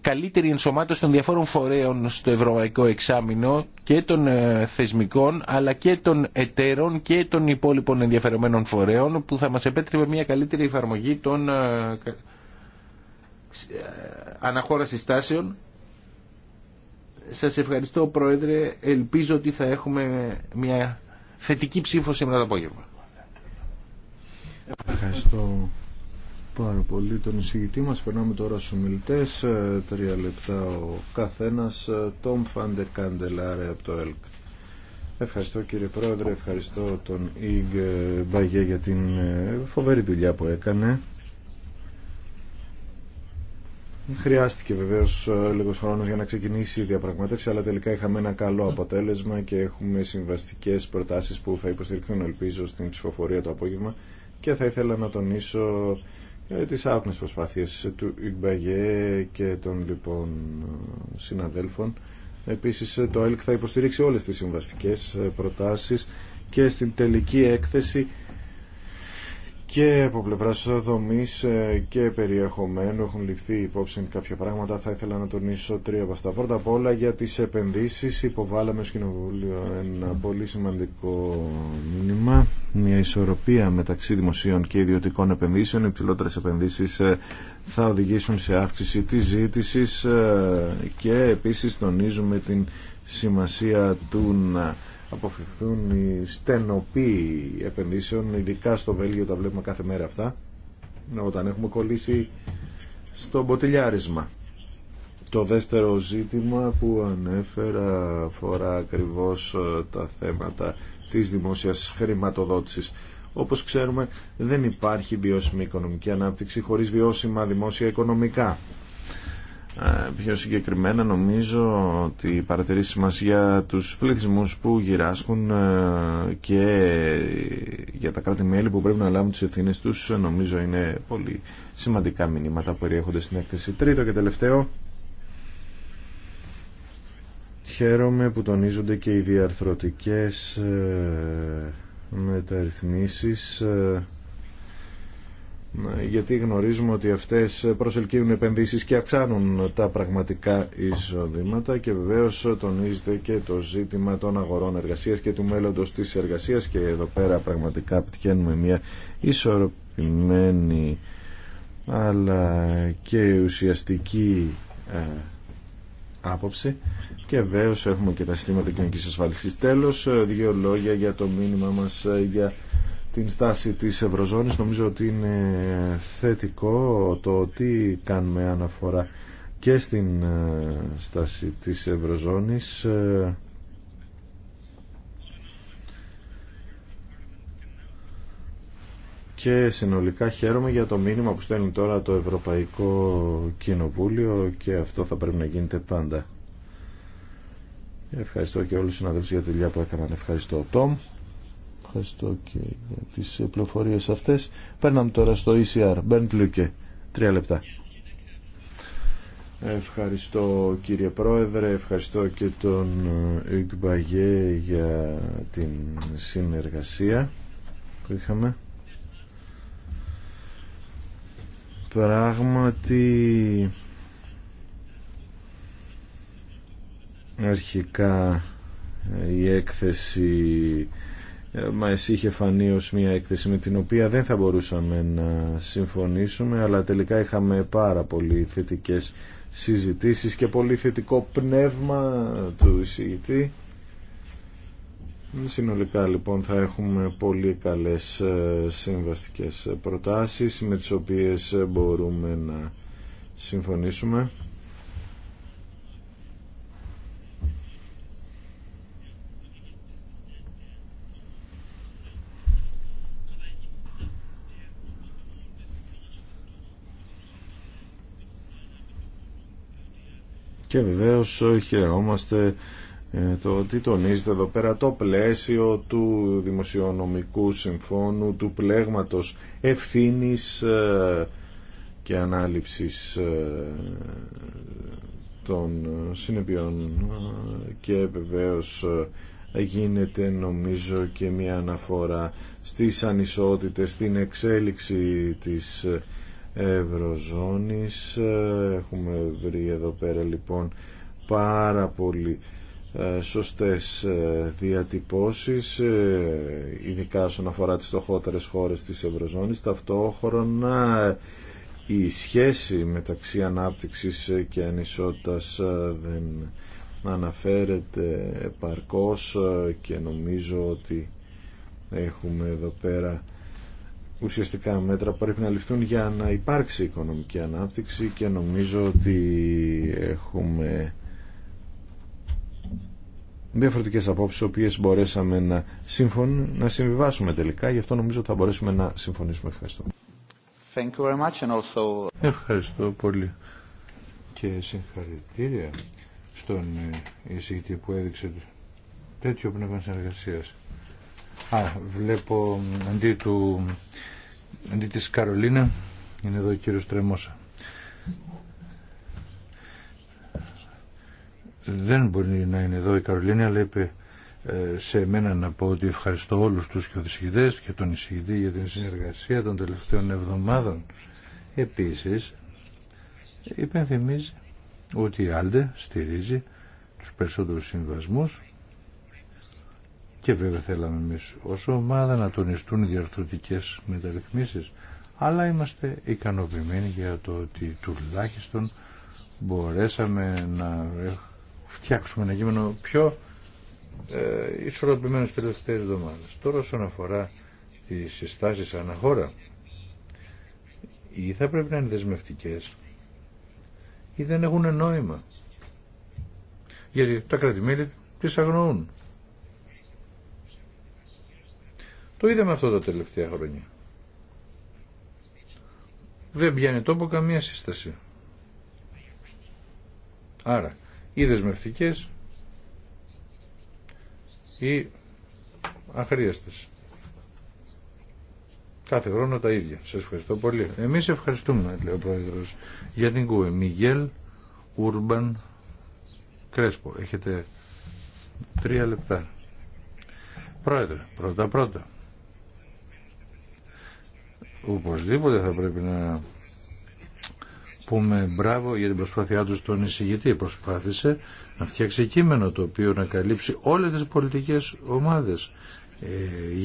καλύτερη ενσωμάτωση των διαφόρων φορέων στο ευρωπαϊκό εξάμεινο και των ε, θεσμικών αλλά και των εταίρων και των υπόλοιπων ενδιαφερομένων φορέων που θα μας επέτρεπε μια καλύτερη εφαρμογή των ε, αναχώραση τάσεων. Σας ευχαριστώ Πρόεδρε. Ελπίζω ότι θα έχουμε μια θετική ψήφο σήμερα το απόγευμα. Ευχαριστώ πάρα πολύ τον εισηγητή μας. Περνάμε τώρα στους ομιλητές. Ε, τρία λεπτά ο καθένας. Τόμ Φάντερ Καντελάρε από το ΕΛΚ. Ευχαριστώ κύριε Πρόεδρε, ευχαριστώ τον Ιγ Μπαγιέ για την ε, φοβερή δουλειά που έκανε. Χρειάστηκε βεβαίω ε, λίγο χρόνο για να ξεκινήσει η διαπραγμάτευση, αλλά τελικά είχαμε ένα καλό αποτέλεσμα και έχουμε συμβαστικέ προτάσει που θα υποστηριχθούν, ελπίζω, στην ψηφοφορία το απόγευμα. Και θα ήθελα να τονίσω ε, τι άπνε προσπάθειε του Ιγκμπαγιέ και των λοιπόν ε, συναδέλφων. Επίση, το ΕΛΚ θα υποστηρίξει όλε τι συμβαστικέ προτάσει και στην τελική έκθεση και από πλευράς δομή ε, και περιεχομένου έχουν ληφθεί υπόψη κάποια πράγματα. Θα ήθελα να τονίσω τρία από αυτά. Πρώτα απ' όλα για τις επενδύσεις υποβάλαμε ως Κοινοβούλιο ένα πολύ σημαντικό μήνυμα. Μια ισορροπία μεταξύ δημοσίων και ιδιωτικών επενδύσεων. Οι ψηλότερε επενδύσεις ε, θα οδηγήσουν σε αύξηση τη ζήτηση ε, και επίση τονίζουμε την σημασία του να αποφευθούν οι στενοποί επενδύσεων, ειδικά στο Βέλγιο τα βλέπουμε κάθε μέρα αυτά, όταν έχουμε κολλήσει στο μποτιλιάρισμα. Το δεύτερο ζήτημα που ανέφερα αφορά ακριβώς ε, τα θέματα της δημόσιας χρηματοδότησης. Όπως ξέρουμε δεν υπάρχει βιώσιμη οικονομική ανάπτυξη χωρίς βιώσιμα δημόσια οικονομικά. Ε, πιο συγκεκριμένα νομίζω ότι οι παρατηρήσεις για τους πληθυσμούς που γυράσκουν ε, και για τα κράτη-μέλη που πρέπει να λάβουν τις ευθύνες τους ε, νομίζω είναι πολύ σημαντικά μηνύματα που περιέχονται στην έκθεση. Τρίτο και τελευταίο. Χαίρομαι που τονίζονται και οι διαρθρωτικές μεταρρυθμίσεις γιατί γνωρίζουμε ότι αυτές προσελκύουν επενδύσεις και αυξάνουν τα πραγματικά εισοδήματα και βεβαίως τονίζεται και το ζήτημα των αγορών εργασίας και του μέλλοντος της εργασίας και εδώ πέρα πραγματικά πτυχαίνουμε μια ισορροπημένη αλλά και ουσιαστική ε, άποψη και βέβαιως έχουμε και τα συστήματα κοινωνικής ασφάλισης. Τέλος, ε, δύο λόγια για το μήνυμα μας ε, για την στάση της Ευρωζώνης. Νομίζω ότι είναι θετικό το ότι κάνουμε αναφορά και στην ε, στάση της Ευρωζώνης. Ε, και συνολικά χαίρομαι για το μήνυμα που στέλνει τώρα το Ευρωπαϊκό Κοινοβούλιο και αυτό θα πρέπει να γίνεται πάντα. Ευχαριστώ και όλους τους συναδέλφους για τη δουλειά που έκαναν. Ευχαριστώ Τόμ ευχαριστώ και για τις ε, πληροφορίες αυτές. Παίρναμε τώρα στο ECR. Μπέρντ Λούκε, τρία λεπτά. Ευχαριστώ κύριε Πρόεδρε, ευχαριστώ και τον ε, Ιγκμπαγέ για την συνεργασία που είχαμε. Πράγματι αρχικά η έκθεση ε, μας είχε φανεί ως μια έκθεση με την οποία δεν θα μπορούσαμε να συμφωνήσουμε αλλά τελικά είχαμε πάρα πολύ θετικές συζητήσεις και πολύ θετικό πνεύμα του εισηγητή Συνολικά λοιπόν θα έχουμε πολύ καλές ε, συμβαστικές προτάσεις με τις οποίες μπορούμε να συμφωνήσουμε Και βεβαίως χαιρόμαστε ε, το ότι τονίζεται εδώ πέρα το πλαίσιο του Δημοσιονομικού Συμφώνου, του πλέγματος ευθύνης ε, και ανάληψης ε, των συνεπειών και βεβαίως γίνεται νομίζω και μια αναφορά στις ανισότητες, στην εξέλιξη της Ευρωζώνης. Ε, έχουμε βρει εδώ πέρα λοιπόν πάρα πολύ ε, σωστές ε, διατυπώσεις ειδικά όσον αφορά τις στοχότερες χώρες της Ευρωζώνης ταυτόχρονα η σχέση μεταξύ ανάπτυξης και ανισότητας δεν αναφέρεται επαρκώς και νομίζω ότι έχουμε εδώ πέρα ουσιαστικά μέτρα πρέπει να ληφθούν για να υπάρξει οικονομική ανάπτυξη και νομίζω ότι έχουμε διαφορετικές απόψεις οι οποίες μπορέσαμε να, συμφων... να συμβιβάσουμε τελικά γι' αυτό νομίζω ότι θα μπορέσουμε να συμφωνήσουμε ευχαριστώ Thank you very much and also... Ευχαριστώ πολύ και συγχαρητήρια στον ε, εισηγητή που έδειξε τέτοιο πνεύμα συνεργασίας Α, βλέπω αντί του αντί της Καρολίνα είναι εδώ ο κύριος Τρεμόσα. Δεν μπορεί να είναι εδώ η Καρολίνα, αλλά είπε ε, σε μένα να πω ότι ευχαριστώ όλους τους και οδησυχητές και τον εισηγητή για την συνεργασία των τελευταίων εβδομάδων. Επίσης, υπενθυμίζει ότι η Άλντε στηρίζει τους περισσότερους συμβασμούς και βέβαια θέλαμε εμεί ω ομάδα να τονιστούν οι διαρθρωτικέ μεταρρυθμίσει, αλλά είμαστε ικανοποιημένοι για το ότι τουλάχιστον μπορέσαμε να φτιάξουμε ένα κείμενο πιο ε, ισορροπημένο στι τελευταίε εβδομάδε. Τώρα όσον αφορά τις συστάσεις αναχώρα, ή θα πρέπει να είναι δεσμευτικές ή δεν έχουν νόημα. Γιατί τα κρατημέλη τις αγνοούν. Το είδαμε αυτό τα τελευταία χρόνια. Δεν πιάνει τόπο καμία σύσταση. Άρα, ή δεσμευτικέ ή αχρίαστες. Κάθε χρόνο τα ίδια. Σας ευχαριστώ πολύ. Εμείς ευχαριστούμε, λέει ο Πρόεδρος, για την ΚΟΕ. ουρμπαν Ούρμπαν Κρέσπο. Έχετε τρία λεπτά. Πρόεδρε, πρώτα-πρώτα. Οπωσδήποτε θα πρέπει να πούμε μπράβο για την προσπάθειά του στον εισηγητή. Προσπάθησε να φτιάξει κείμενο το οποίο να καλύψει όλες τις πολιτικές ομάδες.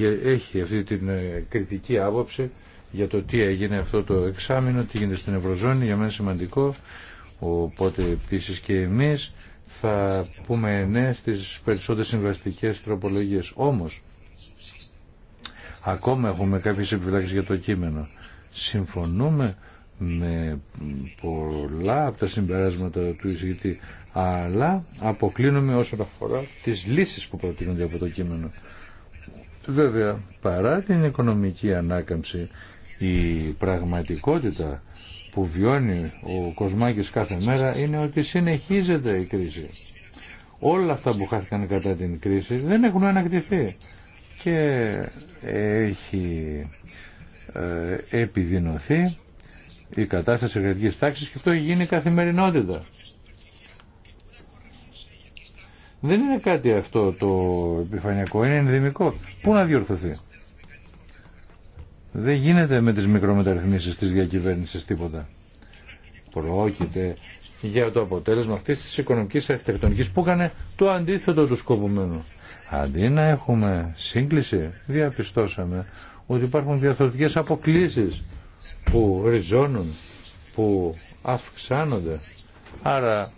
Ε, έχει αυτή την ε, κριτική άποψη για το τι έγινε αυτό το εξάμεινο, τι γίνεται στην Ευρωζώνη, για μένα σημαντικό. Οπότε επίση και εμείς θα πούμε ναι στις περισσότερες συμβαστικές τροπολογίες. Όμως Ακόμα έχουμε κάποιες επιφυλάξεις για το κείμενο. Συμφωνούμε με πολλά από τα συμπεράσματα του εισηγητή, αλλά αποκλίνουμε όσον αφορά τις λύσεις που προτείνονται από το κείμενο. Βέβαια, παρά την οικονομική ανάκαμψη, η πραγματικότητα που βιώνει ο Κοσμάκης κάθε μέρα είναι ότι συνεχίζεται η κρίση. Όλα αυτά που χάθηκαν κατά την κρίση δεν έχουν ανακτηθεί και έχει ε, επιδεινωθεί η κατάσταση εργατικής τάξης και αυτό έχει γίνει καθημερινότητα. Δεν είναι κάτι αυτό το επιφανειακό, είναι ενδημικό. Πού να διορθωθεί. Δεν γίνεται με τις μικρομεταρρυθμίσεις της διακυβέρνησης τίποτα. Πρόκειται για το αποτέλεσμα αυτής της οικονομικής αρχιτεκτονικής που έκανε το αντίθετο του σκοπομένου. Αντί να έχουμε σύγκληση, διαπιστώσαμε ότι υπάρχουν διαφορετικές αποκλίσεις που ριζώνουν, που αυξάνονται. Άρα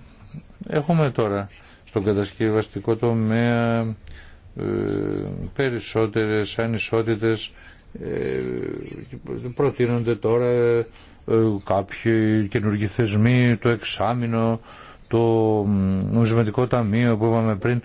έχουμε τώρα στον κατασκευαστικό τομέα ε, περισσότερες ανισότητες ε, προτείνονται τώρα ε, κάποιοι καινούργιοι θεσμοί, το εξάμεινο, το νομισματικό ταμείο που είπαμε πριν.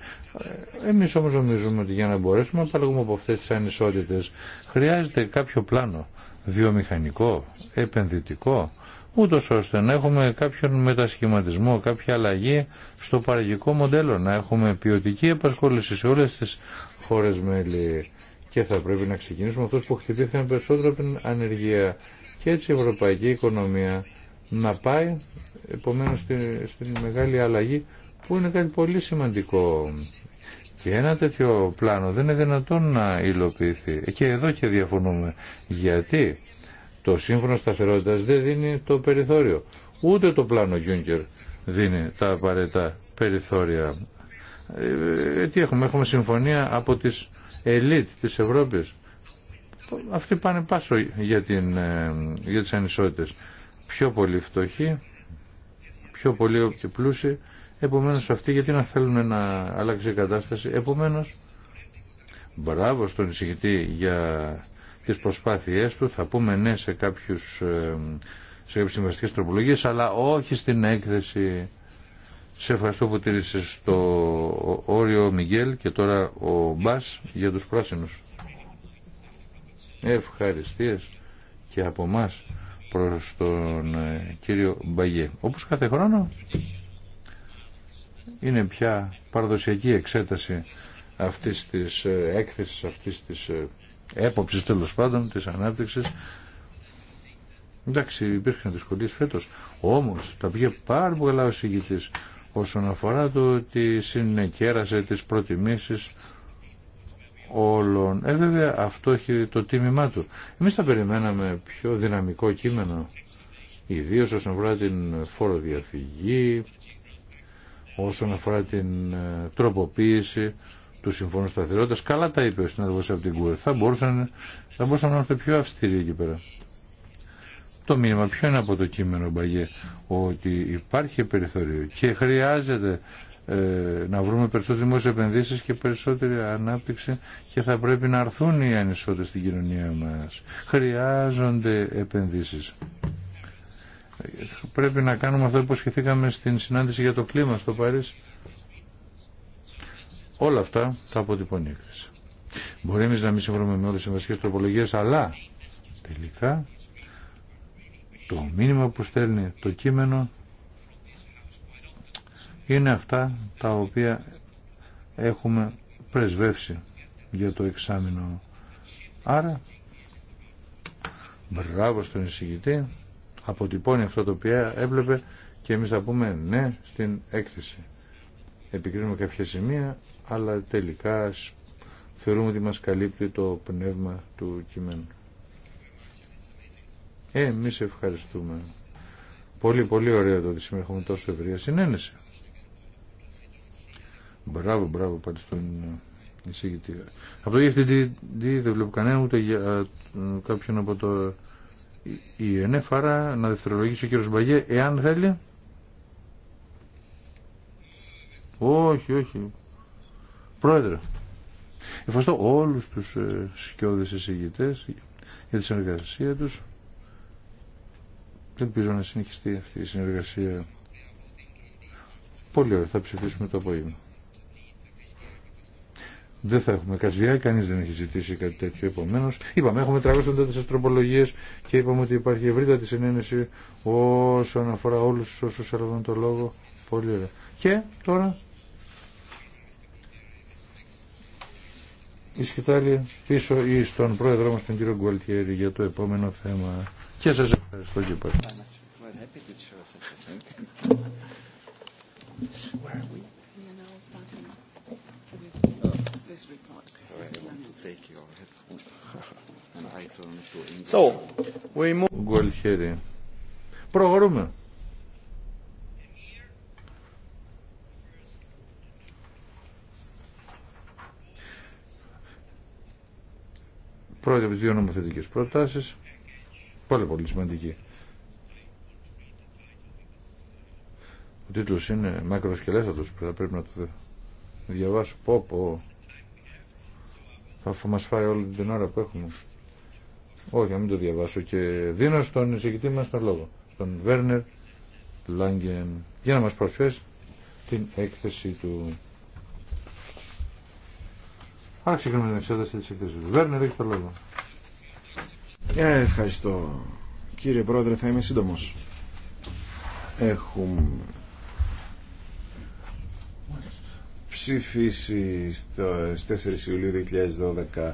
Εμείς όμως νομίζουμε ότι για να μπορέσουμε να απαλλαγούμε από αυτές τις ανισότητες χρειάζεται κάποιο πλάνο βιομηχανικό, επενδυτικό, ούτω ώστε να έχουμε κάποιον μετασχηματισμό, κάποια αλλαγή στο παραγικό μοντέλο, να έχουμε ποιοτική επασχόληση σε όλες τις χώρες μέλη και θα πρέπει να ξεκινήσουμε αυτούς που χτυπήθηκαν περισσότερο από την ανεργία και έτσι η ευρωπαϊκή οικονομία να πάει επομένως στην μεγάλη αλλαγή που είναι κάτι πολύ σημαντικό. Και ένα τέτοιο πλάνο δεν είναι δυνατόν να υλοποιηθεί. Και εδώ και διαφωνούμε. Γιατί το σύμφωνο σταθερότητας δεν δίνει το περιθώριο. Ούτε το πλάνο Γιούγκερ δίνει τα απαραίτητα περιθώρια. Ε, έχουμε, έχουμε συμφωνία από τις ελίτ της Ευρώπης. Αυτοί πάνε πάσο για, την, ε, για τις ανισότητες. Πιο πολύ φτωχοί, πιο πολύ πλούσιοι Επομένω, αυτοί γιατί να θέλουν να αλλάξει η κατάσταση. Επομένω, μπράβο στον εισηγητή για τι προσπάθειε του. Θα πούμε ναι σε κάποιους ε, σε κάποιες συμβαστικές τροπολογίες, αλλά όχι στην έκθεση. Σε ευχαριστώ που τήρησε το όριο Μιγγέλ και τώρα ο Μπά για τους πράσινου. Ευχαριστίε και από εμά προ τον ε, κύριο Μπαγιέ. Όπω κάθε χρόνο είναι πια παραδοσιακή εξέταση αυτής της ε, έκθεσης, αυτής της ε, έποψης τέλος πάντων, της ανάπτυξης. Εντάξει, υπήρχαν δυσκολίε φέτος, όμως τα πήγε πάρα πολύ καλά ο συγκητής όσον αφορά το ότι συνεκέρασε τις προτιμήσεις όλων. Ε, βέβαια, αυτό έχει το τίμημά του. Εμείς θα περιμέναμε πιο δυναμικό κείμενο, ιδίως όσον αφορά την φοροδιαφυγή, όσον αφορά την ε, τροποποίηση του Συμφώνου Σταθερότητας. Καλά τα είπε ο συνάδελφος από την ΚΟΕ. Θα, μπορούσαν, θα μπορούσαμε να είμαστε πιο αυστηροί εκεί πέρα. Το μήνυμα ποιο είναι από το κείμενο Μπαγέ ότι υπάρχει περιθώριο και χρειάζεται ε, να βρούμε περισσότερες δημόσιες επενδύσεις και περισσότερη ανάπτυξη και θα πρέπει να έρθουν οι ανισότητες στην κοινωνία μας. Χρειάζονται επενδύσεις πρέπει να κάνουμε αυτό που υποσχεθήκαμε στην συνάντηση για το κλίμα στο Παρίσι. Όλα αυτά τα αποτυπώνει η έκθεση. Μπορεί εμεί να μην συμφωνούμε με όλε τι βασικέ τροπολογίε, αλλά τελικά το μήνυμα που στέλνει το κείμενο είναι αυτά τα οποία έχουμε πρεσβεύσει για το εξάμεινο. Άρα, μπράβο στον εισηγητή αποτυπώνει αυτό το οποίο έβλεπε και εμείς θα πούμε ναι στην έκθεση. Επικρίνουμε κάποια σημεία, αλλά τελικά θεωρούμε ότι μας καλύπτει το πνεύμα του κειμένου. Ε, εμείς ευχαριστούμε. Πολύ, πολύ ωραίο το ότι σήμερα έχουμε τόσο ευρεία συνένεση. Μπράβο, μπράβο, πάτε στον εισηγητή. Από το EFTD δεν βλέπω κανένα ούτε για κάποιον από το η ΕΝΕΦΑΡΑ να δευτερολογήσει ο κύριος Μπαγιέ εάν θέλει όχι όχι πρόεδρε ευχαριστώ όλους τους ε, σκιώδες εισηγητές για τη συνεργασία τους και ελπίζω να συνεχιστεί αυτή η συνεργασία πολύ ωραία θα ψηφίσουμε το απόγευμα δεν θα έχουμε καζιά, κανεί δεν έχει ζητήσει κάτι τέτοιο. Επομένω, είπαμε, έχουμε 354 τροπολογίε και είπαμε ότι υπάρχει ευρύτατη συνένεση όσον αφορά όλου όσου έλαβαν το λόγο. Πολύ ωραία. Και τώρα. Η σκητάλη πίσω ή στον πρόεδρό μας τον κύριο Γκουαλτιέρη για το επόμενο θέμα. Και σας ευχαριστώ και πάλι. So, we move... Προχωρούμε. Πρώτη από τις δύο νομοθετικές προτάσεις. Πολύ πολύ σημαντική. Ο τίτλος είναι που θα πρέπει να το διαβάσω. Πω, πω. Θα μας φάει όλη την ώρα που έχουμε. Όχι, να μην το διαβάσω και δίνω στον εισηγητή μας τον λόγο, στον Βέρνερ Λάγκεν, για να μα προσφέρει την έκθεση του. Άρα ξεκινούμε την εξέταση έκθεση του. Βέρνερ, έχει τον λόγο. Ε, ευχαριστώ. Κύριε Πρόεδρε, θα είμαι σύντομο. Έχουμε ψηφίσει στις 4 Ιουλίου 2012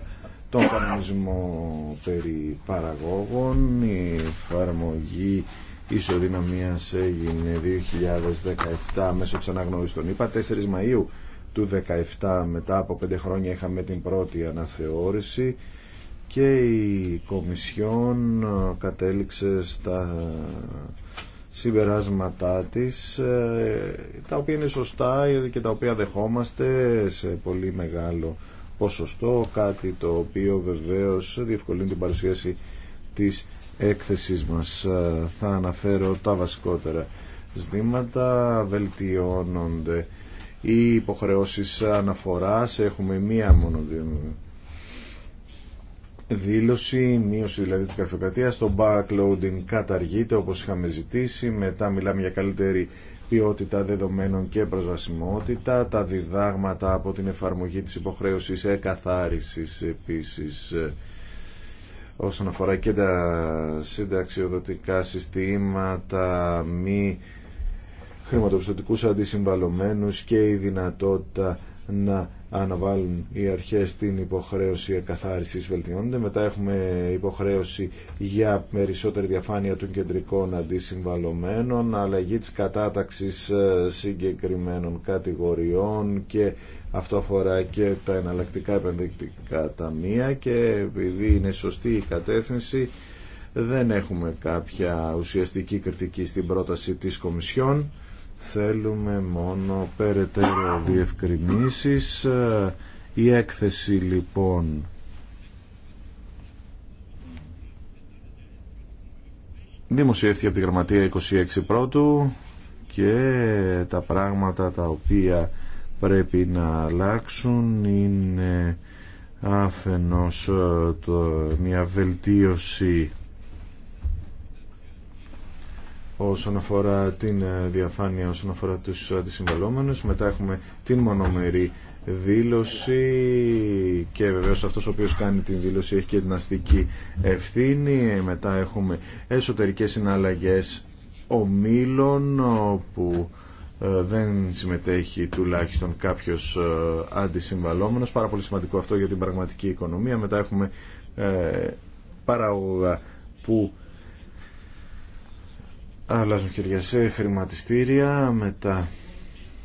τον κανονισμό περί παραγόγων, η εφαρμογή ισοδυναμίας έγινε 2017 μέσω της αναγνώρισης των ΗΠΑ, 4 Μαΐου του 2017 μετά από 5 χρόνια είχαμε την πρώτη αναθεώρηση και η Κομισιόν κατέληξε στα συμπεράσματά της ε, τα οποία είναι σωστά και τα οποία δεχόμαστε σε πολύ μεγάλο ποσοστό, κάτι το οποίο βεβαίως διευκολύνει την παρουσίαση της έκθεσής μας. Ε, θα αναφέρω τα βασικότερα ζητήματα, βελτιώνονται οι υποχρεώσεις αναφοράς, έχουμε μία μόνο δήλωση, μείωση δηλαδή της καρφιοκρατίας, το backloading καταργείται όπως είχαμε ζητήσει, μετά μιλάμε για καλύτερη ποιότητα δεδομένων και προσβασιμότητα, τα διδάγματα από την εφαρμογή της υποχρέωσης εκαθάρισης επίσης ε, όσον αφορά και τα συνταξιοδοτικά συστήματα, μη χρηματοπιστωτικούς αντισυμβαλωμένους και η δυνατότητα να αναβάλουν οι αρχές την υποχρέωση εκαθάρισης βελτιώνεται. Μετά έχουμε υποχρέωση για περισσότερη διαφάνεια των κεντρικών αντισυμβαλωμένων, αλλαγή της κατάταξης ε, συγκεκριμένων κατηγοριών και αυτό αφορά και τα εναλλακτικά επενδυτικά ταμεία και επειδή είναι σωστή η κατεύθυνση δεν έχουμε κάποια ουσιαστική κριτική στην πρόταση της Κομισιόν Θέλουμε μόνο περαιτέρω διευκρινήσεις. Η έκθεση λοιπόν δημοσιεύθηκε από τη Γραμματεία 26 πρώτου και τα πράγματα τα οποία πρέπει να αλλάξουν είναι αφενός το, μια βελτίωση όσον αφορά την ε, διαφάνεια, όσον αφορά τους αντισυμβαλόμενους. Μετά έχουμε την μονομερή δήλωση και βεβαίως αυτός ο οποίος κάνει την δήλωση έχει και την αστική ευθύνη. Ε, μετά έχουμε εσωτερικές συναλλαγές ομίλων που ε, δεν συμμετέχει τουλάχιστον κάποιος αντισυμβαλόμενος. Πάρα πολύ σημαντικό αυτό για την πραγματική οικονομία. Μετά έχουμε παράγωγα που αλλάζουν χέρια σε χρηματιστήρια, μετά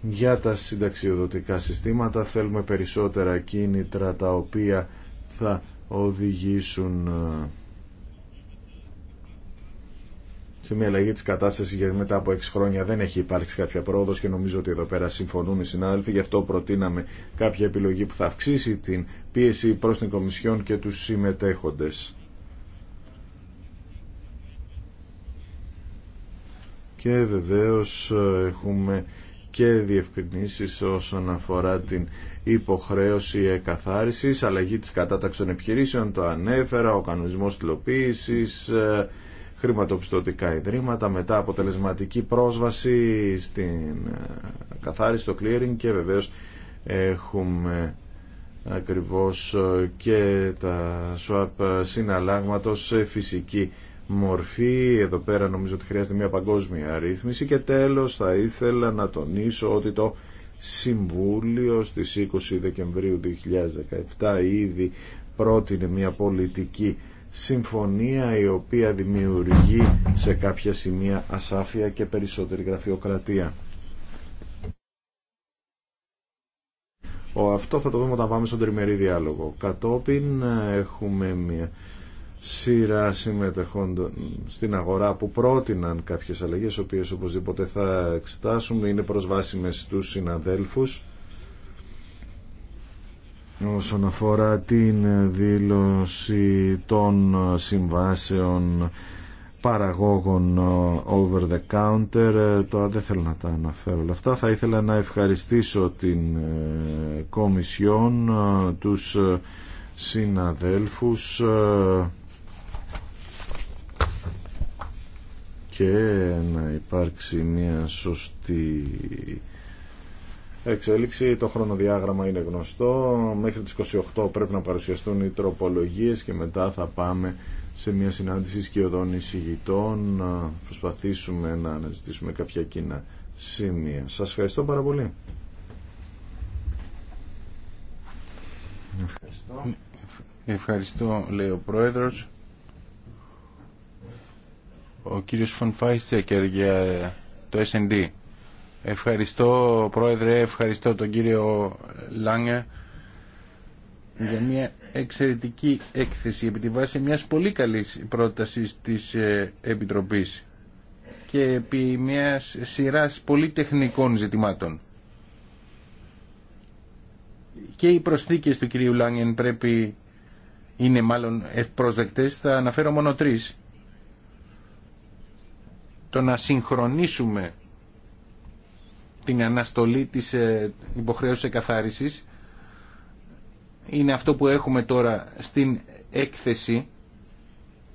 για τα συνταξιοδοτικά συστήματα θέλουμε περισσότερα κίνητρα τα οποία θα οδηγήσουν ε, σε μια αλλαγή τη κατάσταση γιατί μετά από 6 χρόνια δεν έχει υπάρξει κάποια πρόοδο και νομίζω ότι εδώ πέρα συμφωνούν οι συνάδελφοι. Γι' αυτό προτείναμε κάποια επιλογή που θα αυξήσει την πίεση προς την Κομισιόν και τους συμμετέχοντες. και βεβαίως ε, έχουμε και διευκρινήσεις όσον αφορά την υποχρέωση εκαθάρισης, αλλαγή της κατάταξης επιχειρήσεων, το ανέφερα, ο κανονισμός τυλοποίησης, ε, χρηματοπιστωτικά ιδρύματα, μετά αποτελεσματική πρόσβαση στην ε, καθάριση, το clearing και βεβαίως έχουμε ακριβώς και τα swap συναλλάγματος σε φυσική μορφή. Εδώ πέρα νομίζω ότι χρειάζεται μια παγκόσμια ρύθμιση και τέλος θα ήθελα να τονίσω ότι το Συμβούλιο στις 20 Δεκεμβρίου 2017 ήδη πρότεινε μια πολιτική συμφωνία η οποία δημιουργεί σε κάποια σημεία ασάφεια και περισσότερη γραφειοκρατία. αυτό θα το δούμε όταν πάμε στον τριμερή διάλογο. Κατόπιν ε, έχουμε μια σειρά συμμετεχόντων στην αγορά που πρότειναν κάποιες αλλαγές, οποίες οπωσδήποτε θα εξετάσουμε, είναι προσβάσιμες στους συναδέλφους. Όσον αφορά την δήλωση των συμβάσεων παραγόγων over the counter, τώρα δεν θέλω να τα αναφέρω όλα αυτά. Θα ήθελα να ευχαριστήσω την ε, Κομισιόν, ε, τους ε, συναδέλφους και να υπάρξει μια σωστή εξέλιξη. Το χρονοδιάγραμμα είναι γνωστό. Μέχρι τις 28 πρέπει να παρουσιαστούν οι τροπολογίες και μετά θα πάμε σε μια συνάντηση σκιωδών εισηγητών να προσπαθήσουμε να αναζητήσουμε κάποια κοινά σημεία. Σας ευχαριστώ πάρα πολύ. Ευχαριστώ. Ευχαριστώ λέει ο Πρόεδρος ο κύριος Φονφάιστιακερ για το S&D. Ευχαριστώ πρόεδρε, ευχαριστώ τον κύριο Λάγκε για μια εξαιρετική έκθεση επί τη βάση μιας πολύ καλής πρότασης της ε, Επιτροπής και επί μιας σειράς πολύ τεχνικών ζητημάτων. Και οι προσθήκες του κυρίου Λάγκεν πρέπει είναι μάλλον ευπρόσδεκτες, θα αναφέρω μόνο τρεις το να συγχρονίσουμε την αναστολή της ε, υποχρέωσης εκαθάρισης είναι αυτό που έχουμε τώρα στην έκθεση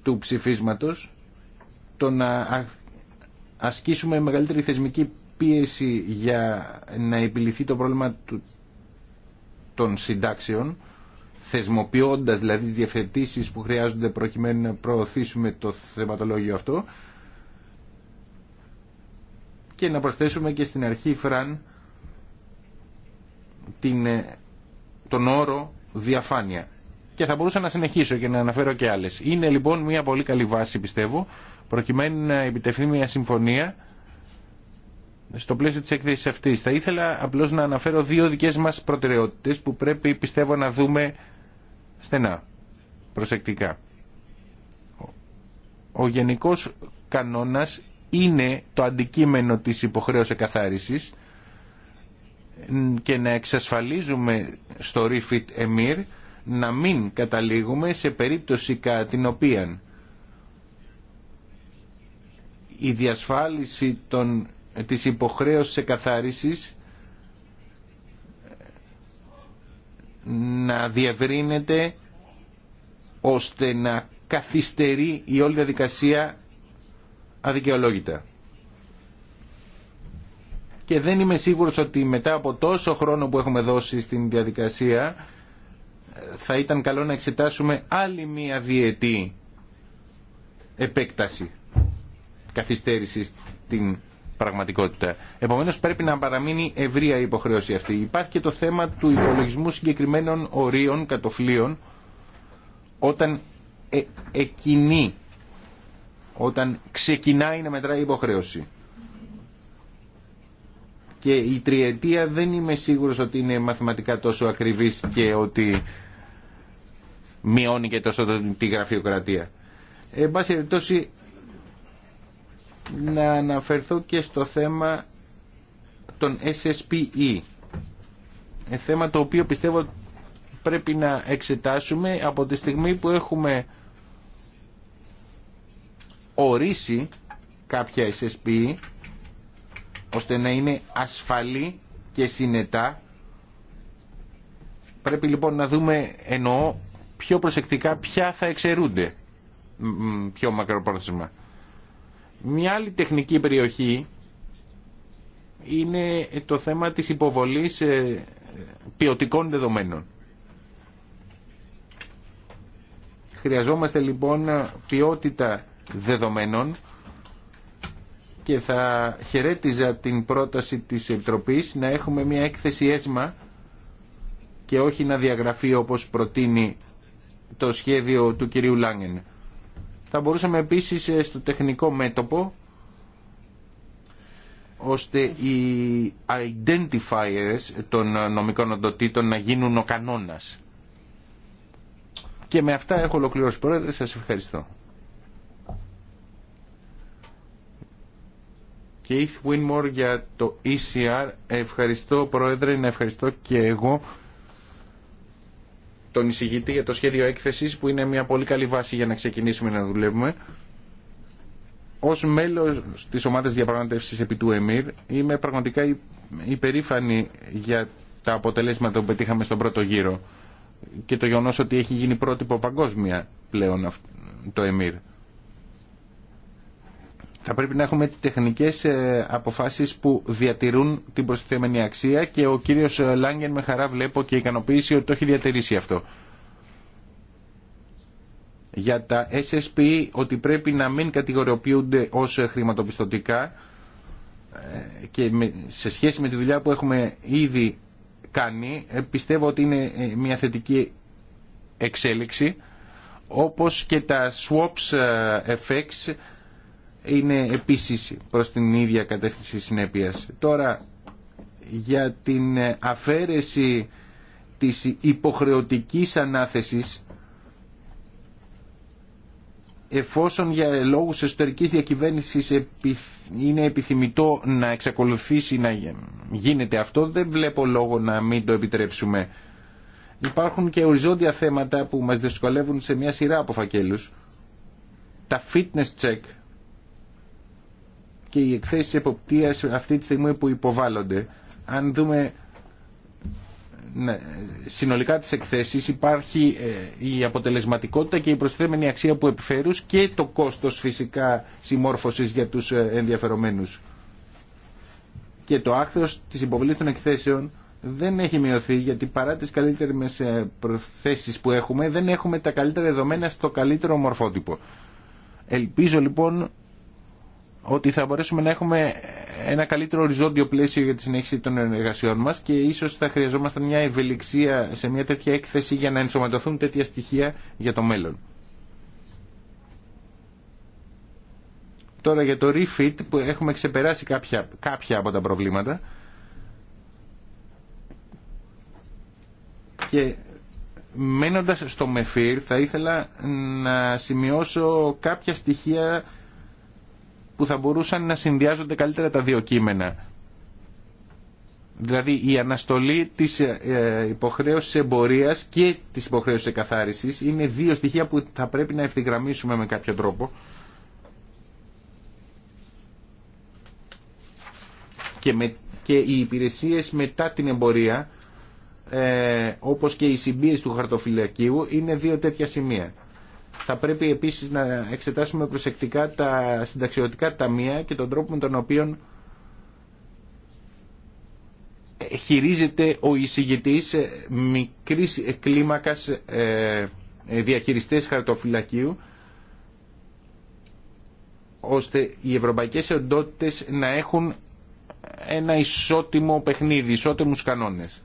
του ψηφίσματος το να ασκήσουμε μεγαλύτερη θεσμική πίεση για να επιληθεί το πρόβλημα των συντάξεων θεσμοποιώντας δηλαδή τις διευθετήσεις που χρειάζονται προκειμένου να προωθήσουμε το θεματολόγιο αυτό και να προσθέσουμε και στην αρχή φραν την, ε, τον όρο διαφάνεια. Και θα μπορούσα να συνεχίσω και να αναφέρω και άλλες. Είναι λοιπόν μια πολύ καλή βάση πιστεύω προκειμένου να επιτευχθεί μια συμφωνία στο πλαίσιο της έκθεσης αυτής. Θα ήθελα απλώς να αναφέρω δύο δικές μας προτεραιότητες που πρέπει πιστεύω να δούμε στενά, προσεκτικά. Ο γενικός κανόνας είναι το αντικείμενο της υποχρέωσης εκαθάρισης και να εξασφαλίζουμε στο Refit Emir να μην καταλήγουμε σε περίπτωση κατά την οποία η διασφάλιση των, της υποχρέωσης εκαθάρισης να διευρύνεται ώστε να καθυστερεί η όλη διαδικασία αδικαιολόγητα. Και δεν είμαι σίγουρος ότι μετά από τόσο χρόνο που έχουμε δώσει στην διαδικασία θα ήταν καλό να εξετάσουμε άλλη μία διετή επέκταση καθυστέρησης στην πραγματικότητα. Επομένως πρέπει να παραμείνει ευρεία η υποχρέωση αυτή. Υπάρχει και το θέμα του υπολογισμού συγκεκριμένων ορίων, κατοφλίων, όταν ε, όταν ξεκινάει να μετράει η υποχρέωση. Και η τριετία δεν είμαι σίγουρος ότι είναι μαθηματικά τόσο ακριβής και ότι μειώνει και τόσο τη γραφειοκρατία. Εν πάση περιπτώσει, να αναφερθώ και στο θέμα των SSPE. Ε, θέμα το οποίο πιστεύω πρέπει να εξετάσουμε από τη στιγμή που έχουμε ορίσει κάποια SSP ώστε να είναι ασφαλή και συνετά. Πρέπει λοιπόν να δούμε εννοώ πιο προσεκτικά ποια θα εξαιρούνται πιο μακροπρόθεσμα. Μια άλλη τεχνική περιοχή είναι το θέμα της υποβολής ε, ποιοτικών δεδομένων. Χρειαζόμαστε λοιπόν ποιότητα δεδομένων και θα χαιρέτιζα την πρόταση της Επιτροπής να έχουμε μια έκθεση έσμα και όχι να διαγραφεί όπως προτείνει το σχέδιο του κυρίου Λάγκεν. Θα μπορούσαμε επίσης ε, στο τεχνικό μέτωπο ώστε οι identifiers των νομικών οντοτήτων να γίνουν ο κανόνας. Και με αυτά έχω ολοκληρώσει πρόεδρε. Σας ευχαριστώ. Keith Winmore για το ECR. Ευχαριστώ Πρόεδρε, να ευχαριστώ και εγώ τον εισηγητή για το σχέδιο έκθεσης που είναι μια πολύ καλή βάση για να ξεκινήσουμε να δουλεύουμε. Ως μέλος της ομάδας διαπραγματεύσης επί του ΕΜΙΡ είμαι πραγματικά υπερήφανη για τα αποτελέσματα που πετύχαμε στον πρώτο γύρο και το γεγονό ότι έχει γίνει πρότυπο παγκόσμια πλέον το ΕΜΙΡ. Θα πρέπει να έχουμε τεχνικές ε, αποφάσεις που διατηρούν την προστιθέμενη αξία και ο κύριος ε, Λάγκεν με χαρά βλέπω και ικανοποίηση ότι το έχει διατηρήσει αυτό. Για τα SSP ότι πρέπει να μην κατηγοριοποιούνται ως χρηματοπιστωτικά ε, και σε σχέση με τη δουλειά που έχουμε ήδη κάνει πιστεύω ότι είναι μια θετική εξέλιξη όπως και τα swaps effects είναι επίσης προς την ίδια κατεύθυνση συνέπειας. Τώρα για την αφαίρεση της υποχρεωτικής ανάθεσης εφόσον για λόγους εσωτερικής διακυβέρνησης είναι επιθυμητό να εξακολουθήσει να γίνεται αυτό, δεν βλέπω λόγο να μην το επιτρέψουμε. Υπάρχουν και οριζόντια θέματα που μας δυσκολεύουν σε μια σειρά από φακέλους. Τα fitness check και οι εκθέσει εποπτείας αυτή τη στιγμή που υποβάλλονται. Αν δούμε ναι, συνολικά τι εκθέσεις υπάρχει ε, η αποτελεσματικότητα και η προσθέμενη αξία που επιφέρουν και το κόστος φυσικά συμμόρφωσης για τους ε, ενδιαφερομένους. Και το άκθρο τη υποβολή των εκθέσεων δεν έχει μειωθεί γιατί παρά τις καλύτερες ε, προθέσεις που έχουμε δεν έχουμε τα καλύτερα δεδομένα στο καλύτερο μορφότυπο. Ελπίζω λοιπόν ότι θα μπορέσουμε να έχουμε ένα καλύτερο οριζόντιο πλαίσιο για τη συνέχιση των εργασιών μας και ίσως θα χρειαζόμασταν μια ευελιξία σε μια τέτοια έκθεση για να ενσωματωθούν τέτοια στοιχεία για το μέλλον. Τώρα για το refit που έχουμε ξεπεράσει κάποια, από τα προβλήματα και μένοντας στο μεφύρ θα ήθελα να σημειώσω κάποια στοιχεία που θα μπορούσαν να συνδυάζονται καλύτερα τα δύο κείμενα. Δηλαδή η αναστολή της ε, υποχρέωσης εμπορίας και της υποχρέωσης εκαθάρισης είναι δύο στοιχεία που θα πρέπει να ευθυγραμμίσουμε με κάποιο τρόπο. Και, με, οι υπηρεσίες μετά την εμπορία, ε, όπως και οι συμπίες του χαρτοφυλακίου, είναι δύο τέτοια σημεία. Θα πρέπει επίσης να εξετάσουμε προσεκτικά τα συνταξιωτικά ταμεία και τον τρόπο με τον οποίο χειρίζεται ο εισηγητής μικρής κλίμακας ε, ε, διαχειριστές χαρτοφυλακίου ώστε οι ευρωπαϊκές εντότητες να έχουν ένα ισότιμο παιχνίδι, ισότιμους κανόνες.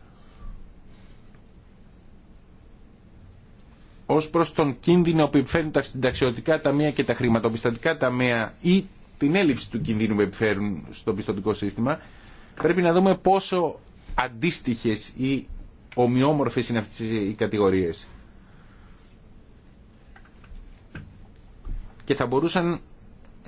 Ω προ τον κίνδυνο που επιφέρουν τα συνταξιωτικά ταμεία και τα χρηματοπιστωτικά ταμεία ή την έλλειψη του κινδύνου που επιφέρουν στο πιστωτικό σύστημα, πρέπει να δούμε πόσο αντίστοιχε ή ομοιόμορφες είναι αυτές οι κατηγορίες. Και θα μπορούσαν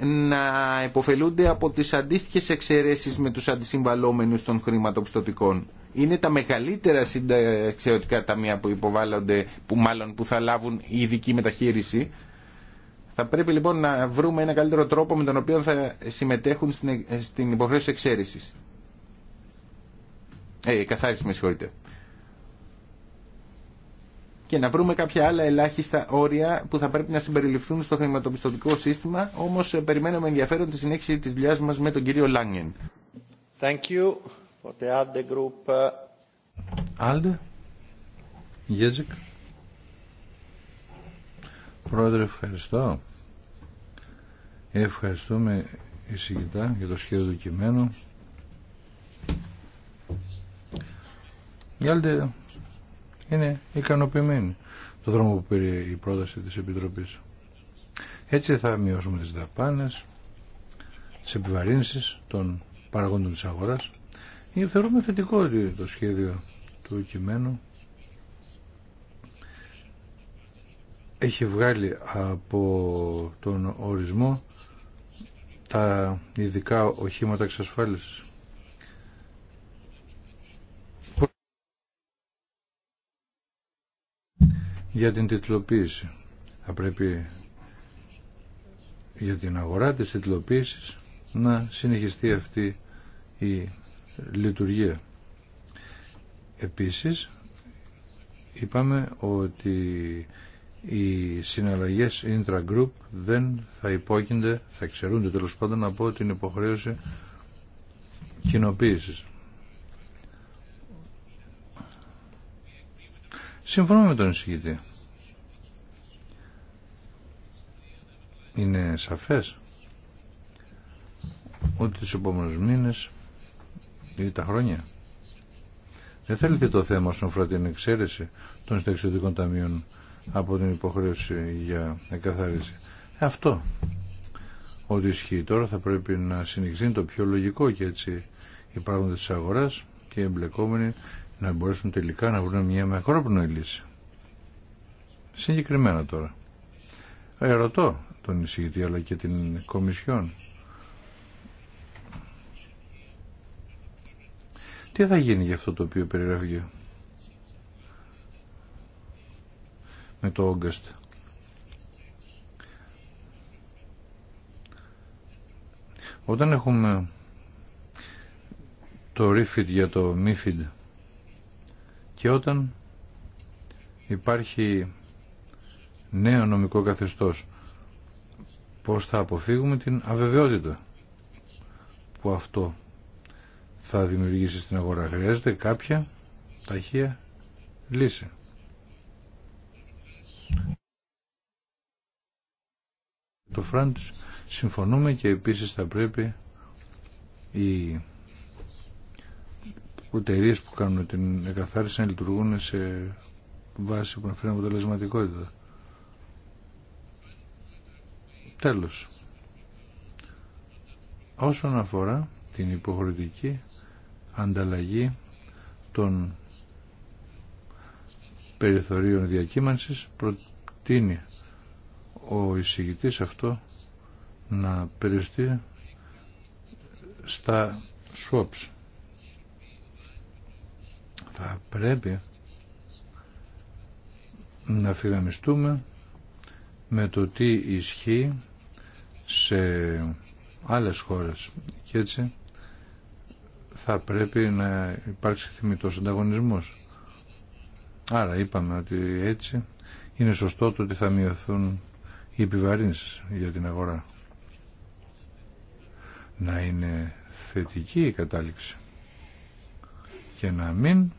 να υποφελούνται από τις αντίστοιχες εξαιρέσεις με τους αντισυμβαλόμενους των χρηματοπιστωτικών είναι τα μεγαλύτερα συνταξιωτικά ταμεία που υποβάλλονται, που μάλλον που θα λάβουν ειδική μεταχείριση. Θα πρέπει λοιπόν να βρούμε ένα καλύτερο τρόπο με τον οποίο θα συμμετέχουν στην, ε, υποχρέωση εξαίρεση. Ε, καθάριση με συγχωρείτε. Και να βρούμε κάποια άλλα ελάχιστα όρια που θα πρέπει να συμπεριληφθούν στο χρηματοπιστωτικό σύστημα, όμω ε, περιμένουμε ενδιαφέρον τη συνέχιση τη δουλειά μα με τον κύριο Λάγκεν. Thank For the ALDE group. ALDE. Πρόεδρε, ευχαριστώ. Ευχαριστούμε εισηγητά για το σχέδιο του κειμένου. Η Άλτε είναι ικανοποιημένη το δρόμο που πήρε η πρόταση της Επιτροπής. Έτσι θα μειώσουμε τις δαπάνες, τις επιβαρύνσεις των παραγόντων της αγοράς θεωρούμε θετικό το σχέδιο του κειμένου έχει βγάλει από τον ορισμό τα ειδικά οχήματα εξασφάλισης. Για την τιτλοποίηση. Θα πρέπει για την αγορά της τιτλοποίησης να συνεχιστεί αυτή η λειτουργία. Επίσης, είπαμε ότι οι συναλλαγές intra-group δεν θα υπόκεινται, θα ξερούνται τέλος πάντων από την υποχρέωση κοινοποίησης. Συμφωνώ με τον εισηγητή. Είναι σαφές ότι τις επόμενους μήνες Ήδη τα χρόνια. Δεν θέλετε το θέμα όσον αφορά την εξαίρεση των συνταξιδοτικών ταμείων από την υποχρέωση για εκαθάριση. Ε, αυτό ότι ισχύει τώρα θα πρέπει να συνεχιστεί το πιο λογικό και έτσι οι πράγματα της αγοράς και οι εμπλεκόμενοι να μπορέσουν τελικά να βρουν μια μακρόπνοη λύση. Συγκεκριμένα τώρα. Ερωτώ τον εισηγητή αλλά και την Κομισιόν. Τι θα γίνει για αυτό το οποίο περιγραφεί με το August. Όταν έχουμε το Refit για το Mifid και όταν υπάρχει νέο νομικό καθεστώς πώς θα αποφύγουμε την αβεβαιότητα που αυτό θα δημιουργήσει στην αγορά. Χρειάζεται κάποια ταχεία λύση. Το Φραντς συμφωνούμε και επίσης θα πρέπει οι εταιρείε που κάνουν την εκαθάριση να λειτουργούν σε βάση που να αποτελεσματικότητα. Τέλος. Όσον αφορά την υποχρεωτική ανταλλαγή των περιθωρίων διακύμανσης προτείνει ο εισηγητής αυτό να περιστεί στα swaps. Θα πρέπει να φυγαμιστούμε με το τι ισχύει σε άλλες χώρες και έτσι θα πρέπει να υπάρξει θυμητός ανταγωνισμός. Άρα είπαμε ότι έτσι είναι σωστό το ότι θα μειωθούν οι επιβαρύνσεις για την αγορά. Να είναι θετική η κατάληξη και να μην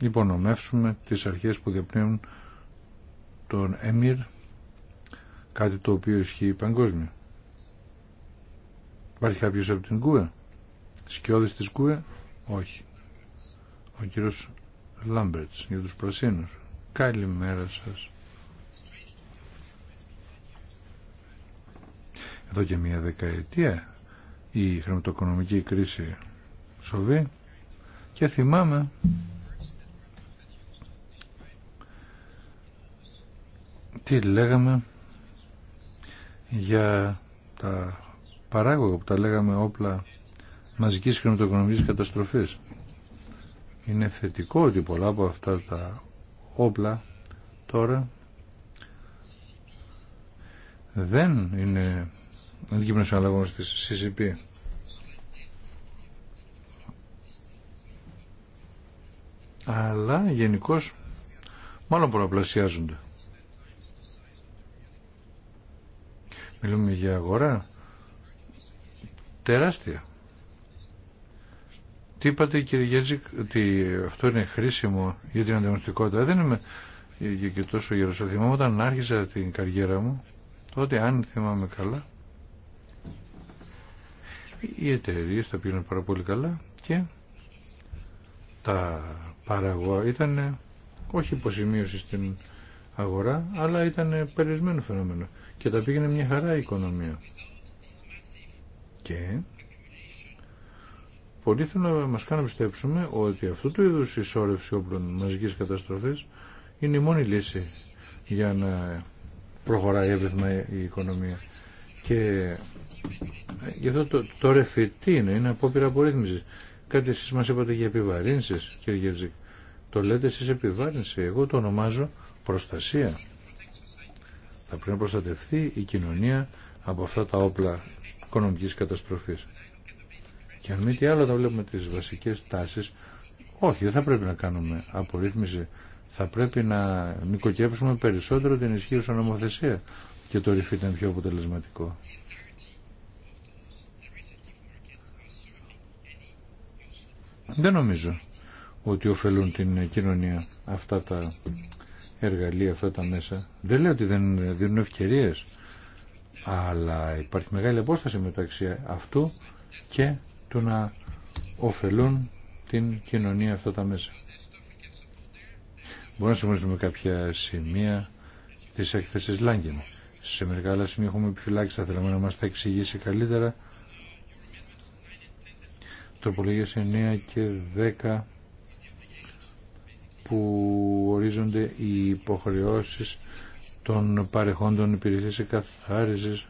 υπονομεύσουμε τις αρχές που διαπνέουν τον Εμμύρ, κάτι το οποίο ισχύει παγκόσμιο. Υπάρχει κάποιος από την ΚΟΕ. Σκιώδης της ΚΟΕ. Όχι. Ο κύριος Λάμπερτς για τους πρασίνους. Καλημέρα σας. Εδώ και μια δεκαετία η χρηματοοικονομική κρίση σοβεί και θυμάμαι τι λέγαμε για τα παράγωγο που τα λέγαμε όπλα μαζικής χρηματοοικονομικής καταστροφής. Είναι θετικό ότι πολλά από αυτά τα όπλα τώρα δεν είναι αντικείμενο συναλλαγών της CCP. Αλλά γενικώ μάλλον πολλαπλασιάζονται. Μιλούμε για αγορά τεράστια. Τι είπατε κύριε Γέρτζικ ότι αυτό είναι χρήσιμο για την ανταγωνιστικότητα. Δεν είμαι και τόσο γερός. όταν άρχισα την καριέρα μου, τότε αν θυμάμαι καλά, οι εταιρείε τα πήγαν πάρα πολύ καλά και τα παραγωγά ήταν όχι υποσημείωση στην αγορά, αλλά ήταν περισμένο φαινόμενο. Και τα πήγαινε μια χαρά η οικονομία. Και πολύ θέλω να μας κάνουν να πιστέψουμε ότι αυτού του είδους σώρευση όπλων μαζικής καταστροφής είναι η μόνη λύση για να προχωράει εύρυθμα η οικονομία. Και γι' αυτό το, το τι είναι, είναι απόπειρα απορρίθμισης. Κάτι εσείς μας είπατε για επιβαρύνσεις, κύριε Γερζίκ. Το λέτε εσείς επιβάρυνση, εγώ το ονομάζω προστασία. Θα πρέπει να προστατευτεί η κοινωνία από αυτά τα όπλα οικονομικής καταστροφής. Και αν μη τι άλλο θα βλέπουμε τις βασικές τάσεις, όχι, δεν θα πρέπει να κάνουμε απορρίθμιση. Θα πρέπει να νοικοκέψουμε περισσότερο την ισχύουσα νομοθεσία και το ρηφί ήταν πιο αποτελεσματικό. Δεν νομίζω ότι ωφελούν την κοινωνία αυτά τα εργαλεία, αυτά τα μέσα. Δεν λέω ότι δεν δίνουν ευκαιρίες αλλά υπάρχει μεγάλη απόσταση μεταξύ αυτού και του να ωφελούν την κοινωνία αυτά τα μέσα. Μπορούμε να συμφωνήσουμε κάποια σημεία τη έκθεση Λάγκεν. Σε μερικά άλλα σημεία έχουμε επιφυλάξει, θα θέλαμε να μα τα εξηγήσει καλύτερα. Τροπολογίε 9 και 10 που ορίζονται οι υποχρεώσεις των παρεχόντων υπηρεσίες εκαθάρισης.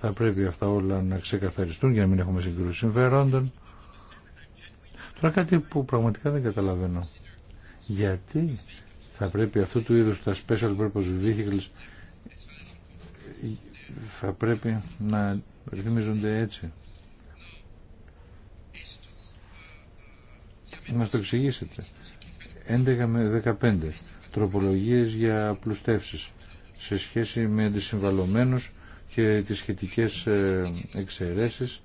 Θα πρέπει αυτά όλα να ξεκαθαριστούν για να μην έχουμε συγκρούσεις συμφερόντων. Τώρα κάτι που πραγματικά δεν καταλαβαίνω. Γιατί θα πρέπει αυτού του είδους τα special purpose vehicles θα πρέπει να ρυθμίζονται έτσι. Μα το εξηγήσετε. 11 με 15 τροπολογίες για απλουστεύσεις σε σχέση με αντισυμβαλωμένους και τις σχετικές ε, εξαιρέσεις.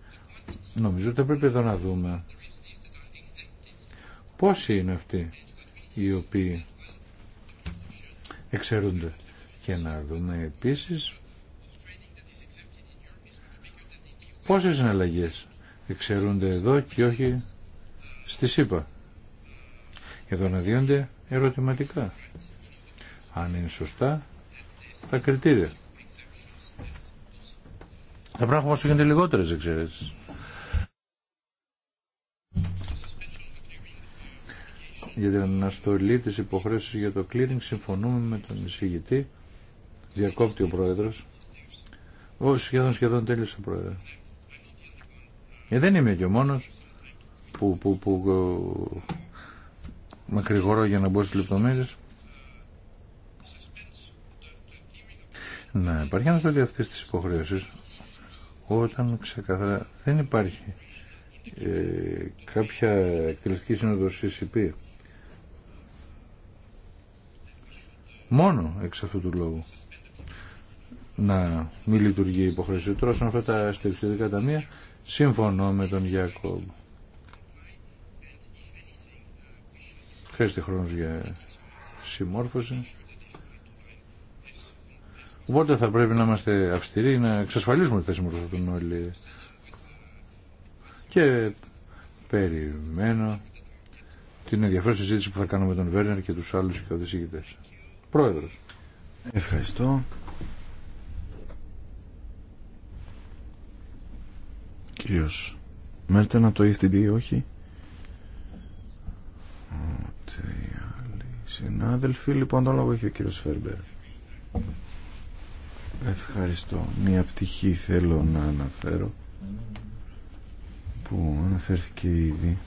Νομίζω ότι πρέπει εδώ να δούμε πόσοι είναι αυτοί οι οποίοι εξαιρούνται και να δούμε επίσης πόσες συναλλαγές εξαιρούνται εδώ και όχι στη ΣΥΠΑ. Εδώ να διώνται ερωτηματικά. Αν είναι σωστά τα κριτήρια. Θα πρέπει να έχουμε όσο γίνεται λιγότερες εξαιρέσεις. Για την αναστολή της υποχρέωσης για το clearing συμφωνούμε με τον εισηγητή. Διακόπτη ο πρόεδρος. Ω, σχεδόν σχεδόν τέλειωσε ο πρόεδρος. Ε, δεν είμαι και ο μόνος που, που, που μακρηγορώ για να μπω στις λεπτομέρειες. να υπάρχει αναστολή αυτής της υποχρέωσης όταν ξεκαθαρά δεν υπάρχει ε, κάποια εκτελεστική σύνοδο CCP μόνο εξ αυτού του λόγου να μην λειτουργεί η υποχρέωση τώρα σαν αυτά τα στελιστικά ταμεία συμφωνώ με τον Γιάκο χρειάζεται χρόνο για συμμόρφωση Οπότε θα πρέπει να είμαστε αυστηροί, να εξασφαλίσουμε ότι θα συμμορφωθούν όλοι. Και περιμένω την ενδιαφέρουσα συζήτηση που θα κάνουμε με τον Βέρνερ και τους άλλους οικοδησίγητες. Πρόεδρος. Ευχαριστώ. Κύριος να το EFTD, όχι. Ότι άλλοι συνάδελφοι, λοιπόν, τον λόγο έχει ο κύριος Φέρμπερ. Ευχαριστώ. Μια πτυχή θέλω να αναφέρω που αναφέρθηκε ήδη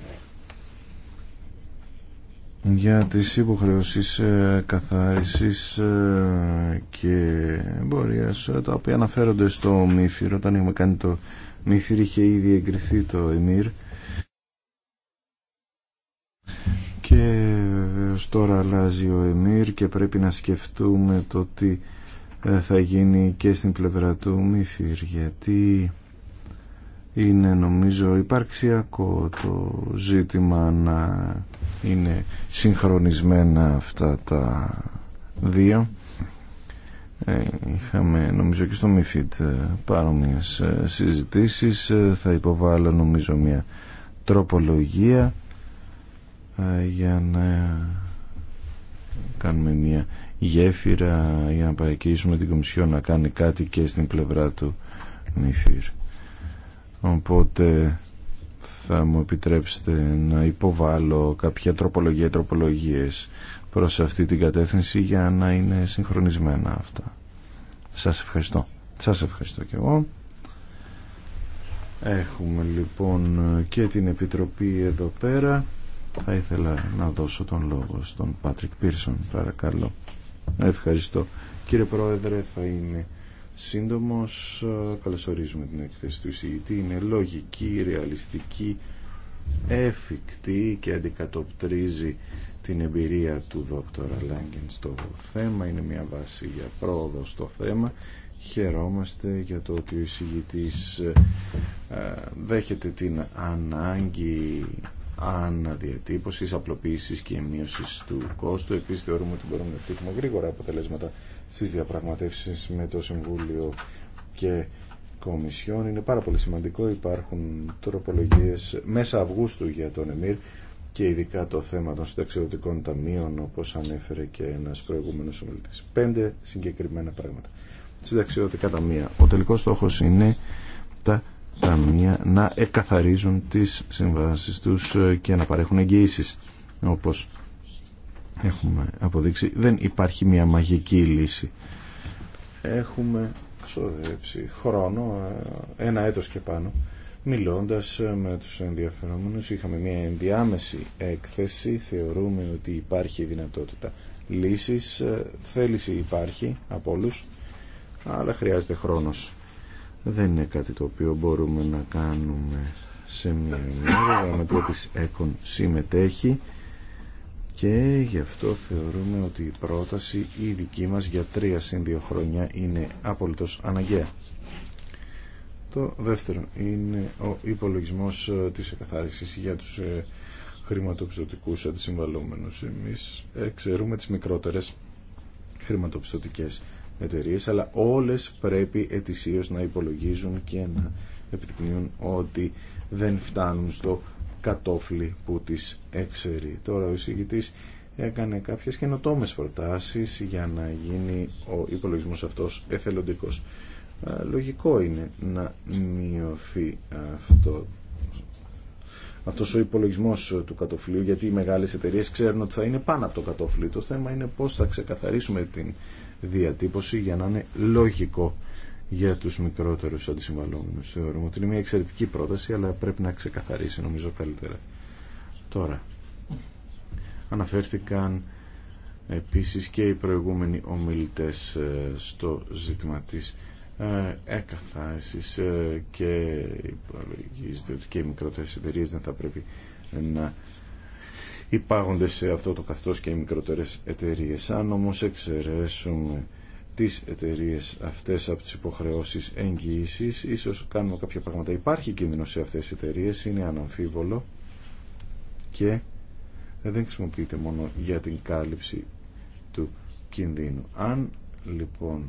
για τις υποχρεώσεις ε, καθάρισης ε, και εμπορίας ε, τα οποία αναφέρονται στο μύφυρο όταν είχαμε κάνει το μύφυρο είχε ήδη εγκριθεί το ΕΜΙΡ και ως τώρα αλλάζει ο ΕΜΙΡ και πρέπει να σκεφτούμε το τι ε, θα γίνει και στην πλευρά του Μίφυρ γιατί είναι νομίζω υπαρξιακό το ζήτημα να είναι συγχρονισμένα αυτά τα δύο ε, είχαμε νομίζω και στο Μίφιτ ε, παρόμοιες συζητήσεις θα υποβάλλω νομίζω μια τροπολογία για να κάνουμε μια γέφυρα για να παρακυρίσουμε την Κομισιό να κάνει κάτι και στην πλευρά του Μηφύρ. Οπότε θα μου επιτρέψετε να υποβάλω κάποια τροπολογία τροπολογίες προς αυτή την κατεύθυνση για να είναι συγχρονισμένα αυτά. Σας ευχαριστώ. Σας ευχαριστώ και εγώ. Έχουμε λοιπόν και την Επιτροπή εδώ πέρα. Θα ήθελα να δώσω τον λόγο στον Πάτρικ Πίρσον, παρακαλώ. Ευχαριστώ. Κύριε Πρόεδρε, θα είναι σύντομος. Καλωσορίζουμε την έκθεση του εισηγητή. Είναι λογική, ρεαλιστική, εφικτή και αντικατοπτρίζει την εμπειρία του Δ. Λάγκεν στο θέμα. Είναι μια βάση για πρόοδο στο θέμα. Χαιρόμαστε για το ότι ο εισηγητής ε, δέχεται την ανάγκη αναδιατύπωση, απλοποίηση και μείωση του κόστου. Επίση θεωρούμε ότι μπορούμε να επιτύχουμε γρήγορα αποτελέσματα στι διαπραγματεύσει με το Συμβούλιο και Κομισιόν. Είναι πάρα πολύ σημαντικό. Υπάρχουν τροπολογίες μέσα Αυγούστου για τον ΕΜΗΡ και ειδικά το θέμα των συνταξιδοτικών ταμείων όπω ανέφερε και ένα προηγούμενο ομιλητή. Πέντε συγκεκριμένα πράγματα. Συνταξιδοτικά ταμεία. Ο τελικό στόχο είναι τα ταμεία να εκαθαρίζουν τις συμβάσεις τους ε, και να παρέχουν εγγυήσεις όπως έχουμε αποδείξει δεν υπάρχει μια μαγική λύση έχουμε ξοδέψει χρόνο ε, ένα έτος και πάνω μιλώντας ε, με τους ενδιαφερόμενους είχαμε μια ενδιάμεση έκθεση θεωρούμε ότι υπάρχει δυνατότητα λύσης θέληση υπάρχει από όλους αλλά χρειάζεται χρόνος δεν είναι κάτι το οποίο μπορούμε να κάνουμε σε μια ημέρα. με γραμματεία της ΕΚΟΝ συμμετέχει και γι' αυτό θεωρούμε ότι η πρόταση η δική μας για τρία συν δύο χρόνια είναι απολύτως αναγκαία. Το δεύτερο είναι ο υπολογισμός ε, της εκαθάρισης για τους ε, χρηματοπιστωτικούς αντισυμβαλόμενους. Εμείς ε, ξέρουμε τις μικρότερες χρηματοπιστωτικές εταιρείες, αλλά όλες πρέπει ετησίως να υπολογίζουν και να επιτυχνύουν ότι δεν φτάνουν στο κατόφλι που τις έξερει. Τώρα ο εισηγητής έκανε κάποιες καινοτόμε προτάσεις για να γίνει ο υπολογισμός αυτός εθελοντικός. Ε, λογικό είναι να μειωθεί αυτό αυτός ο υπολογισμός του κατοφλίου γιατί οι μεγάλε εταιρείε ξέρουν ότι θα είναι πάνω από το κατοφλί. Το θέμα είναι πώ θα ξεκαθαρίσουμε την διατύπωση για να είναι λογικό για τους μικρότερους αντισυμβαλόμενους. Θεωρούμε ότι είναι μια εξαιρετική πρόταση, αλλά πρέπει να ξεκαθαρίσει νομίζω καλύτερα. Τώρα, αναφέρθηκαν επίσης και οι προηγούμενοι ομιλητές ε, στο ζήτημα της ε, εκαθάρισης ε, και υπολογίζεται ότι και οι μικρότερες εταιρείε δεν θα πρέπει να υπάγονται σε αυτό το καθώς και οι μικρότερες εταιρείες. Αν όμως εξαιρέσουμε τις εταιρείε αυτές από τις υποχρεώσεις εγγύησης, ίσως κάνουμε κάποια πράγματα. Υπάρχει κίνδυνο σε αυτές τις εταιρείε, είναι αναμφίβολο και δεν χρησιμοποιείται μόνο για την κάλυψη του κινδύνου. Αν λοιπόν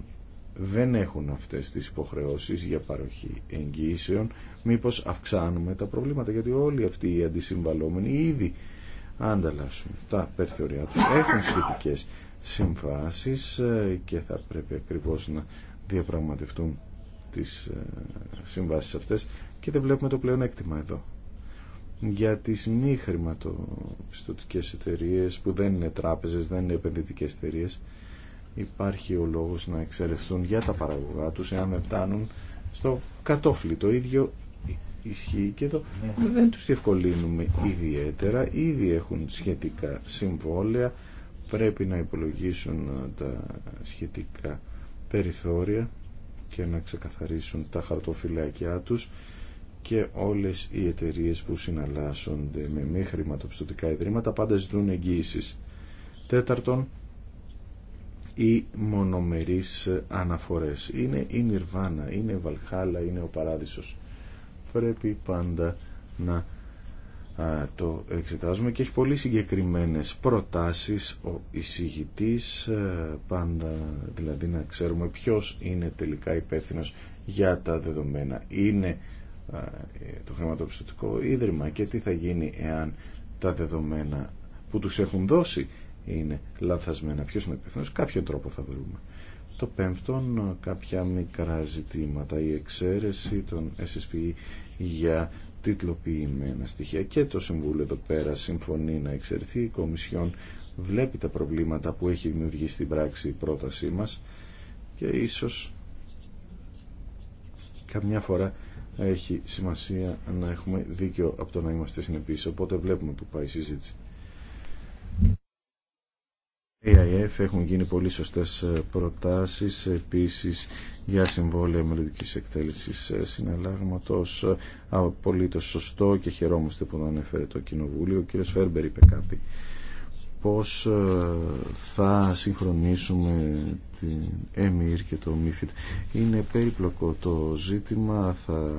δεν έχουν αυτές τις υποχρεώσεις για παροχή εγγυήσεων, μήπως αυξάνουμε τα προβλήματα, γιατί όλοι αυτοί οι αντισυμβαλόμενοι ήδη ανταλλάσσουν τα περιθωριά τους. Έχουν σχετικές συμβάσεις ε, και θα πρέπει ακριβώς να διαπραγματευτούν τις ε, συμβάσεις αυτές και δεν βλέπουμε το πλέον έκτημα εδώ. Για τις μη χρηματοπιστωτικές εταιρείε που δεν είναι τράπεζες, δεν είναι επενδυτικέ εταιρείε, υπάρχει ο λόγος να εξαιρεθούν για τα παραγωγά τους εάν φτάνουν στο κατόφλι. Το ίδιο ισχύει και ναι. Δεν τους διευκολύνουμε ιδιαίτερα. Ήδη έχουν σχετικά συμβόλαια. Πρέπει να υπολογίσουν ε, τα σχετικά περιθώρια και να ξεκαθαρίσουν τα χαρτοφυλάκια τους και όλες οι εταιρείες που συναλλάσσονται με μη χρηματοπιστωτικά ιδρύματα πάντα ζητούν εγγύησει. Τέταρτον, οι μονομερείς ε, αναφορές. Είναι η Νιρβάνα, είναι η Βαλχάλα, είναι ο Παράδεισος πρέπει πάντα να το εξετάζουμε και έχει πολύ συγκεκριμένες προτάσεις ο εισηγητής πάντα δηλαδή να ξέρουμε ποιος είναι τελικά υπεύθυνο για τα δεδομένα είναι το χρηματοπιστωτικό ίδρυμα και τι θα γίνει εάν τα δεδομένα που τους έχουν δώσει είναι λαθασμένα ποιος είναι υπεύθυνο, κάποιον τρόπο θα βρούμε το πέμπτον, κάποια μικρά ζητήματα, η εξαίρεση των SSP για τίτλοποιημένα στοιχεία και το Συμβούλιο εδώ πέρα συμφωνεί να εξαιρεθεί. Η Κομισιόν βλέπει τα προβλήματα που έχει δημιουργήσει στην πράξη η πρότασή μας και ίσως καμιά φορά έχει σημασία να έχουμε δίκιο από το να είμαστε συνεπείς. Οπότε βλέπουμε που πάει η συζήτηση. AIF ε έχουν γίνει πολύ σωστές ε, προτάσεις επίσης για συμβόλαια μελλοντική εκτέλεσης ε, συναλλάγματος απολύτως σωστό και χαιρόμαστε που το ανέφερε το Κοινοβούλιο ο κ. Φέρμπερ είπε κάτι πως θα συγχρονίσουμε την ΕΜΙΡ και το ΜΙΦΙΤ είναι περίπλοκο το ζήτημα θα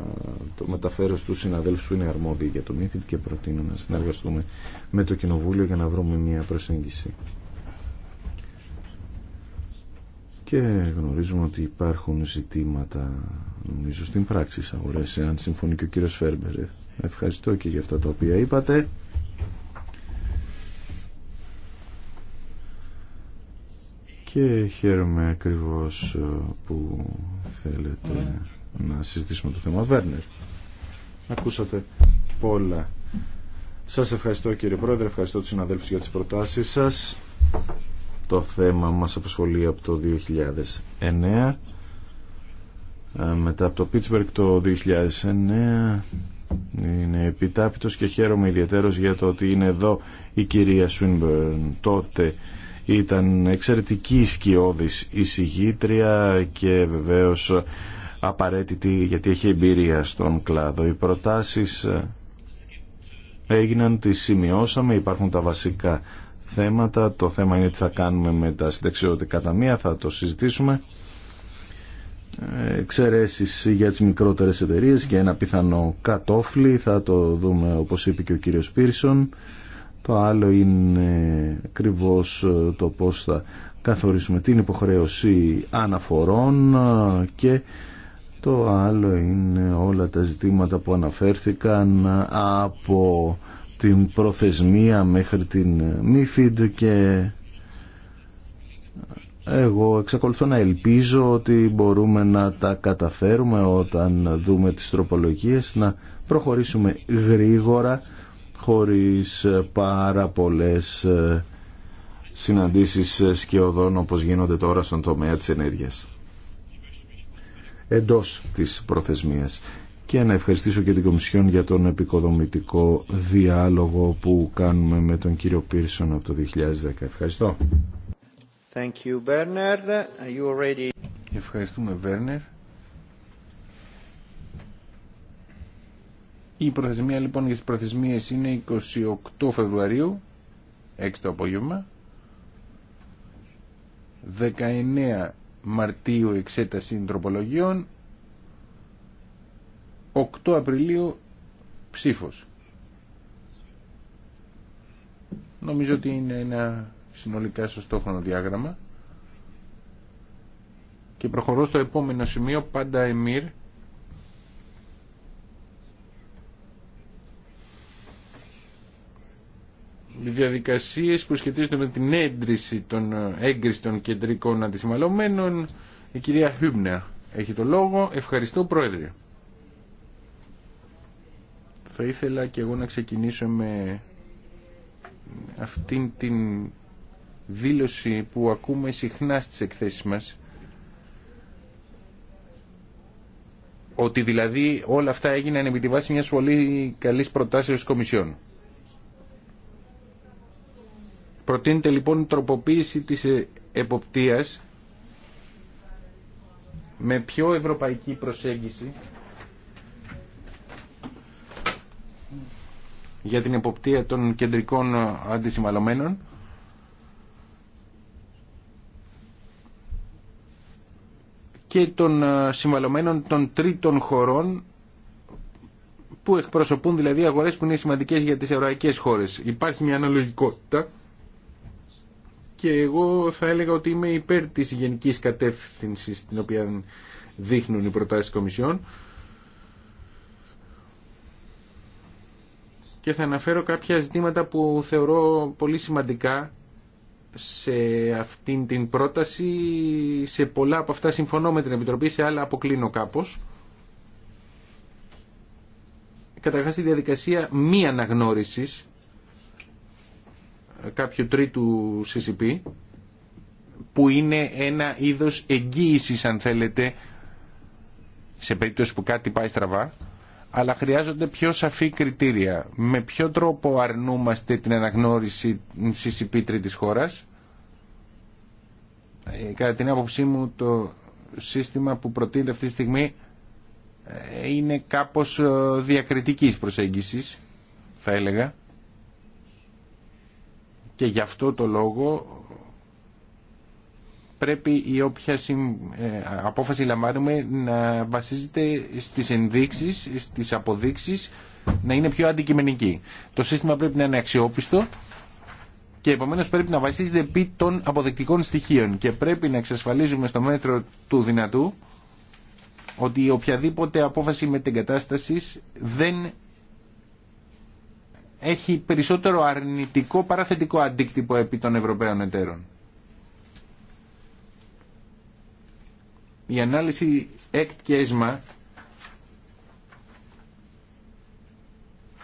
το μεταφέρω στους συναδέλφους που είναι αρμόδιοι για το ΜΙΦΙΤ και προτείνω να συνεργαστούμε με το Κοινοβούλιο για να βρούμε μια προσέγγιση και γνωρίζουμε ότι υπάρχουν ζητήματα νομίζω στην πράξη στις αγορές αν συμφωνεί και ο κύριος Φέρμπερ ευχαριστώ και για αυτά τα οποία είπατε και χαίρομαι ακριβώς ε, που θέλετε να συζητήσουμε το θέμα Βέρνερ ακούσατε πολλά σας ευχαριστώ κύριε Πρόεδρε ευχαριστώ τους συναδέλφους για τις προτάσεις σας το θέμα μας απασχολεί από το 2009 ε, μετά από το Pittsburgh το 2009 είναι επιτάπητος και χαίρομαι ιδιαίτερος για το ότι είναι εδώ η κυρία Σουίνμπερν τότε ήταν εξαιρετική σκιώδης εισηγήτρια και βεβαίως απαραίτητη γιατί έχει εμπειρία στον κλάδο οι προτάσεις ε, έγιναν, τις σημειώσαμε υπάρχουν τα βασικά θέματα. Το θέμα είναι τι θα κάνουμε με τα κατά μία. θα το συζητήσουμε. Εξαιρέσει για τις μικρότερες εταιρείε και ένα πιθανό κατόφλι, θα το δούμε όπως είπε και ο κύριος Πίρσον. Το άλλο είναι ακριβώ ε, το πώς θα καθορίσουμε την υποχρέωση αναφορών ε, και το άλλο είναι όλα τα ζητήματα που αναφέρθηκαν από την προθεσμία μέχρι την ε, Μίφιντ και εγώ εξακολουθώ να ελπίζω ότι μπορούμε να τα καταφέρουμε όταν δούμε τις τροπολογίες να προχωρήσουμε γρήγορα χωρίς πάρα πολλές ε, συναντήσεις ε, σκιωδών όπως γίνονται τώρα στον τομέα της ενέργειας εντός της προθεσμίας και να ευχαριστήσω και την Κομισιόν για τον επικοδομητικό διάλογο που κάνουμε με τον κύριο Πίρσον από το 2010. Ευχαριστώ. Thank you, Bernard. Are you already... Ευχαριστούμε, Βέρνερ. Η προθεσμία λοιπόν για τις προθεσμίες είναι 28 Φεβρουαρίου, 6 το απόγευμα, 19 Μαρτίου εξέταση τροπολογιών, 8 Απριλίου ψήφος. Νομίζω ότι είναι ένα συνολικά σωστό χρονοδιάγραμμα. Και προχωρώ στο επόμενο σημείο, πάντα εμμύρ. Διαδικασίες που σχετίζονται με την έντριση των, έγκριση των κεντρικών αντισημαλωμένων. Η κυρία Χύμπνεα έχει το λόγο. Ευχαριστώ Πρόεδρε. Θα ήθελα και εγώ να ξεκινήσω με αυτήν την δήλωση που ακούμε συχνά στις εκθέσεις μας ότι δηλαδή όλα αυτά έγιναν επί τη βάση μιας πολύ καλής προτάσεως κομισιών. Προτείνεται λοιπόν τροποποίηση της εποπτείας με πιο ευρωπαϊκή προσέγγιση για την εποπτεία των κεντρικών αντισυμβαλωμένων. και των ε, συμβαλωμένων των τρίτων χωρών που εκπροσωπούν δηλαδή αγορές που είναι σημαντικές για τις ευρωπαϊκές χώρες. Υπάρχει μια αναλογικότητα και εγώ θα έλεγα ότι είμαι υπέρ της γενικής κατεύθυνσης την οποία δείχνουν οι προτάσεις της Κομισιόν. και θα αναφέρω κάποια ζητήματα που θεωρώ πολύ σημαντικά σε αυτήν την πρόταση. Σε πολλά από αυτά συμφωνώ με την Επιτροπή, σε άλλα αποκλίνω κάπως. Καταρχάς τη διαδικασία μη αναγνώρισης κάποιου τρίτου CCP που είναι ένα είδος εγγύησης αν θέλετε σε περίπτωση που κάτι πάει στραβά αλλά χρειάζονται πιο σαφή κριτήρια. Με ποιο τρόπο αρνούμαστε την αναγνώριση CCP της χώρας. Ε, κατά την άποψή μου το σύστημα που προτείνεται αυτή τη στιγμή ε, είναι κάπως ε, διακριτικής προσέγγισης, θα έλεγα. Και γι' αυτό το λόγο πρέπει η όποια ε, απόφαση λαμβάνουμε να βασίζεται στις ενδείξεις, στις αποδείξεις, να είναι πιο αντικειμενική. Το σύστημα πρέπει να είναι αξιόπιστο και επομένως πρέπει να βασίζεται επί των αποδεκτικών στοιχείων και πρέπει να εξασφαλίζουμε στο μέτρο του δυνατού ότι οποιαδήποτε απόφαση κατάσταση δεν έχει περισσότερο αρνητικό παρά θετικό αντίκτυπο επί των Ευρωπαίων εταίρων. η ανάλυση ΕΚΤ ΕΣΜΑ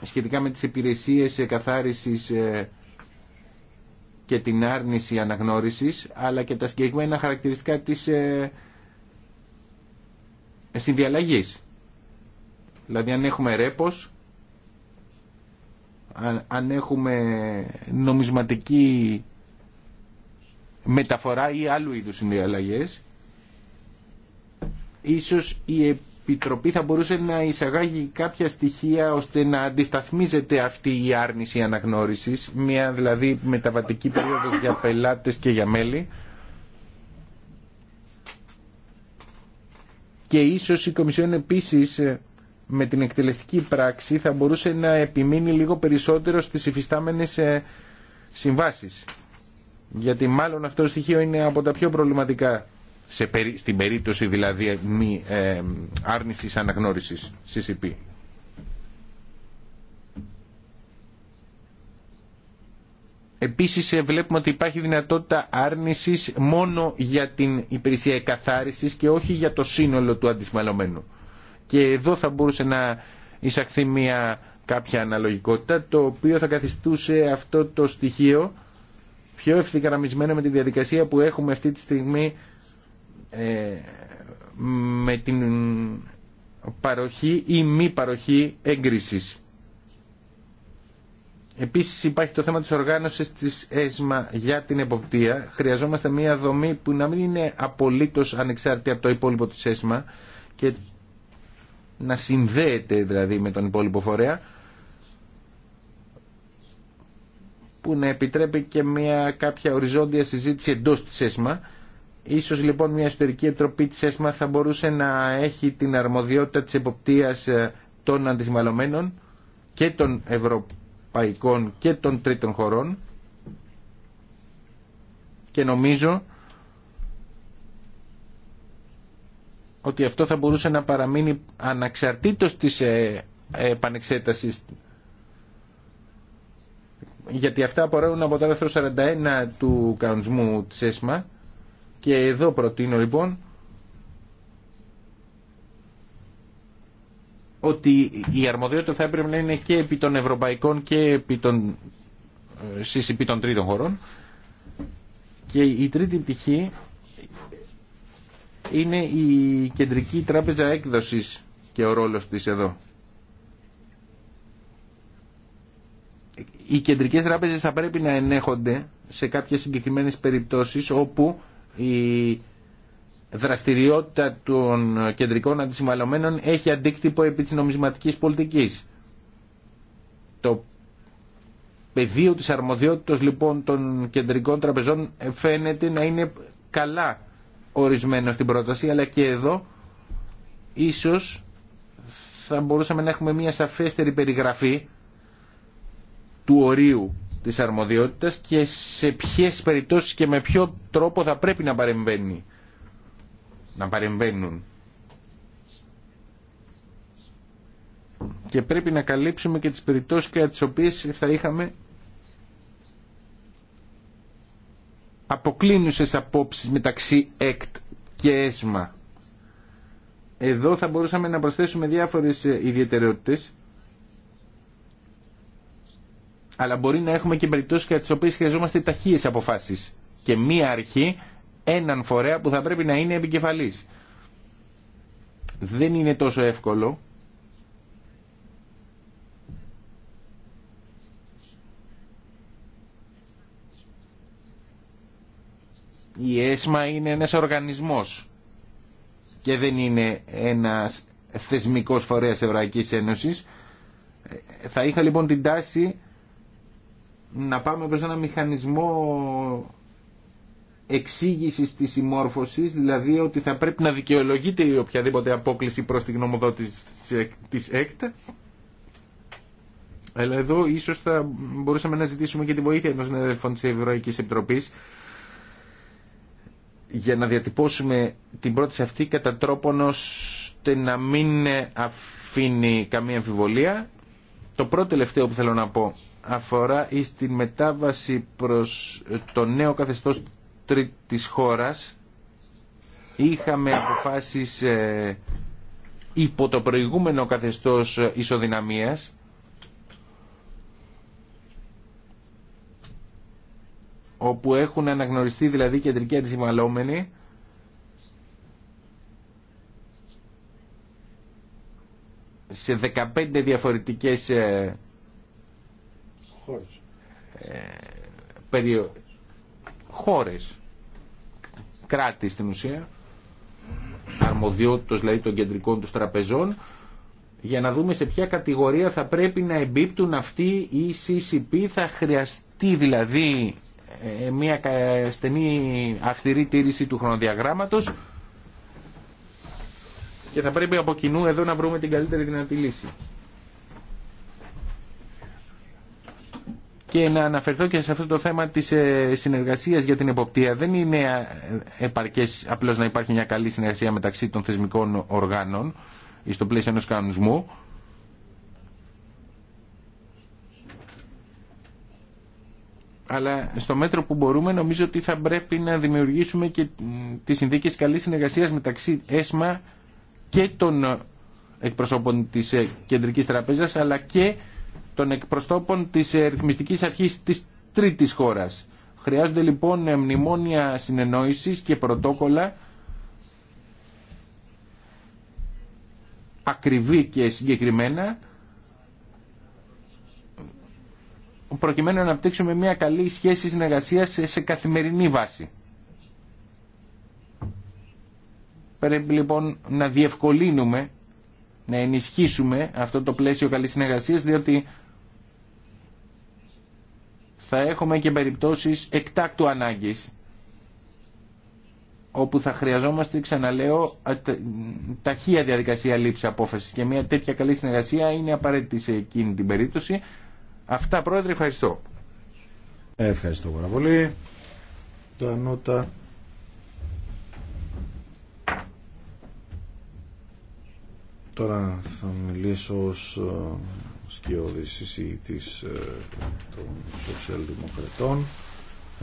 σχετικά με τις υπηρεσίες καθάρισης ε, και την άρνηση αναγνώρισης αλλά και τα συγκεκριμένα χαρακτηριστικά της ε, συνδιαλλαγής. Δηλαδή αν έχουμε ρέπος, αν έχουμε νομισματική μεταφορά ή άλλου είδους συνδιαλλαγές Ίσως η Επιτροπή θα μπορούσε να εισαγάγει κάποια στοιχεία ώστε να αντισταθμίζεται αυτή η άρνηση αναγνώρισης, μια δηλαδή μεταβατική περίοδος για πελάτες και για μέλη. Και ίσως η Κομισιόν επίσης ε, με την εκτελεστική πράξη θα μπορούσε να επιμείνει λίγο περισσότερο στις υφιστάμενες ε, συμβάσεις. Γιατί μάλλον αυτό το στοιχείο είναι από τα πιο προβληματικά σε, στην περίπτωση δηλαδή μη, ε, άρνησης αναγνώρισης CCP. Επίσης ε, βλέπουμε ότι υπάρχει δυνατότητα άρνησης μόνο για την υπηρεσία εκαθάρισης και όχι για το σύνολο του αντισμαλωμένου. Και εδώ θα μπορούσε να εισαχθεί μια κάποια αναλογικότητα το οποίο θα καθιστούσε αυτό το στοιχείο πιο ευθυγραμμισμένο με τη διαδικασία που έχουμε αυτή τη στιγμή ε, με την παροχή ή μη παροχή έγκρισης. Επίσης υπάρχει το θέμα της οργάνωσης της ΕΣΜΑ για την εποπτεία. Χρειαζόμαστε μια δομή που να μην είναι απολύτως ανεξάρτητη από το υπόλοιπο της ΕΣΜΑ και να συνδέεται δηλαδή με τον υπόλοιπο φορέα που να επιτρέπει και μια κάποια οριζόντια συζήτηση εντός της ΕΣΜΑ Ίσως λοιπόν μια ιστορική επιτροπή της ΕΣΜΑ θα μπορούσε να έχει την αρμοδιότητα της εποπτείας ε, των αντισμαλωμένων και των ευρωπαϊκών και των τρίτων χωρών και νομίζω ότι αυτό θα μπορούσε να παραμείνει αναξαρτήτως της ε, επανεξέτασης γιατί αυτά απορρέουν από το άρθρο 41 του κανονισμού της ΕΣΜΑ και εδώ προτείνω λοιπόν ότι η αρμοδιότητα θα έπρεπε να είναι και επί των ευρωπαϊκών και επί των CCP ε, των τρίτων χωρών. Και η τρίτη πτυχή είναι η κεντρική τράπεζα έκδοσης και ο ρόλος της εδώ. Οι κεντρικές τράπεζες θα πρέπει να ενέχονται σε κάποιες συγκεκριμένες περιπτώσεις όπου η δραστηριότητα των κεντρικών αντισυμβαλωμένων έχει αντίκτυπο επί της νομισματικής πολιτικής. Το πεδίο της αρμοδιότητας λοιπόν των κεντρικών τραπεζών φαίνεται να είναι καλά ορισμένο στην πρόταση, αλλά και εδώ ίσως θα μπορούσαμε να έχουμε μια σαφέστερη περιγραφή του ορίου της αρμοδιότητας και σε ποιες περιπτώσεις και με ποιο τρόπο θα πρέπει να παρεμβαίνει. Να παρεμβαίνουν. Και πρέπει να καλύψουμε και τις περιπτώσεις και τις οποίες θα είχαμε αποκλίνουσες απόψεις μεταξύ ΕΚΤ και ΕΣΜΑ. Εδώ θα μπορούσαμε να προσθέσουμε διάφορες ιδιαιτερότητες αλλά μπορεί να έχουμε και περιπτώσει κατά τι οποίε χρειαζόμαστε ταχείες αποφάσεις και μία αρχή, έναν φορέα που θα πρέπει να είναι επικεφαλής. Δεν είναι τόσο εύκολο η ΕΣΜΑ είναι ένας οργανισμός και δεν είναι ένας θεσμικός φορέας Ευρωπαϊκής Ένωσης. Ε, θα είχα λοιπόν την τάση να πάμε προς ένα μηχανισμό εξήγησης της συμμόρφωσης, δηλαδή ότι θα πρέπει να δικαιολογείται η οποιαδήποτε απόκληση προς τη γνωμοδότηση της ΕΚΤ. Αλλά εδώ ίσως θα μπορούσαμε να ζητήσουμε και τη βοήθεια ενός συνέδελφων της Ευρωπαϊκής Επιτροπής για να διατυπώσουμε την πρόταση αυτή κατά τρόπον ώστε να μην αφήνει καμία αμφιβολία. Το πρώτο τελευταίο που θέλω να πω αφορά στην μετάβαση προς το νέο καθεστώς της χώρας είχαμε αποφάσεις ε, υπό το προηγούμενο καθεστώς ισοδυναμίας όπου έχουν αναγνωριστεί δηλαδή κεντρικοί αντισυμβαλόμενοι σε 15 διαφορετικές ε, ε, χώρες. Κράτη στην ουσία. Αρμοδιότητος δηλαδή των κεντρικών του τραπεζών για να δούμε σε ποια κατηγορία θα πρέπει να εμπίπτουν αυτοί οι CCP θα χρειαστεί δηλαδή ε, μια στενή αυστηρή τήρηση του χρονοδιαγράμματος και θα πρέπει από κοινού εδώ να βρούμε την καλύτερη δυνατή λύση. και να αναφερθώ και σε αυτό το θέμα της ε, συνεργασίας για την εποπτεία. Δεν είναι ε, επαρκές απλώς να υπάρχει μια καλή συνεργασία μεταξύ των θεσμικών οργάνων ή στο πλαίσιο ενός κανονισμού. αλλά στο μέτρο που μπορούμε νομίζω ότι θα πρέπει να δημιουργήσουμε και τις συνδίκες καλής συνεργασίας μεταξύ ΕΣΜΑ και των εκπροσώπων της ε, Κεντρικής Τραπέζας αλλά και των εκπροστόπων της ε, ρυθμιστικής αρχής της τρίτης χώρας. Χρειάζονται λοιπόν ε, μνημόνια συνεννόησης και πρωτόκολλα ακριβή και συγκεκριμένα προκειμένου να αναπτύξουμε μια καλή σχέση συνεργασίας σε καθημερινή βάση. Πρέπει λοιπόν να διευκολύνουμε, να ενισχύσουμε αυτό το πλαίσιο καλής συνεργασίας, διότι θα έχουμε και περιπτώσεις εκτάκτου ανάγκης όπου θα χρειαζόμαστε, ξαναλέω, ταχεία διαδικασία λήψη απόφασης και μια τέτοια καλή συνεργασία είναι απαραίτητη σε εκείνη την περίπτωση. Αυτά, Πρόεδρε, ευχαριστώ. Ευχαριστώ πάρα πολύ. Τα νότα. Τώρα θα μιλήσω ως ε, της ε, των σοσιαλδημοκρατών.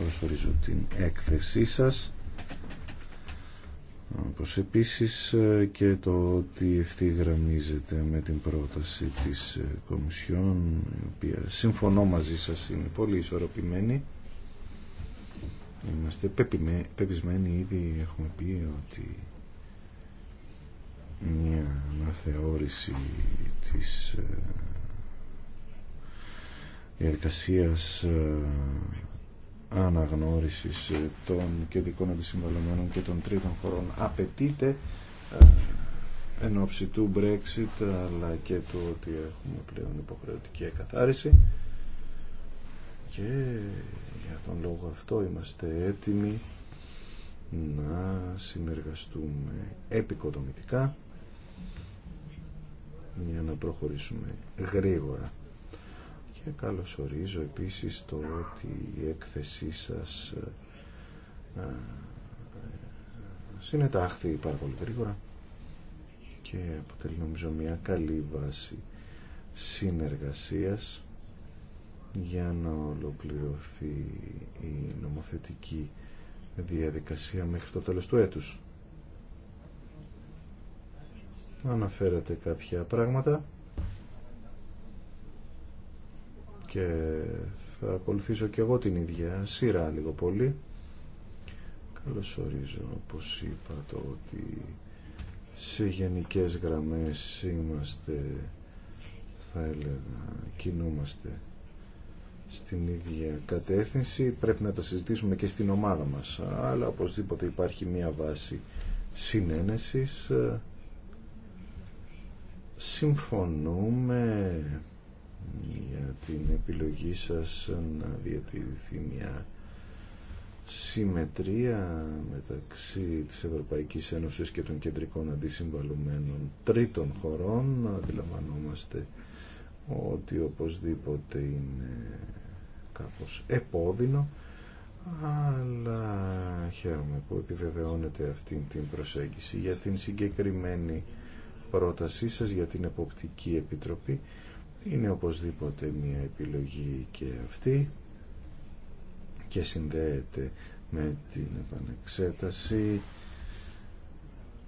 ευχαριστώ την έκθεσή σας. Όπως επίσης ε, και το ότι ευθυγραμμίζεται με την πρόταση της ε, Κομισιόν, η οποία συμφωνώ μαζί σας είναι πολύ ισορροπημένη. Είμαστε πεπισμένοι ήδη, έχουμε πει ότι μια αναθεώρηση της ε, εργασία ε, αναγνώρισης ε, των κεντρικών αντισυμβαλωμένων και των τρίτων χωρών απαιτείται ε, εν ώψη του Brexit αλλά και του ότι έχουμε πλέον υποχρεωτική εκαθάριση και για τον λόγο αυτό είμαστε έτοιμοι να συνεργαστούμε επικοδομητικά για να προχωρήσουμε γρήγορα και καλωσορίζω επίσης το ότι η έκθεσή σας ε, ε, συνετάχθη πάρα πολύ γρήγορα και αποτελεί νομίζω μια καλή βάση συνεργασίας για να ολοκληρωθεί η νομοθετική διαδικασία μέχρι το τέλος του έτους. Αναφέρατε κάποια πράγματα και θα ακολουθήσω και εγώ την ίδια σειρά λίγο πολύ. Καλωσορίζω, όπως είπα, το ότι σε γενικές γραμμές είμαστε, θα έλεγα, κινούμαστε στην ίδια κατεύθυνση. Πρέπει να τα συζητήσουμε και στην ομάδα μας, αλλά οπωσδήποτε υπάρχει μια βάση συνένεσης. Συμφωνούμε για την επιλογή σας να διατηρηθεί μια συμμετρία μεταξύ της Ευρωπαϊκής Ένωσης και των κεντρικών αντισυμβαλουμένων τρίτων χωρών. Αντιλαμβανόμαστε ότι οπωσδήποτε είναι κάπως επώδυνο αλλά χαίρομαι που επιβεβαιώνεται αυτή την προσέγγιση για την συγκεκριμένη πρότασή σας για την Εποπτική Επιτροπή είναι οπωσδήποτε μια επιλογή και αυτή και συνδέεται με την επανεξέταση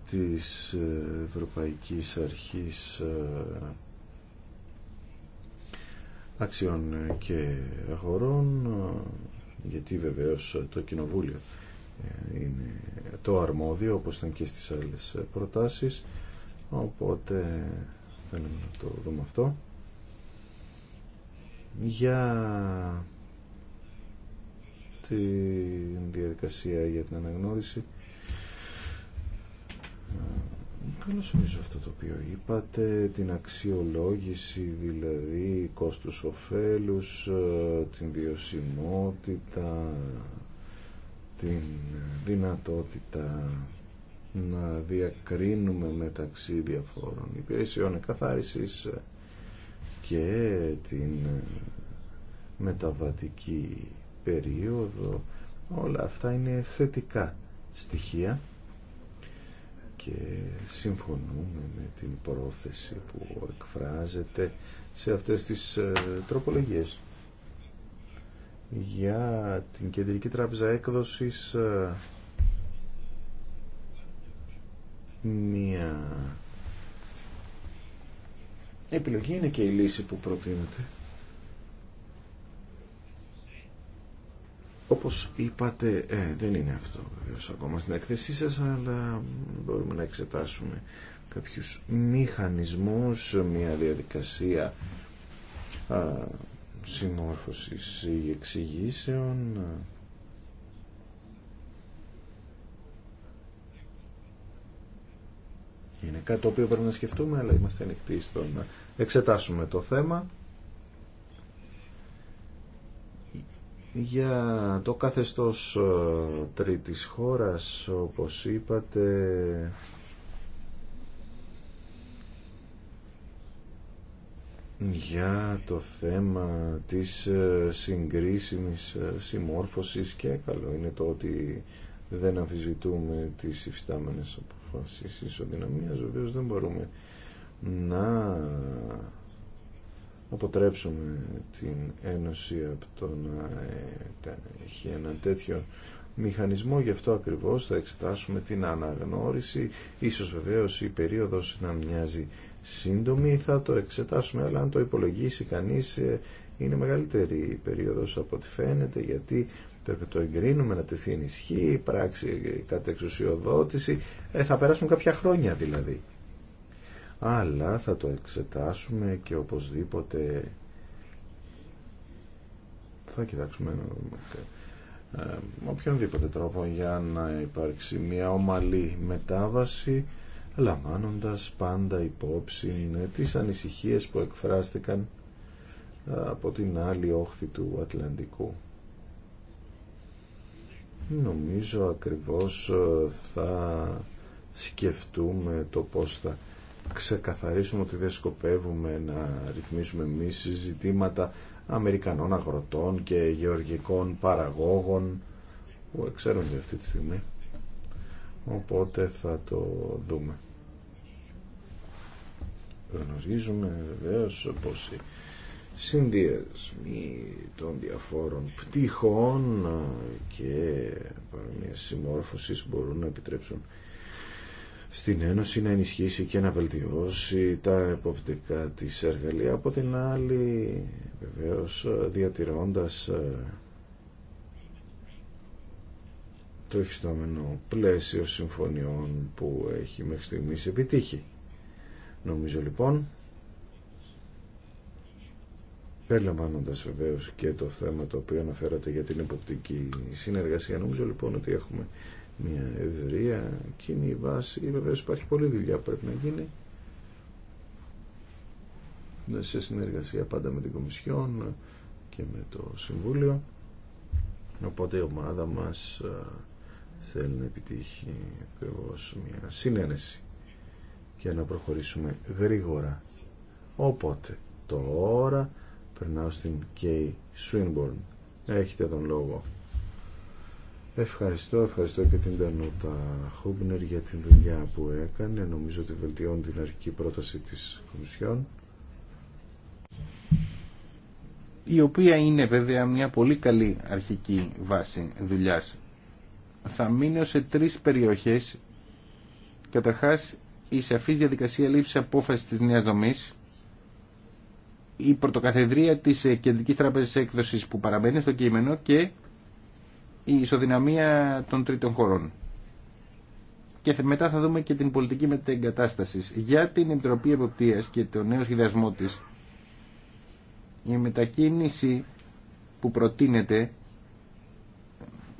της Ευρωπαϊκής Αρχής ε, Αξιών και Αγορών ε, γιατί βεβαίως το Κοινοβούλιο ε, είναι το αρμόδιο όπως ήταν και στις άλλες προτάσεις οπότε θέλουμε να το δούμε αυτό για τη διαδικασία για την αναγνώριση ορίζω αυτό το οποίο είπατε την αξιολόγηση δηλαδή κόστους κόστους-οφέλους την βιωσιμότητα την δυνατότητα να διακρίνουμε μεταξύ διαφόρων υπηρεσιών εκαθάρισης και την ε, μεταβατική περίοδο όλα αυτά είναι θετικά στοιχεία και συμφωνούμε με την πρόθεση που εκφράζεται σε αυτές τις ε, τροπολογίες για την Κεντρική Τράπεζα Έκδοσης ε, μία επιλογή είναι και η λύση που προτείνεται. Όπως είπατε, ε, δεν είναι αυτό ακόμα στην εκθεσή σας, αλλά μπορούμε να εξετάσουμε κάποιους μηχανισμούς, μια διαδικασία α, συμμόρφωσης ή εξηγήσεων. Είναι κάτι το οποίο πρέπει να σκεφτούμε, αλλά είμαστε ανοιχτοί στον εξετάσουμε το θέμα για το καθεστώς ε, τρίτης χώρας όπως είπατε για το θέμα της ε, συγκρίσιμης ε, συμμόρφωσης και καλό είναι το ότι δεν αμφισβητούμε τις υφιστάμενες αποφάσεις ισοδυναμίας βεβαίως δεν μπορούμε να αποτρέψουμε την Ένωση από το να ε, έχει ένα τέτοιο μηχανισμό. Γι' αυτό ακριβώς θα εξετάσουμε την αναγνώριση. Ίσως βεβαίως η περίοδος να μοιάζει σύντομη. Θα το εξετάσουμε, αλλά αν το υπολογίσει κανείς ε, είναι μεγαλύτερη η περίοδος από ό,τι φαίνεται, γιατί πρέπει το εγκρίνουμε να τεθεί ενισχύ, πράξη ε, κατεξουσιοδότηση. Ε, θα περάσουν κάποια χρόνια δηλαδή αλλά θα το εξετάσουμε και οπωσδήποτε θα κοιτάξουμε με ε, ε, οποιονδήποτε τρόπο για να υπάρξει μια ομαλή μετάβαση λαμβάνοντας πάντα υπόψη ε, τις ανησυχίες που εκφράστηκαν από την άλλη όχθη του Ατλαντικού. Νομίζω ακριβώς θα σκεφτούμε το πώς θα ξεκαθαρίσουμε ότι δεν σκοπεύουμε να ρυθμίσουμε εμεί συζητήματα Αμερικανών αγροτών και γεωργικών παραγόγων που για αυτή τη στιγμή. Οπότε θα το δούμε. Γνωρίζουμε βεβαίω πως οι συνδυασμοί των διαφόρων πτυχών και παρομοίες συμμόρφωσης μπορούν να επιτρέψουν στην Ένωση να ενισχύσει και να βελτιώσει τα εποπτικά της εργαλεία από την άλλη βεβαίως διατηρώντας ε, το υφιστάμενο πλαίσιο συμφωνιών που έχει μέχρι στιγμής επιτύχει. Νομίζω λοιπόν περιλαμβάνοντας βεβαίως, και το θέμα το οποίο αναφέρατε για την εποπτική συνεργασία νομίζω λοιπόν ότι έχουμε μια ευρεία κοινή βάση. Βεβαίως υπάρχει πολλή δουλειά που πρέπει να γίνει σε συνεργασία πάντα με την Κομισιόν και με το Συμβούλιο. Οπότε η ομάδα μας ε, θέλει να επιτύχει ακριβώ μια συνένεση και να προχωρήσουμε γρήγορα. Οπότε τώρα περνάω στην Κέι Σουίνμπορν. Έχετε τον λόγο. Ευχαριστώ, ευχαριστώ και την Τανούτα Χούμπνερ για την δουλειά που έκανε. Νομίζω ότι βελτιώνει την αρχική πρόταση της Κομισιόν. Η οποία είναι βέβαια μια πολύ καλή αρχική βάση δουλειάς. Θα μείνω σε τρεις περιοχές. Καταρχάς, η σαφής διαδικασία λήψης απόφαση της νέας δομής, η πρωτοκαθεδρία της Κεντρικής Τράπεζας Έκδοσης που παραμένει στο κείμενο και η ισοδυναμία των τρίτων χωρών. Και μετά θα δούμε και την πολιτική μετεγκατάσταση Για την Επιτροπή Εποπτεία και το νέο σχεδιασμό τη. η μετακίνηση που προτείνεται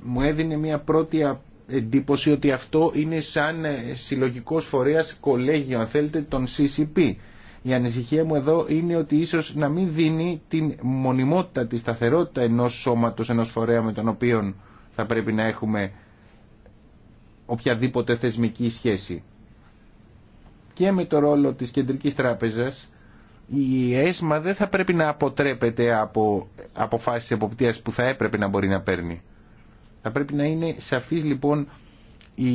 μου έδινε μια πρώτη εντύπωση ότι αυτό είναι σαν ε, συλλογικός φορέας κολέγιο, αν θέλετε, των CCP. Η ανησυχία μου εδώ είναι ότι ίσως να μην δίνει την μονιμότητα, τη σταθερότητα ενός σώματος, ενός φορέα με τον οποίο θα πρέπει να έχουμε οποιαδήποτε θεσμική σχέση. Και με το ρόλο της Κεντρικής Τράπεζας, η ΕΣΜΑ δεν θα πρέπει να αποτρέπεται από αποφάσεις εποπτείας που θα έπρεπε να μπορεί να παίρνει. Θα πρέπει να είναι σαφής λοιπόν η,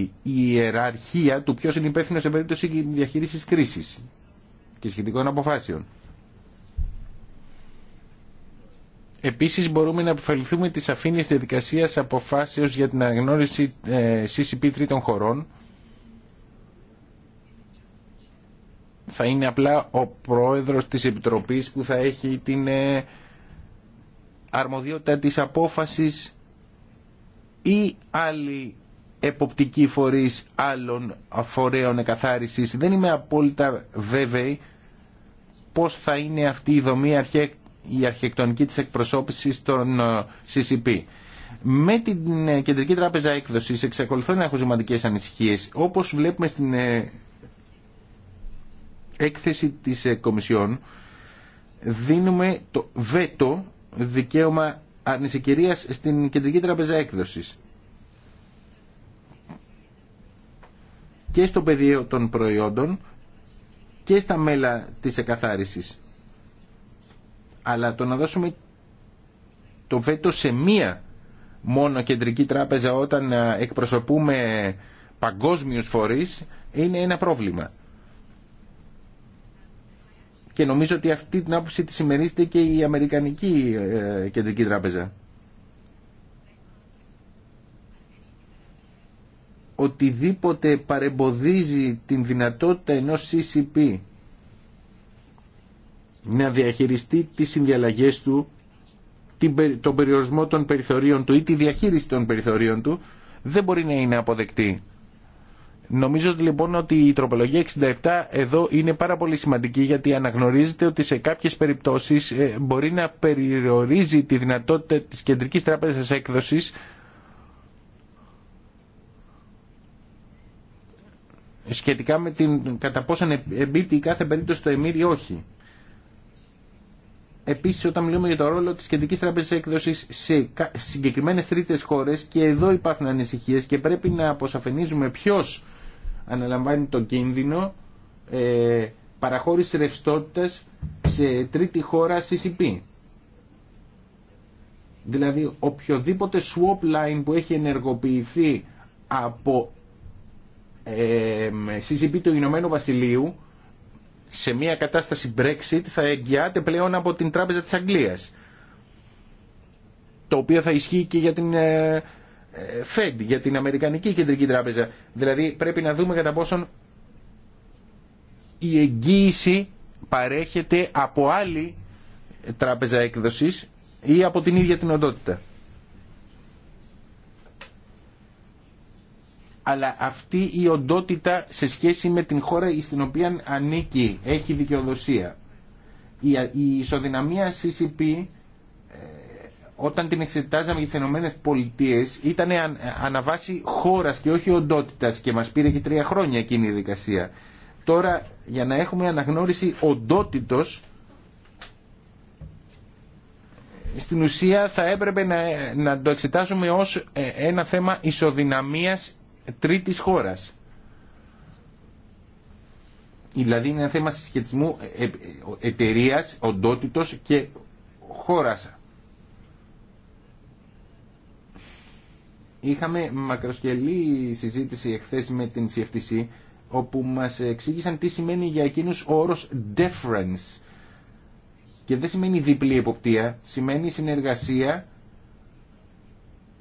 η ιεραρχία του ποιος είναι υπεύθυνο σε περίπτωση διαχείρισης κρίσης και σχετικών αποφάσεων. Επίσης μπορούμε να αποφεληθούμε τη αφήνεια διαδικασίας αποφάσεω για την αναγνώριση ε, CCP τρίτων χωρών. Θα είναι απλά ο πρόεδρος της Επιτροπής που θα έχει την ε, αρμοδιότητα της απόφασης ή άλλοι εποπτικοί φορείς άλλων φορέων εκαθάρισης. Δεν είμαι απόλυτα βέβαιη πώς θα είναι αυτή η αλλη εποπτικη φορεις αλλων φορεων εκαθαρισης δεν ειμαι απολυτα αρχαία η αρχιεκτονική της εκπροσώπησης των ε, CCP. Με την ε, Κεντρική Τράπεζα Έκδοσης εξακολουθώ να έχω σημαντικές ανησυχίες. Όπως βλέπουμε στην ε, έκθεση της Κομισιόν, δίνουμε το βέτο δικαίωμα ανησυχηρίας στην Κεντρική Τράπεζα Έκδοσης. και στο πεδίο των προϊόντων και στα μέλα της εκαθάρισης αλλά το να δώσουμε το βέτο σε μία μόνο κεντρική τράπεζα όταν ε, εκπροσωπούμε παγκόσμιους φορείς είναι ένα πρόβλημα. Και νομίζω ότι αυτή την άποψη τη σημερίζεται και η Αμερικανική ε, Κεντρική Τράπεζα. Οτιδήποτε παρεμποδίζει την δυνατότητα ενός CCP να διαχειριστεί τις συνδιαλλαγές του, τον περιορισμό των περιθωρίων του ή τη διαχείριση των περιθωρίων του, δεν μπορεί να είναι αποδεκτή. Νομίζω λοιπόν ότι η τροπολογία 67 εδώ είναι πάρα πολύ σημαντική γιατί αναγνωρίζεται ότι σε κάποιες περιπτώσεις ε, μπορεί να περιορίζει τη δυνατότητα της Κεντρικής Τράπεζας Έκδοσης σχετικά με την κατά πόσον εμπίπτει η κάθε περίπτωση το ΕΜΗΡ ή όχι. Επίση, όταν μιλούμε για το ρόλο της Κεντρικής Τράπεζας Έκδοση σε συγκεκριμένες τρίτες χώρες και εδώ υπάρχουν ανησυχίες και πρέπει να αποσαφενίζουμε ποιος αναλαμβάνει τον κίνδυνο ε, παραχώρηση ρευστότητα σε τρίτη χώρα CCP. Δηλαδή οποιοδήποτε swap line που έχει ενεργοποιηθεί από ε, CCP του Ηνωμένου Βασιλείου σε μια κατάσταση Brexit θα εγγυάται πλέον από την Τράπεζα της Αγγλίας. Το οποίο θα ισχύει και για την ε, Fed, για την Αμερικανική Κεντρική Τράπεζα. Δηλαδή πρέπει να δούμε κατά πόσον η εγγύηση παρέχεται από άλλη τράπεζα έκδοσης ή από την ίδια την οντότητα. αλλά αυτή η οντότητα σε σχέση με την χώρα στην οποία ανήκει, έχει δικαιοδοσία. Η ισοδυναμία CCP ε, όταν την εξετάζαμε για τι Ηνωμένε ήταν ε, αναβάση χώρα και όχι οντότητα και μα πήρε και τρία χρόνια εκείνη η δικασία. Τώρα για να έχουμε αναγνώριση οντότητο στην ουσία θα έπρεπε να, ε, το εξετάζουμε ως ένα θέμα ισοδυναμίας τρίτης χώρας. Δηλαδή είναι ένα θέμα συσχετισμού ε, ε, εταιρεία, οντότητος και χώρας. Είχαμε μακροσκελή συζήτηση εχθές με την CFTC όπου μας εξήγησαν τι σημαίνει για εκείνους ο όρος deference και δεν σημαίνει διπλή εποπτεία, σημαίνει συνεργασία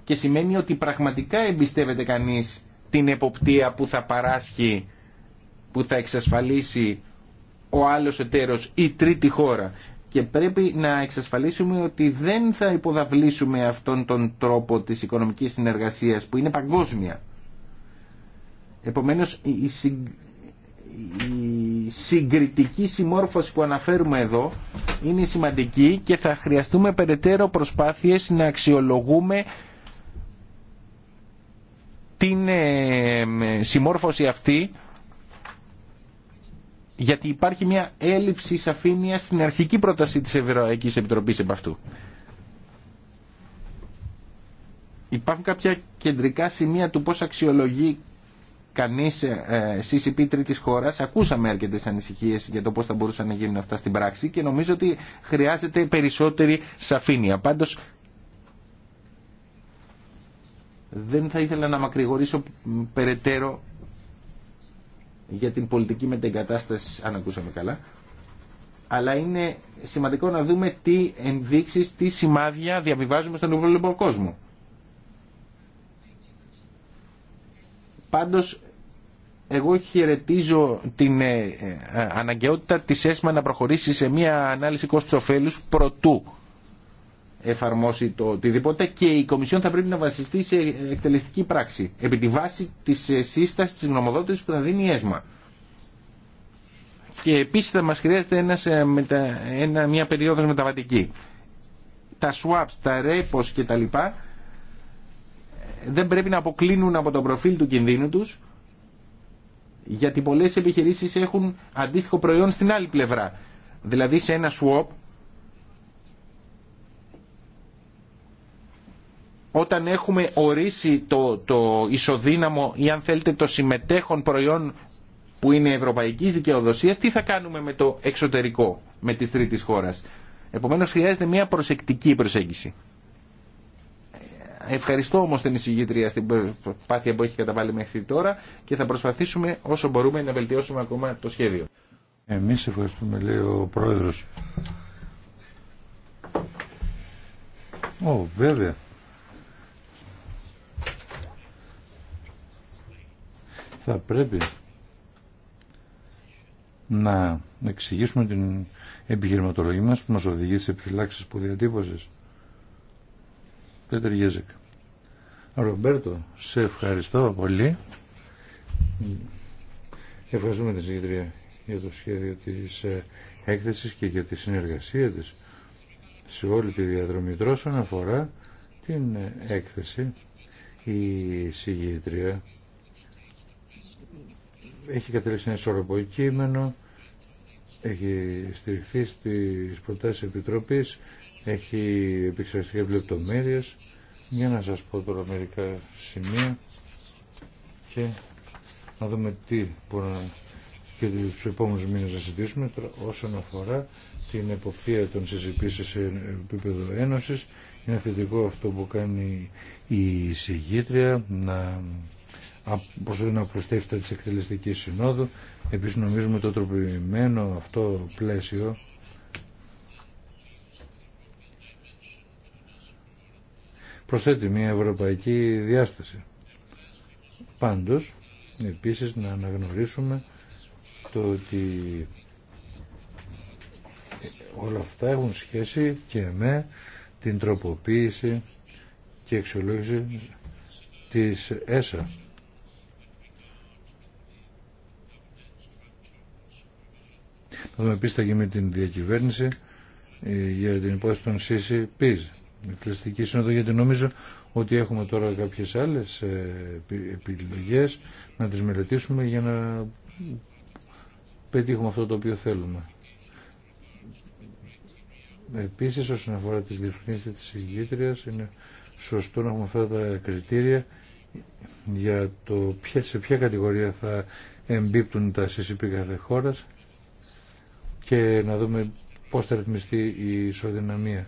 και σημαίνει ότι πραγματικά εμπιστεύεται κανείς την εποπτεία που θα παράσχει, που θα εξασφαλίσει ο άλλος εταίρος ή τρίτη χώρα. Και πρέπει να εξασφαλίσουμε ότι δεν θα υποδαβλίσουμε αυτόν τον τρόπο της οικονομικής συνεργασίας που είναι παγκόσμια. Επομένως η, συγκριτική συμμόρφωση που αναφέρουμε εδώ είναι σημαντική και θα χρειαστούμε περαιτέρω προσπάθειες να αξιολογούμε την ε, συμμόρφωση αυτή γιατί υπάρχει μια έλλειψη σαφήνεια στην αρχική πρόταση της Ευρωπαϊκής Επιτροπής επ' αυτού. Υπάρχουν κάποια κεντρικά σημεία του πώς αξιολογεί κανείς ε, CCP τρίτης χώρας. Ακούσαμε αρκετές ανησυχίες για το πώς θα μπορούσαν να γίνουν αυτά στην πράξη και νομίζω ότι χρειάζεται περισσότερη σαφήνεια. Πάντως δεν θα ήθελα να μακρηγορήσω περαιτέρω για την πολιτική μετεγκατάσταση, αν ακούσαμε καλά, αλλά είναι σημαντικό να δούμε τι ενδείξεις, τι σημάδια διαβιβάζουμε στον υπόλοιπο κόσμο. Πάντως, εγώ χαιρετίζω την ε, ε, αναγκαιότητα της ΕΣΜΑ να προχωρήσει σε μια ανάλυση κόστος ωφέλους προτού εφαρμόσει το οτιδήποτε και η Κομισιόν θα πρέπει να βασιστεί σε εκτελεστική πράξη επί τη βάση της ε, σύστασης της γνωμοδότησης που θα δίνει η ΕΣΜΑ. Και επίσης θα μας χρειάζεται ε, ένα, μια περίοδος μεταβατική. Τα swaps, τα repos και τα λοιπά δεν πρέπει να αποκλίνουν από το προφίλ του κινδύνου τους γιατί πολλές επιχειρήσεις έχουν αντίστοιχο προϊόν στην άλλη πλευρά. Δηλαδή σε ένα swap όταν έχουμε ορίσει το, το ισοδύναμο ή αν θέλετε το συμμετέχον προϊόν που είναι ευρωπαϊκής δικαιοδοσίας, τι θα κάνουμε με το εξωτερικό, με τις τρίτη χώρα. Επομένως χρειάζεται μια προσεκτική προσέγγιση. Ευχαριστώ όμως την εισηγήτρια στην προσπάθεια που έχει καταβάλει μέχρι τώρα και θα προσπαθήσουμε όσο μπορούμε να βελτιώσουμε ακόμα το σχέδιο. Εμείς ευχαριστούμε λέει ο Πρόεδρος. Ω, βέβαια. θα πρέπει να εξηγήσουμε την επιχειρηματολογία μας που μας οδηγεί σε επιφυλάξεις που διατύπωσες. Πέτερ Γέζεκ. Ρομπέρτο, σε ευχαριστώ πολύ. Ευχαριστούμε την συγκεντρία για το σχέδιο της ε, έκθεσης και για τη συνεργασία της σε όλη τη διαδρομή. Τρόσον αφορά την ε, έκθεση η συγκεντρία έχει κατελήξει ένα ισορροπό κείμενο, έχει στηριχθεί στις προτάσεις Επιτροπής, έχει επεξεργαστεί για λεπτομέρειες. Για να σας πω τώρα μερικά σημεία και να δούμε τι μπορούμε και τους επόμενους μήνες να συζητήσουμε όσον αφορά την εποπτεία των συζητήσεων σε επίπεδο ένωσης. Είναι θετικό αυτό που κάνει η συγγήτρια να προσπαθεί να προσθέσει τα της εκτελεστικής συνόδου. Επίσης νομίζουμε το τροποποιημένο αυτό πλαίσιο προσθέτει μια ευρωπαϊκή διάσταση. Πάντως, επίσης να αναγνωρίσουμε το ότι όλα αυτά έχουν σχέση και με την τροποποίηση και εξολόγηση της ΕΣΑ Θα δούμε με την διακυβέρνηση ε, για την υπόθεση των CCPs, με σύνοδο, γιατί νομίζω ότι έχουμε τώρα κάποιες άλλες ε, επιλογές να τις μελετήσουμε για να πετύχουμε αυτό το οποίο θέλουμε. Επίσης όσον αφορά τις διευκρινήσεις της ηγήτριας είναι σωστό να έχουμε αυτά τα κριτήρια για το σε ποια κατηγορία θα εμπίπτουν τα CCP κάθε χώρας και να δούμε πώς θα ρυθμιστεί η ισοδυναμία.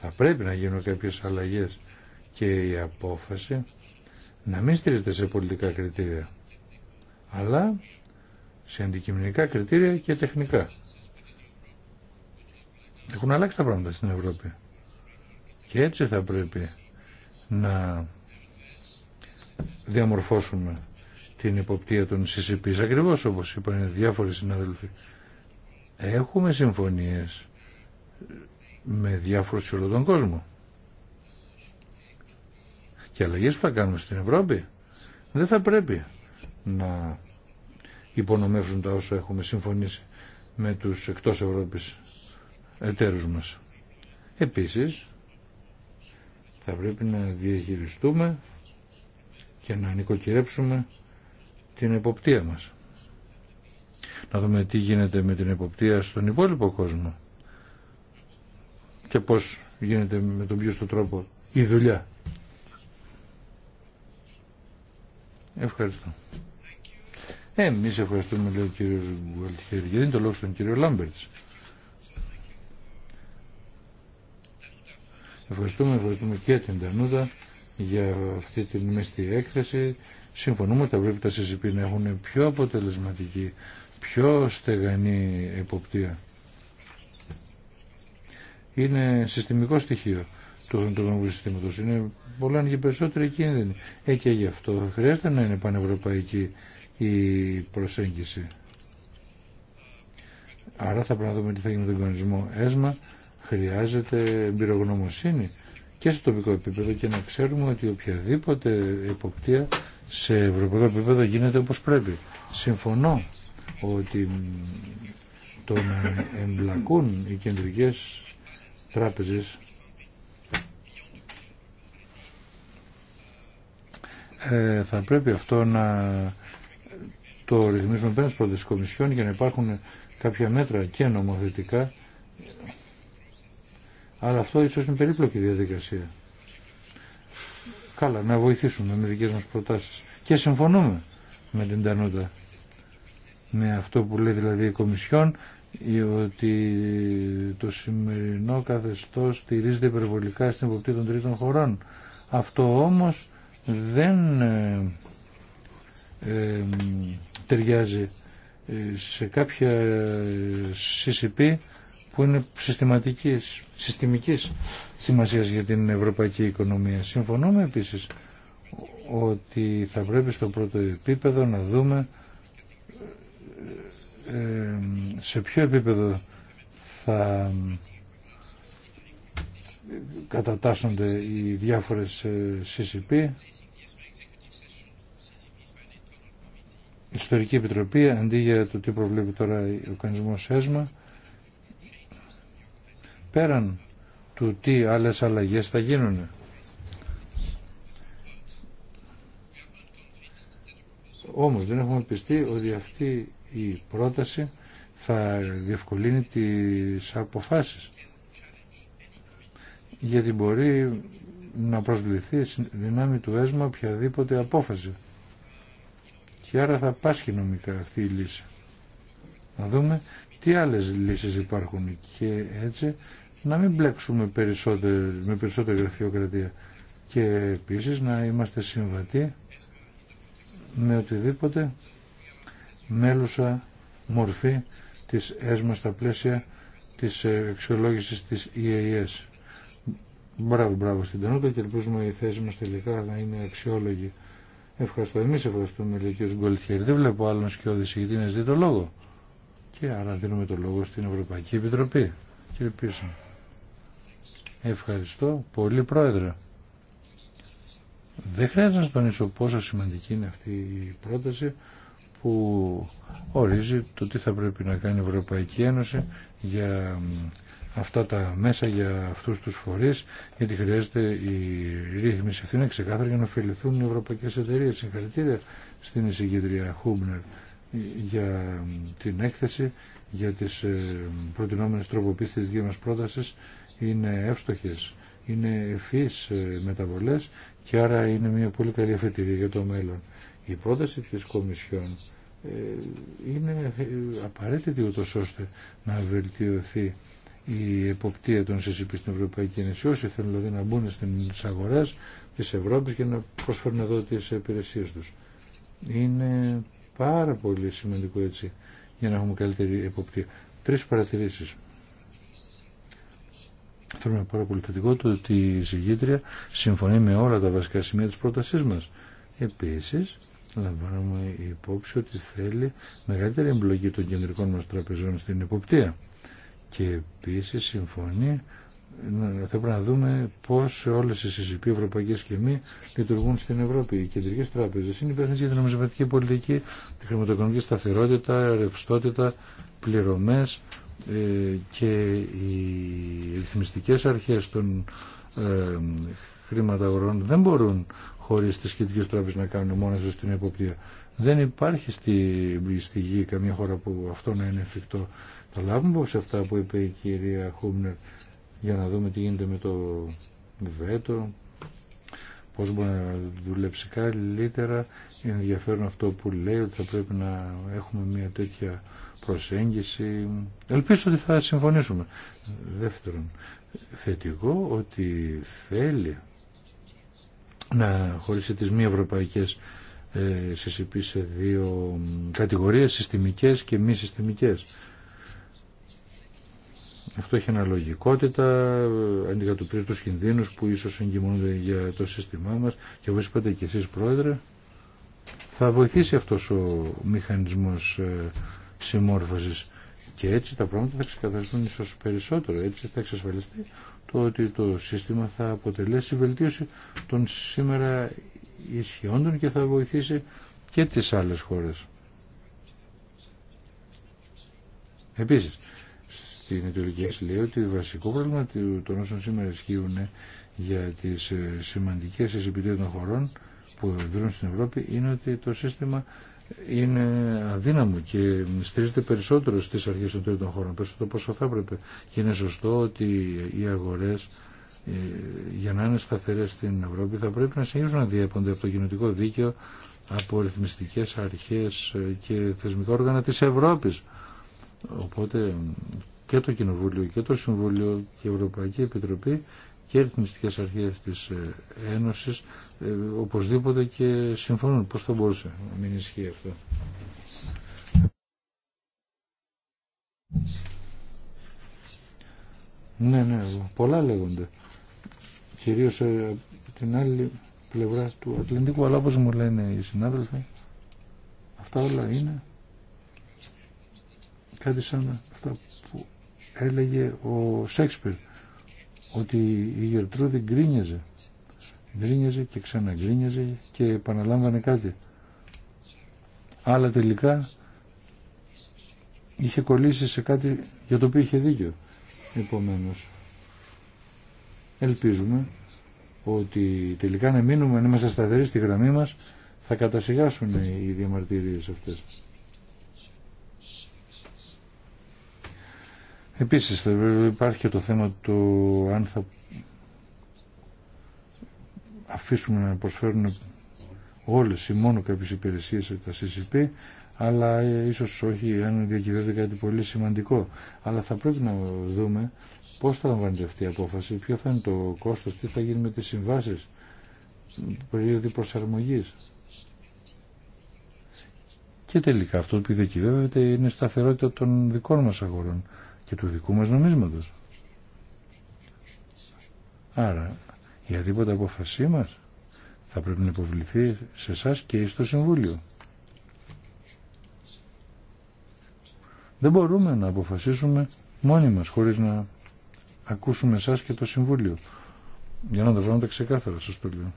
Θα πρέπει να γίνουν κάποιες αλλαγές και η απόφαση να μην στηρίζεται σε πολιτικά κριτήρια, αλλά σε αντικειμενικά κριτήρια και τεχνικά. Έχουν αλλάξει τα πράγματα στην Ευρώπη. Και έτσι θα πρέπει να διαμορφώσουμε την υποπτία των CCP. ακριβώ όπως είπαν διάφοροι συνάδελφοι. Έχουμε συμφωνίες με διάφορους σε όλο τον κόσμο. Και αλλαγέ που θα κάνουμε στην Ευρώπη δεν θα πρέπει να υπονομεύσουν τα όσα έχουμε συμφωνήσει με τους εκτός Ευρώπης εταίρους μας. Επίσης, θα πρέπει να διαχειριστούμε και να νοικοκυρέψουμε την εποπτεία μας. Να δούμε τι γίνεται με την εποπτεία στον υπόλοιπο κόσμο και πώς γίνεται με τον πιο στο τρόπο η δουλειά. Ευχαριστώ. Ε, εμείς ευχαριστούμε, λέει ο κύριος Γουαλτιχέρη, γιατί είναι το λόγο στον κύριο Λάμπερτς. Ευχαριστούμε, ευχαριστούμε και την Τανούδα για αυτή την μεστή έκθεση συμφωνούμε ότι θα πρέπει τα CCP να έχουν πιο αποτελεσματική, πιο στεγανή εποπτεία. Είναι συστημικό στοιχείο του χρονοτολογικού συστήματο. Είναι πολλά και περισσότεροι κίνδυνοι. Ε, και γι' αυτό χρειάζεται να είναι πανευρωπαϊκή η προσέγγιση. Άρα θα πρέπει να δούμε τι θα γίνει με τον κανονισμό ΕΣΜΑ. Χρειάζεται εμπειρογνωμοσύνη και στο τοπικό επίπεδο και να ξέρουμε ότι οποιαδήποτε εποπτεία σε ευρωπαϊκό επίπεδο γίνεται όπως πρέπει. Συμφωνώ ότι το να εμπλακούν οι κεντρικές τράπεζες ε, θα πρέπει αυτό να το ρυθμίζουμε πέρας πρώτες κομισιόν για να υπάρχουν κάποια μέτρα και νομοθετικά αλλά αυτό ίσω είναι περίπλοκη διαδικασία. Καλά, να βοηθήσουμε με δικέ μας προτάσεις. Και συμφωνούμε με την Τανούτα. Με αυτό που λέει δηλαδή η Κομισιόν, ότι το σημερινό καθεστώς στηρίζεται υπερβολικά στην υποπτή των τρίτων χωρών. Αυτό όμως δεν ε, ε, ταιριάζει ε, σε κάποια CCP που είναι συστηματικής, συστημικής σημασίας για την ευρωπαϊκή οικονομία. Συμφωνούμε επίσης ότι θα πρέπει στο πρώτο επίπεδο να δούμε ε, σε ποιο επίπεδο θα κατατάσσονται οι διάφορες ε, CCP Ιστορική Επιτροπή αντί για το τι προβλέπει τώρα ο κανισμός ΕΣΜΑ πέραν του τι άλλες αλλαγές θα γίνουν. Όμως δεν έχουμε πιστεί ότι αυτή η πρόταση θα διευκολύνει τις αποφάσεις. Γιατί μπορεί να προσβληθεί δυνάμει του έσμα οποιαδήποτε απόφαση. Και άρα θα πάσχει νομικά αυτή η λύση. Να δούμε τι άλλες λύσεις υπάρχουν και έτσι να μην μπλέξουμε με περισσότερη γραφειοκρατία και επίσης να είμαστε συμβατοί με οτιδήποτε μέλουσα μορφή της ΕΣΜΑ στα πλαίσια της αξιολόγησης της EAS. Μπράβο, μπράβο στην Τενότα και ελπίζουμε η θέση μας τελικά να είναι αξιόλογη. Ευχαριστώ. Εμείς ευχαριστούμε, λέει ο κ. Γκολτιέρη. Δεν βλέπω άλλον σκιώδη ηγητή να το λόγο. Και άρα δίνουμε το λόγο στην Ευρωπαϊκή Επιτροπή. Κύριε Πίρσον. Ευχαριστώ πολύ πρόεδρε. Δεν χρειάζεται να τονίσω πόσο σημαντική είναι αυτή η πρόταση που ορίζει το τι θα πρέπει να κάνει η Ευρωπαϊκή Ένωση για αυτά τα μέσα, για αυτούς τους φορείς, γιατί χρειάζεται η ρύθμιση αυτή να ξεκάθαρα για να ωφεληθούν οι ευρωπαϊκές εταιρείες. Συγχαρητήρια στην εισηγήτρια Χούμπνερ για την έκθεση, για τις ε, προτινόμενες τροποποίησεις της δικής μας πρότασης είναι εύστοχες, είναι ευφύς ε, μεταβολές και άρα είναι μια πολύ καλή αφετηρία για το μέλλον. Η πρόταση της Κομισιόν ε, είναι ε, απαραίτητη ούτως ώστε να βελτιωθεί η εποπτεία των ΣΥΣΥΠΗ στην Ευρωπαϊκή Ένωση. Όσοι θέλουν δηλαδή να μπουν στις αγορές της Ευρώπης και να προσφέρουν εδώ τις υπηρεσίε τους. Είναι πάρα πολύ σημαντικό έτσι για να έχουμε καλύτερη εποπτεία. Τρεις παρατηρήσεις. Θέλω να πάρα πολύ θετικό το ότι η συγκήτρια συμφωνεί με όλα τα βασικά σημεία της πρότασής μας. Επίσης, λαμβάνουμε υπόψη ότι θέλει μεγαλύτερη εμπλοκή των κεντρικών μας τραπεζών στην υποπτία. Και επίσης συμφωνεί θα πρέπει να δούμε πώς όλες οι συζητοί ευρωπαϊκές και μη λειτουργούν στην Ευρώπη. Οι κεντρικές τράπεζες είναι υπεύθυνες για την νομισματική πολιτική, τη χρηματοοικονομική σταθερότητα, ρευστότητα, πληρωμές, ε, και οι ρυθμιστικές αρχές των ε, χρηματαγορών δεν μπορούν χωρίς τις σχετικές τράπεζες να κάνουν μόνες τους την εποπτεία. Δεν υπάρχει στη, στη γη καμία χώρα που αυτό να είναι εφικτό. Θα λάβουμε όπως αυτά που είπε η κυρία Χούμνερ για να δούμε τι γίνεται με το βέτο, πώς μπορεί να δουλέψει καλύτερα. Είναι ενδιαφέρον αυτό που λέει ότι θα πρέπει να έχουμε μια τέτοια προσέγγιση. Ελπίζω ότι θα συμφωνήσουμε. Δεύτερον, θετικό ότι θέλει να χωρίσει τις μη ευρωπαϊκές ε, σε δύο κατηγορίες, συστημικές και μη συστημικές. Αυτό έχει αναλογικότητα, ε, αντικατοπτρίζει τους κινδύνους που ίσως εγκυμονούνται για το σύστημά μας και όπως είπατε και εσείς πρόεδρε, θα βοηθήσει αυτός ο μηχανισμός ε, συμμόρφωσης. Και έτσι τα πράγματα θα ξεκαθαριστούν ίσως περισσότερο. Έτσι θα εξασφαλιστεί το ότι το σύστημα θα αποτελέσει βελτίωση των σήμερα ισχυόντων και θα βοηθήσει και τις άλλες χώρες. Επίσης, στην Ιταλική λέει ότι βασικό πρόβλημα των όσων σήμερα ισχύουν για τις ε, σημαντικές εισηπητήρες των χωρών που δρούν στην Ευρώπη είναι ότι το σύστημα είναι αδύναμο και στηρίζεται περισσότερο στις αρχές των τρίτων χώρων, περισσότερο πόσο θα έπρεπε. Και είναι σωστό ότι οι αγορές ε, για να είναι σταθερές στην Ευρώπη θα πρέπει να συνεχίζουν να διέπονται από το κοινωτικό δίκαιο, από ρυθμιστικές αρχές ε, και θεσμικά όργανα της Ευρώπης. Οπότε και το Κοινοβούλιο και το Συμβούλιο και η Ευρωπαϊκή Επιτροπή και ρυθμιστικές αρχές της ε, Ένωσης οπωσδήποτε και συμφωνούν. Πώς θα μπορούσε να μην ισχύει αυτό. Ναι, ναι, πολλά λέγονται. Κυρίως από ε, την άλλη πλευρά του Ατλαντικού, αλλά όπως μου λένε οι συνάδελφοι, αυτά όλα είναι κάτι σαν αυτά που έλεγε ο Σέξπιρ, ότι η Γερτρούδη γκρίνιαζε γκρίνιαζε και ξαναγκρίνιαζε και επαναλάμβανε κάτι. Αλλά τελικά είχε κολλήσει σε κάτι για το οποίο είχε δίκιο. Επομένως, ελπίζουμε ότι τελικά να μείνουμε, να είμαστε σταθεροί στη γραμμή μας, θα κατασυγάσουν οι διαμαρτυρίες αυτές. Επίσης υπάρχει και το θέμα του αν θα αφήσουμε να προσφέρουν όλες ή μόνο κάποιες υπηρεσίες τα CCP αλλά ίσως όχι αν διακυβεύεται κάτι πολύ σημαντικό αλλά θα πρέπει να δούμε πώς θα λαμβάνεται αυτή η απόφαση ποιο θα είναι το κόστος, τι θα γίνει με τις συμβάσεις περίοδοι προσαρμογής και τελικά αυτό που διακυβεύεται είναι η σταθερότητα των δικών μας αγορών και του δικού μας νομίσματος. Άρα για τίποτα απόφασή μας θα πρέπει να υποβληθεί σε εσά και στο Συμβούλιο. Δεν μπορούμε να αποφασίσουμε μόνοι μας χωρίς να ακούσουμε εσά και το Συμβούλιο. Για να τα ξεκάθαρα σας το λέω.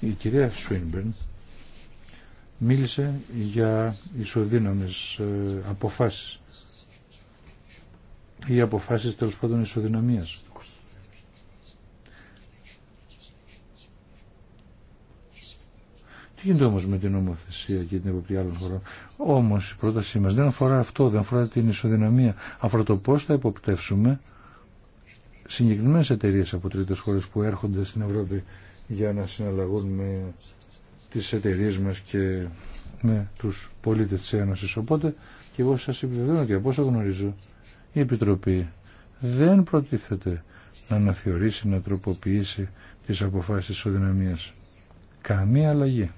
Η κυρία Σουίνμπερν μίλησε για ισοδύναμες ε, αποφάσεις ή αποφάσεις τέλος πάντων ισοδυναμίας. Τι γίνεται όμω με την νομοθεσία και την εποπτεία άλλων χωρών. Όμω η πρότασή μα δεν αφορά αυτό, δεν αφορά την ισοδυναμία. Αφορά το πώ θα υποπτεύσουμε συγκεκριμένε εταιρείε από τρίτε χώρε που έρχονται στην Ευρώπη για να συναλλαγούν με τι εταιρείε μα και με του πολίτε τη Ένωση. Οπότε και εγώ σα επιβεβαιώνω ότι από όσο γνωρίζω η Επιτροπή δεν προτίθεται να αναθεωρήσει, να τροποποιήσει τις αποφάσεις της Καμία αλλαγή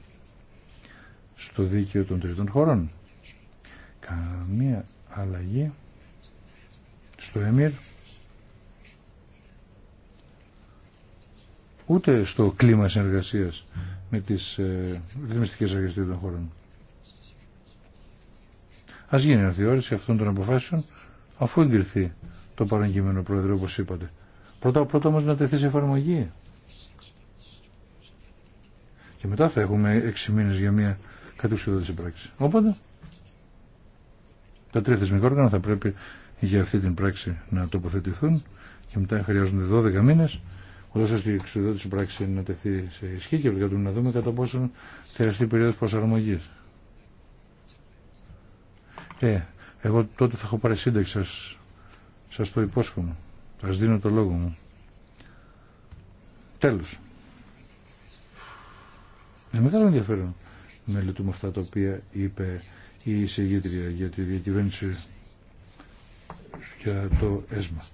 στο δίκαιο των τρίτων χωρών. Καμία αλλαγή στο ΕΜΙΡ ούτε στο κλίμα συνεργασίας με τις ε, ρυθμιστικές των χωρών. Ας γίνει ανθιόρυση αυτών των αποφάσεων αφού εγκριθεί το παραγγείμενο πρόεδρο όπως είπατε. Πρώτα, πρώτα όμως να τεθεί σε εφαρμογή. Και μετά θα έχουμε έξι μήνες για μια κατεξουδότηση πράξη. Οπότε τα τρία θεσμικά όργανα θα πρέπει για αυτή την πράξη να τοποθετηθούν και μετά χρειάζονται 12 μήνες ώστε η εξουδότηση πράξη να τεθεί σε ισχύ και πρέπει να δούμε κατά πόσο χρειαστεί η περίοδος προσαρμογής. Ε, εγώ τότε θα έχω πάρει σύνταξη, σας, το υπόσχομαι. Σας δίνω το λόγο μου. Τέλος. Με μεγάλο ενδιαφέρον μελετούμε αυτά τα οποία είπε η εισηγήτρια για τη διακυβέρνηση για το ΕΣΜΑ.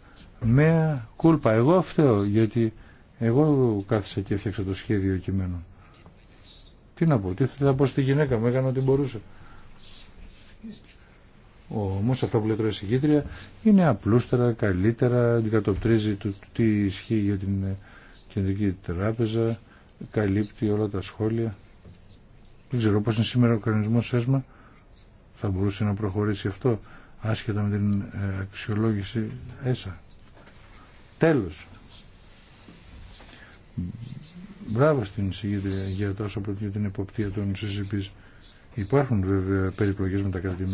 Μέα κούλπα, εγώ φταίω, γιατί εγώ κάθισα και έφτιαξα το σχέδιο κειμένου. Τι να πω, τι θα πω στη γυναίκα μου, έκανα ό,τι μπορούσα. Όμω αυτά που λέει η είναι απλούστερα, καλύτερα, αντικατοπτρίζει το τι ισχύει για την κεντρική τράπεζα, καλύπτει όλα τα σχόλια. Δεν ξέρω πώς είναι σήμερα ο κανονισμό ΕΣΜΑ. Θα μπορούσε να προχωρήσει αυτό άσχετα με την ε, αξιολόγηση ΕΣΑ. Τέλος. Μπράβο στην εισηγήτρια για τόσο από την εποπτεία των CCP. Υπάρχουν βέβαια περιπλογές με τα κρατη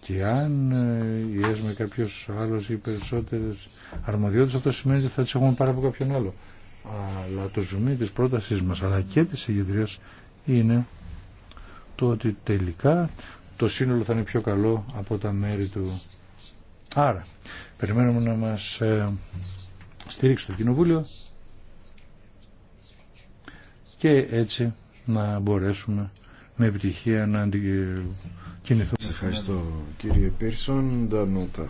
Και αν ε, η ΕΣΜΑ κάποιος άλλος ή περισσότερε αρμοδιότητε, αυτό σημαίνει ότι θα τι έχουμε πάρει από κάποιον άλλο αλλά το ζουμί τη πρότασή μα, αλλά και τη ηγετρίας είναι το ότι τελικά το σύνολο θα είναι πιο καλό από τα μέρη του. Άρα, περιμένουμε να μας ε, στηρίξει το Κοινοβούλιο και έτσι να μπορέσουμε με επιτυχία να αντικινηθούμε. Σας ευχαριστώ κύριε Πίρσον. Ντανούτα.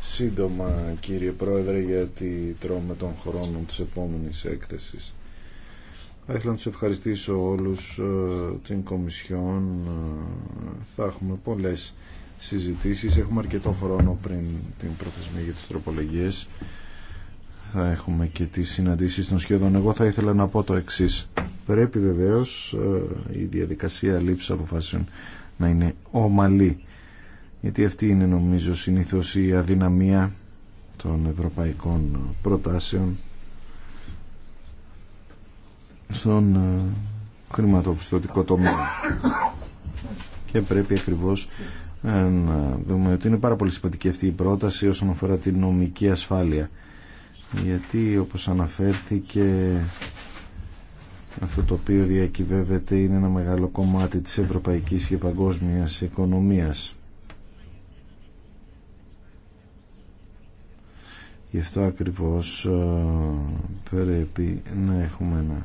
Σύντομα κύριε Πρόεδρε γιατί τρώμε τον χρόνο της επόμενης έκθεσης. Θα ήθελα να τους ευχαριστήσω όλους ε, την Κομισιόν. Ε, θα έχουμε πολλές συζητήσεις. Έχουμε αρκετό χρόνο πριν την προθεσμία για τις τροπολογίες. Θα έχουμε και τις συναντήσεις των σχεδόν. Εγώ θα ήθελα να πω το εξής. Πρέπει βεβαίως ε, η διαδικασία λήψη αποφάσεων να είναι ομαλή. Γιατί αυτή είναι νομίζω συνήθως η αδυναμία των ευρωπαϊκών προτάσεων στον ε, χρηματοπιστωτικό τομέα. Και πρέπει ακριβώς ε, να δούμε ότι είναι πάρα πολύ σημαντική αυτή η πρόταση όσον αφορά την νομική ασφάλεια. Γιατί όπως αναφέρθηκε αυτό το οποίο διακυβεύεται είναι ένα μεγάλο κομμάτι της ευρωπαϊκής και παγκόσμιας οικονομίας. Γι' αυτό ακριβώς ε, πρέπει να έχουμε ένα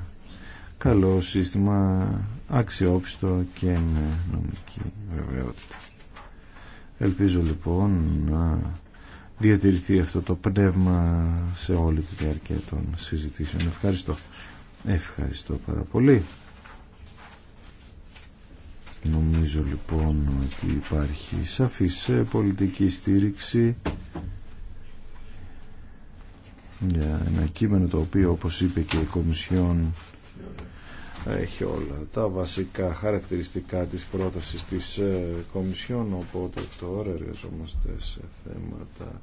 καλό σύστημα, αξιόπιστο και με νομική βεβαιότητα. Ελπίζω λοιπόν να διατηρηθεί αυτό το πνεύμα σε όλη τη διάρκεια των συζητήσεων. Ευχαριστώ. Ευχαριστώ πάρα πολύ. Νομίζω λοιπόν ότι υπάρχει σαφής ε, πολιτική στήριξη για ένα κείμενο το οποίο όπως είπε και η Κομισιόν έχει όλα τα βασικά χαρακτηριστικά της πρότασης της ε, Κομισιόν οπότε τώρα εργαζόμαστε σε θέματα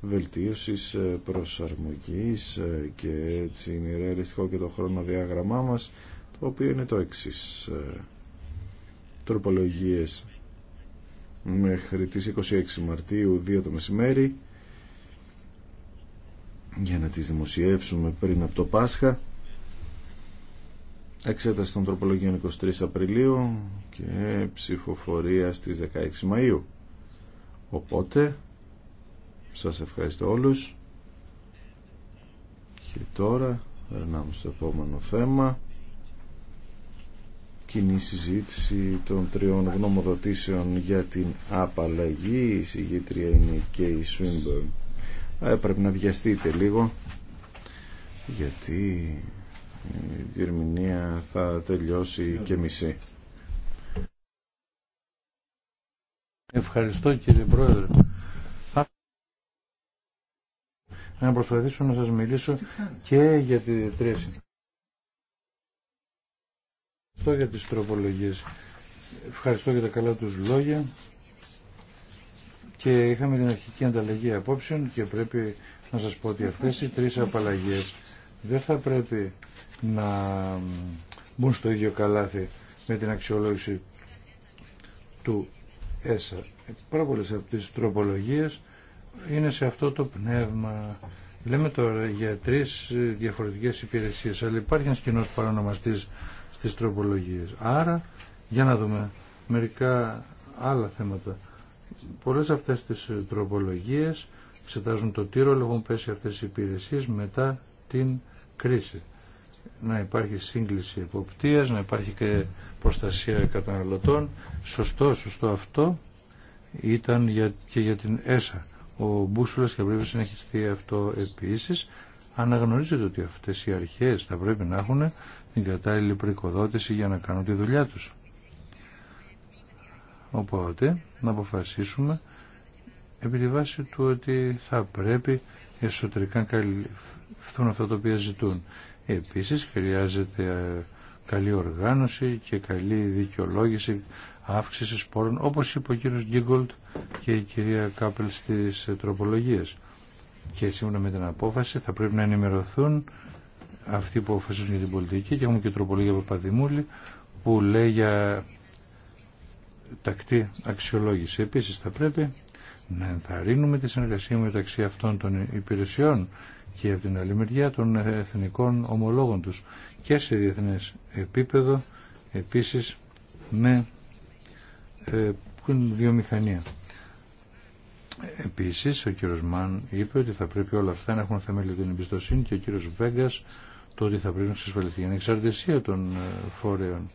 βελτίωσης, ε, προσαρμογής ε, και έτσι είναι ρεαλιστικό και το χρονοδιάγραμμά μας το οποίο είναι το εξής τροπολογίες μέχρι τις 26 Μαρτίου 2 το μεσημέρι για να τις δημοσιεύσουμε πριν από το Πάσχα Εξέταση των τροπολογίων 23 Απριλίου και ψηφοφορία στις 16 Μαΐου. Οπότε, σας ευχαριστώ όλους. Και τώρα, περνάμε στο επόμενο θέμα. Κοινή συζήτηση των τριών γνωμοδοτήσεων για την απαλλαγή. Η συγγήτρια είναι και η Swinburne. Ε, πρέπει να βιαστείτε λίγο γιατί η διερμηνία θα τελειώσει και μισή. Ευχαριστώ κύριε Πρόεδρε. Να προσπαθήσω να σας μιλήσω και για τη τρέση. Ευχαριστώ για τις τροπολογίες. Ευχαριστώ για τα καλά τους λόγια. Και είχαμε την αρχική ανταλλαγή απόψεων και πρέπει να σας πω ότι αυτές οι τρεις απαλλαγές δεν θα πρέπει να μπουν στο ίδιο καλάθι με την αξιολόγηση του ΕΣΑ. Πάρα πολλέ από τις τροπολογίες είναι σε αυτό το πνεύμα. Λέμε τώρα για τρεις διαφορετικές υπηρεσίες, αλλά υπάρχει ένα κοινό παρανομαστής στις τροπολογίες. Άρα, για να δούμε μερικά άλλα θέματα. Πολλέ αυτές τις τροπολογίες εξετάζουν το τι ρόλο έχουν πέσει αυτέ οι υπηρεσίε μετά την κρίση να υπάρχει σύγκληση εποπτείας, να υπάρχει και προστασία καταναλωτών. Σωστό, σωστό αυτό ήταν και για την ΕΣΑ. Ο Μπούσουλας και πρέπει να συνεχιστεί αυτό επίσης. Αναγνωρίζετε ότι αυτές οι αρχές θα πρέπει να έχουν την κατάλληλη προοικοδότηση για να κάνουν τη δουλειά τους. Οπότε να αποφασίσουμε επί τη βάση του ότι θα πρέπει εσωτερικά να καλυφθούν αυτά τα οποία ζητούν. Επίσης χρειάζεται ε, καλή οργάνωση και καλή δικαιολόγηση αύξηση σπόρων όπως είπε ο κύριος Γκίγκολτ και η κυρία Κάπελ στις ε, τροπολογίες. Και σύμφωνα με την απόφαση θα πρέπει να ενημερωθούν αυτοί που αποφασίζουν για την πολιτική και έχουμε και τροπολογία Παπαδημούλη που λέει για τακτή αξιολόγηση. Επίσης θα πρέπει να ενθαρρύνουμε τη συνεργασία μεταξύ αυτών των υπηρεσιών και από την άλλη μεριά των εθνικών ομολόγων τους και σε διεθνές επίπεδο επίσης με ε, βιομηχανία. Επίσης ο κύριος Μαν είπε ότι θα πρέπει όλα αυτά να έχουν θεμέλιο την εμπιστοσύνη και ο κύριος Βέγκας το ότι θα πρέπει να εξασφαλιστεί η εξαρτησία των ε, φόρεων.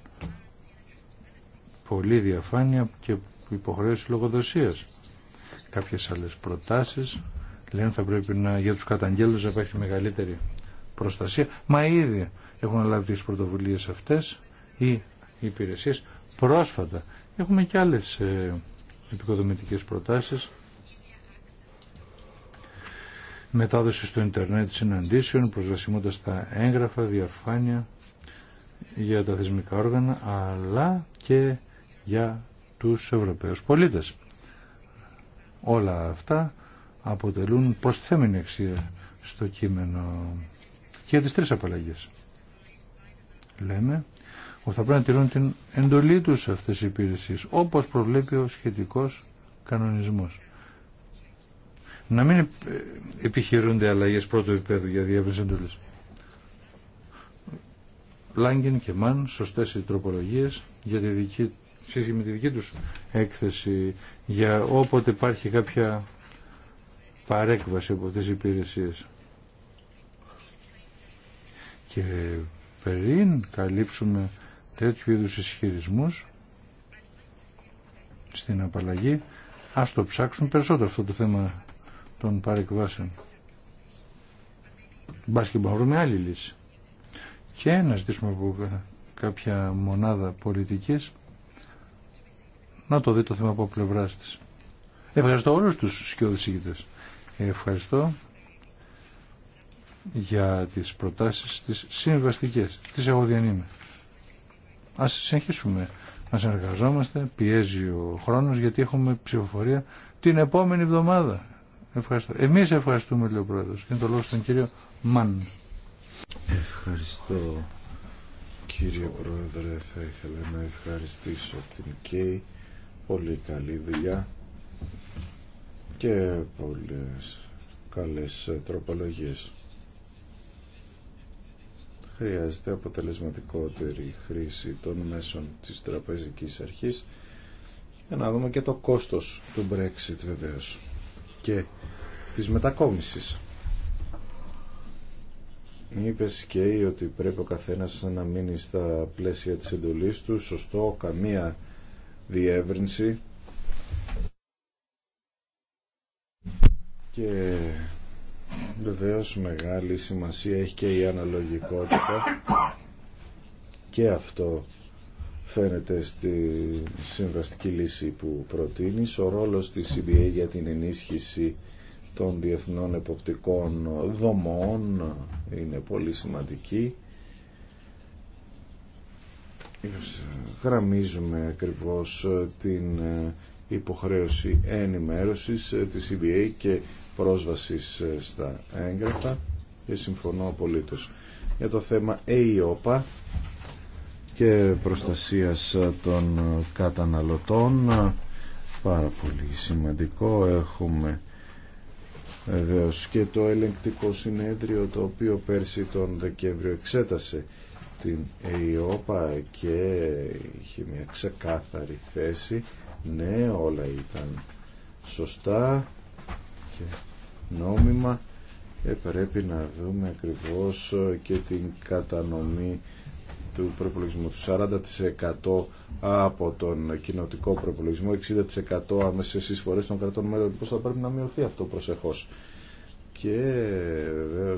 Πολύ διαφάνεια και υποχρέωση λογοδοσίας. Κάποιες άλλες προτάσεις λένε θα πρέπει να, για τους καταγγέλους να υπάρχει μεγαλύτερη προστασία. Μα ήδη έχουν λάβει τις πρωτοβουλίες αυτές ή υπηρεσίες πρόσφατα. Έχουμε και άλλες ε, επικοδομητικές προτάσεις. Μετάδοση στο ίντερνετ συναντήσεων, προσβασιμότητα στα έγγραφα, διαφάνεια για τα θεσμικά όργανα, αλλά και για τους Ευρωπαίους πολίτες. Όλα αυτά αποτελούν προσθέμενη αξία στο κείμενο και για τις τρεις απαλλαγές. Λέμε ότι θα πρέπει να τηρούν την εντολή τους αυτές οι υπηρεσίες, όπως προβλέπει ο σχετικός κανονισμός. Να μην ε, επιχειρούνται αλλαγές πρώτου επίπεδου για διεύρυνση εντολής. Λάγκεν και Μαν, σωστές οι τροπολογίες για τη δική, σχέση με τη δική τους έκθεση για όποτε υπάρχει κάποια παρέκβαση από αυτές τις υπηρεσίες. Και πριν καλύψουμε τέτοιου είδους ισχυρισμούς στην απαλλαγή, ας το ψάξουν περισσότερο αυτό το θέμα των παρεκβάσεων. Μπάς και μπορούμε άλλη λύση. Και να ζητήσουμε από κάποια μονάδα πολιτικής να το δει το θέμα από πλευρά της Ευχαριστώ όλους τους σκιώδης ηγητές. Ευχαριστώ για τις προτάσεις τις συμβαστικές. Τις εγώ διανύμε. Ας συνεχίσουμε να συνεργαζόμαστε. Πιέζει ο χρόνος γιατί έχουμε ψηφοφορία την επόμενη εβδομάδα. Ευχαριστώ. Εμείς ευχαριστούμε, λέει ο Πρόεδρος. Και το λόγο στον κύριο Μαν. Ευχαριστώ, κύριε Πρόεδρε. Θα ήθελα να ευχαριστήσω την ΚΕΙ. Πολύ καλή δουλειά και πολλές καλές τροπολογίες. Χρειάζεται αποτελεσματικότερη χρήση των μέσων της τραπεζικής αρχής για να δούμε και το κόστος του Brexit βεβαίως και της μετακόμισης. Είπε και η ότι πρέπει ο καθένας να μείνει στα πλαίσια της εντολής του, σωστό, καμία διεύρυνση και βεβαίως μεγάλη σημασία έχει και η αναλογικότητα και αυτό φαίνεται στη συμβαστική λύση που προτείνει ο ρόλος της CBA για την ενίσχυση των διεθνών εποπτικών δομών είναι πολύ σημαντική γραμμίζουμε ακριβώς την υποχρέωση ενημέρωσης της CBA και πρόσβασης ε, στα έγγραφα και συμφωνώ απολύτως. Για το θέμα ΕΙΟΠΑ και προστασίας των καταναλωτών ε, πάρα πολύ σημαντικό έχουμε βεβαίω και το ελεγκτικό συνέδριο το οποίο πέρσι τον Δεκέμβριο εξέτασε την ΕΙΟΠΑ και είχε μια ξεκάθαρη θέση ναι όλα ήταν σωστά και νόμιμα ε, πρέπει να δούμε ακριβώς ε, και την κατανομή του προπολογισμού του 40% από τον κοινοτικό προπολογισμό 60% άμεσες εισφορές των κρατών μέλων πώς θα πρέπει να μειωθεί αυτό προσεχώς και βεβαίω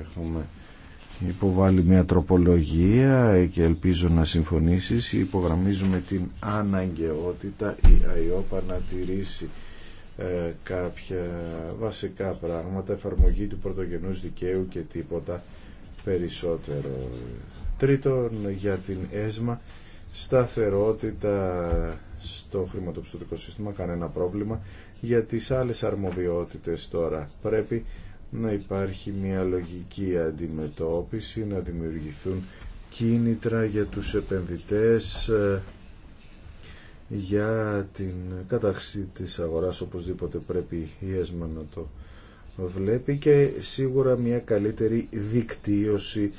έχουμε υποβάλει μια τροπολογία και ελπίζω να συμφωνήσεις υπογραμμίζουμε την αναγκαιότητα η ΑΙΟΠΑ να τηρήσει ε, κάποια βασικά πράγματα, εφαρμογή του πρωτογενούς δικαίου και τίποτα περισσότερο. Τρίτον, για την ΕΣΜΑ, σταθερότητα στο χρηματοπιστωτικό σύστημα, κανένα πρόβλημα. Για τις άλλες αρμοδιότητες τώρα πρέπει να υπάρχει μια λογική αντιμετώπιση, να δημιουργηθούν κίνητρα για τους επενδυτές, ε, για την καταρξή της αγοράς οπωσδήποτε πρέπει η ΕΣΜΑ να το βλέπει και σίγουρα μια καλύτερη δικτύωση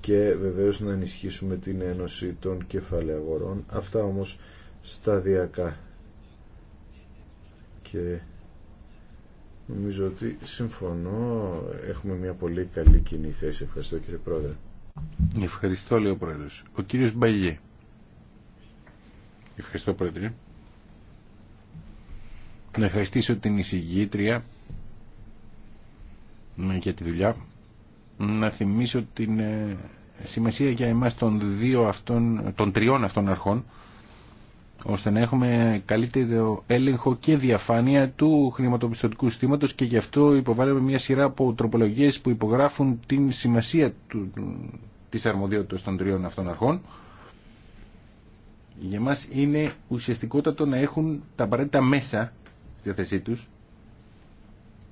και βεβαίως να ενισχύσουμε την ένωση των κεφαλαίων Αυτά όμως σταδιακά και νομίζω ότι συμφωνώ. Έχουμε μια πολύ καλή κοινή θέση. Ευχαριστώ κύριε Πρόεδρε. Ευχαριστώ λέει ο Πρόεδρος. Ο κύριος Μπαγιέ. Ευχαριστώ Πρόεδρε. Να ευχαριστήσω την εισηγήτρια ναι, για τη δουλειά. Να θυμίσω την ε, σημασία για εμάς των, δύο αυτών, των τριών αυτών αρχών ώστε να έχουμε καλύτερο έλεγχο και διαφάνεια του χρηματοπιστωτικού συστήματος και γι' αυτό υποβάλλουμε μια σειρά από τροπολογίες που υπογράφουν την σημασία του, της αρμοδιότητας των τριών αυτών αρχών για μας είναι ουσιαστικότατο να έχουν τα απαραίτητα μέσα στη θέση τους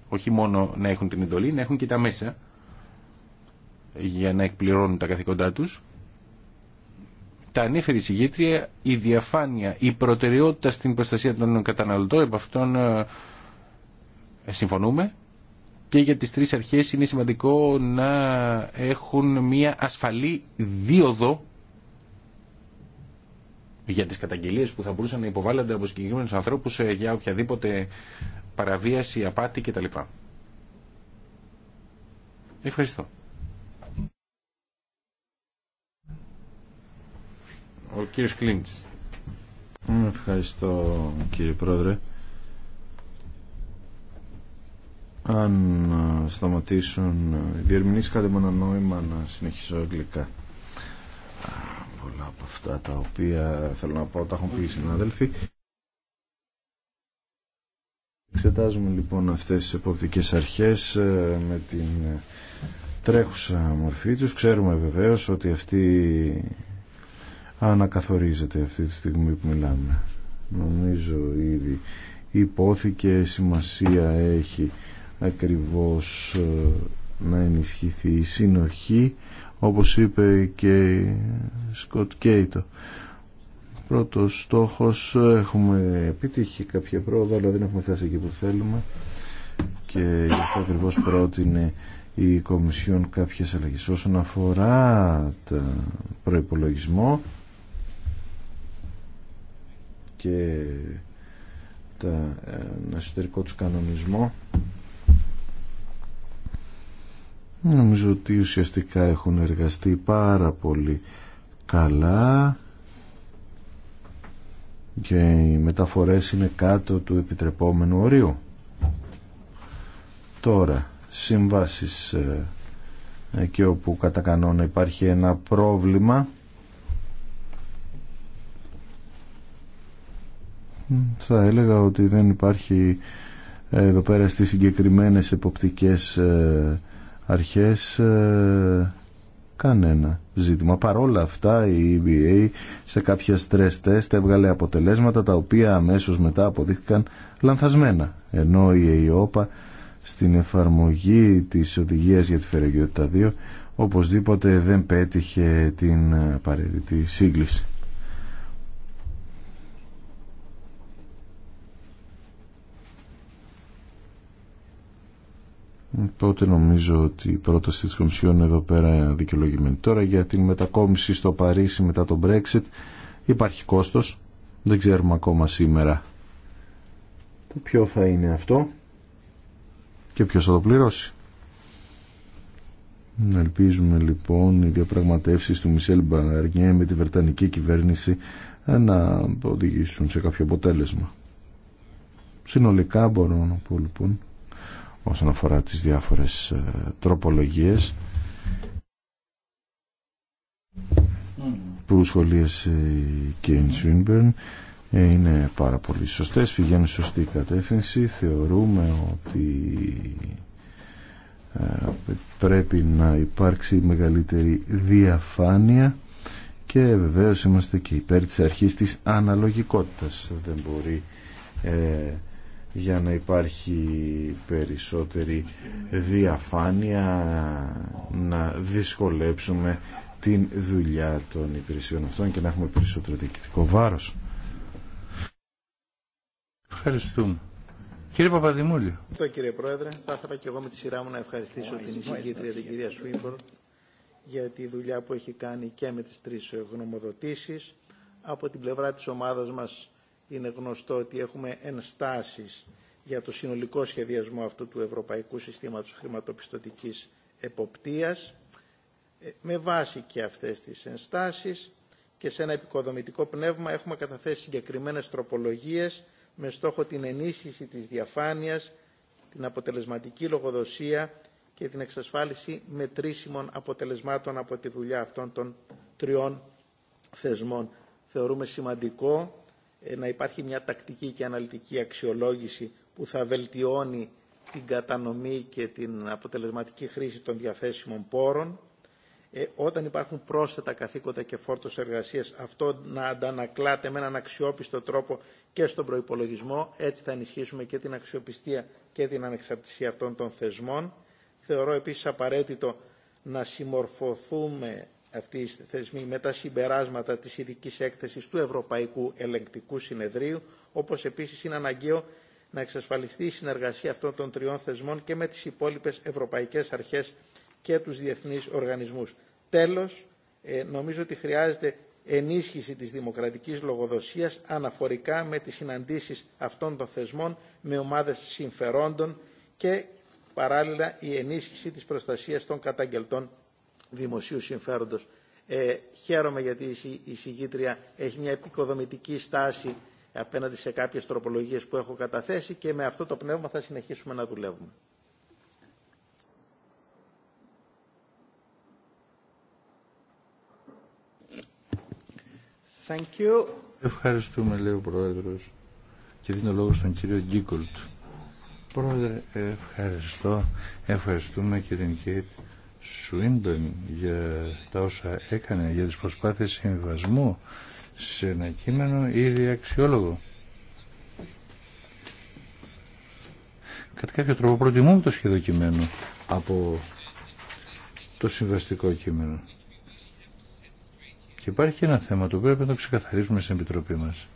όχι μόνο να έχουν την εντολή, να έχουν και τα μέσα για να εκπληρώνουν τα καθήκοντά τους τα ανέφερε η συγγήτρια, η διαφάνεια, η προτεραιότητα στην προστασία των καταναλωτών, επ' αυτόν ε, συμφωνούμε και για τις τρεις αρχές είναι σημαντικό να έχουν μια ασφαλή δίωδο για τις καταγγελίες που θα μπορούσαν να υποβάλλονται από συγκεκριμένου ανθρώπους ε, για οποιαδήποτε παραβίαση, απάτη κτλ. Ευχαριστώ. Ο κύριος Κλίντς. Ευχαριστώ κύριε Πρόεδρε. Αν ε, σταματήσουν οι διερμηνείς, κάτι μονανόημα νόημα να συνεχίσω αγγλικά πολλά από αυτά τα οποία θέλω να πω, τα έχουν πει οι συνάδελφοι. Ξετάζουμε λοιπόν αυτές τις εποπτικές αρχές ε, με την τρέχουσα μορφή τους. Ξέρουμε βεβαίως ότι αυτή ανακαθορίζεται αυτή τη στιγμή που μιλάμε. Νομίζω ήδη υπόθηκε, σημασία έχει ακριβώς ε, να ενισχυθεί η συνοχή όπως είπε και η Σκοτ Κέιτο. Πρώτος στόχος, έχουμε επιτύχει κάποια πρόοδο, αλλά δεν έχουμε φτάσει εκεί που θέλουμε και γι' αυτό ακριβώ πρότεινε η Κομισιόν κάποιες αλλαγές. Όσον αφορά το προϋπολογισμό και το ε, εσωτερικό τους κανονισμό, Νομίζω ότι ουσιαστικά έχουν εργαστεί πάρα πολύ καλά και οι μεταφορές είναι κάτω του επιτρεπόμενου ορίου. Τώρα, συμβάσεις ε, εκεί όπου κατά κανόνα υπάρχει ένα πρόβλημα θα έλεγα ότι δεν υπάρχει ε, εδώ πέρα στις συγκεκριμένες εποπτικές ε, αρχές ε, κανένα ζήτημα. Παρόλα αυτά η EBA σε κάποια stress test έβγαλε αποτελέσματα τα οποία αμέσως μετά αποδείχθηκαν λανθασμένα. Ενώ η ΕΙΟΠΑ στην εφαρμογή της οδηγίας για τη φεραγιότητα 2 οπωσδήποτε δεν πέτυχε την απαραίτητη σύγκληση. Οπότε νομίζω ότι η πρόταση της Κομισιόν εδώ πέρα είναι δικαιολογημένη. Τώρα για την μετακόμιση στο Παρίσι μετά τον Brexit υπάρχει κόστος. Δεν ξέρουμε ακόμα σήμερα το ποιο θα είναι αυτό και ποιος θα το πληρώσει. Ελπίζουμε λοιπόν οι διαπραγματεύσεις του Μισελ Μπαναργιέ με τη Βρετανική κυβέρνηση να οδηγήσουν σε κάποιο αποτέλεσμα. Συνολικά μπορώ να πω λοιπόν όσον αφορά τις διάφορες ε, τροπολογίες που σχολίασε η Κέιν Σουίνμπερν ε, είναι πάρα πολύ σωστές πηγαίνουν σωστή κατεύθυνση θεωρούμε ότι ε, πρέπει να υπάρξει μεγαλύτερη διαφάνεια και βεβαίως είμαστε και υπέρ της αρχής της αναλογικότητας δεν μπορεί για να υπάρχει περισσότερη διαφάνεια να δυσκολέψουμε την δουλειά των υπηρεσιών αυτών και να έχουμε περισσότερο διοικητικό βάρος. Ευχαριστούμε. Κύριε Παπαδημούλη. Ευχαριστώ κύριε Πρόεδρε. Θα ήθελα και εγώ με τη σειρά μου να ευχαριστήσω την εισηγήτρια την κυρία Σουίμπορ για τη δουλειά που έχει κάνει και με τις τρεις γνωμοδοτήσεις. Από την πλευρά της ομάδας μας είναι γνωστό ότι έχουμε ενστάσεις για το συνολικό σχεδιασμό αυτού του Ευρωπαϊκού Συστήματος Χρηματοπιστωτικής Εποπτείας ε, με βάση και αυτές τις ενστάσεις και σε ένα επικοδομητικό πνεύμα έχουμε καταθέσει συγκεκριμένες τροπολογίες με στόχο την ενίσχυση της διαφάνειας, την αποτελεσματική λογοδοσία και την εξασφάλιση μετρήσιμων αποτελεσμάτων από τη δουλειά αυτών των τριών θεσμών. Θεωρούμε σημαντικό ε, να υπάρχει μια τακτική και αναλυτική αξιολόγηση που θα βελτιώνει την κατανομή και την αποτελεσματική χρήση των διαθέσιμων πόρων. Ε, όταν υπάρχουν πρόσθετα καθήκοντα και φόρτος εργασίας, αυτό να αντανακλάται με έναν αξιόπιστο τρόπο και στον προϋπολογισμό. Έτσι θα ενισχύσουμε και την αξιοπιστία και την ανεξαρτησία αυτών των θεσμών. Θεωρώ επίσης απαραίτητο να συμμορφωθούμε αυτή η θεσμή με τα συμπεράσματα της ειδική έκθεσης του Ευρωπαϊκού Ελεγκτικού Συνεδρίου, όπως επίσης είναι αναγκαίο να εξασφαλιστεί η συνεργασία αυτών των τριών θεσμών και με τις υπόλοιπες ευρωπαϊκές αρχές και τους διεθνείς οργανισμούς. Τέλος, ε, νομίζω ότι χρειάζεται ενίσχυση της δημοκρατικής λογοδοσίας αναφορικά με τις συναντήσεις αυτών των θεσμών με ομάδες συμφερόντων και παράλληλα η ενίσχυση της προστασίας των καταγγελτών δημοσίου συμφέροντος. Ε, χαίρομαι γιατί η συγκήτρια έχει μια επικοδομητική στάση απέναντι σε κάποιες τροπολογίες που έχω καταθέσει και με αυτό το πνεύμα θα συνεχίσουμε να δουλεύουμε. Thank you. Ευχαριστούμε, λέει ο Πρόεδρος. Και δίνω λόγο στον κύριο Γκίκολτ. Πρόεδρε, ευχαριστώ. Ευχαριστούμε και την Σουίντον για τα όσα έκανε για τις προσπάθειες συμβασμού... σε ένα κείμενο ήδη αξιόλογο. Κατά κάποιο τρόπο προτιμούμε το σχεδό κειμένο από το συμβαστικό κείμενο. Και υπάρχει και ένα θέμα το πρέπει να το ξεκαθαρίσουμε στην Επιτροπή μας.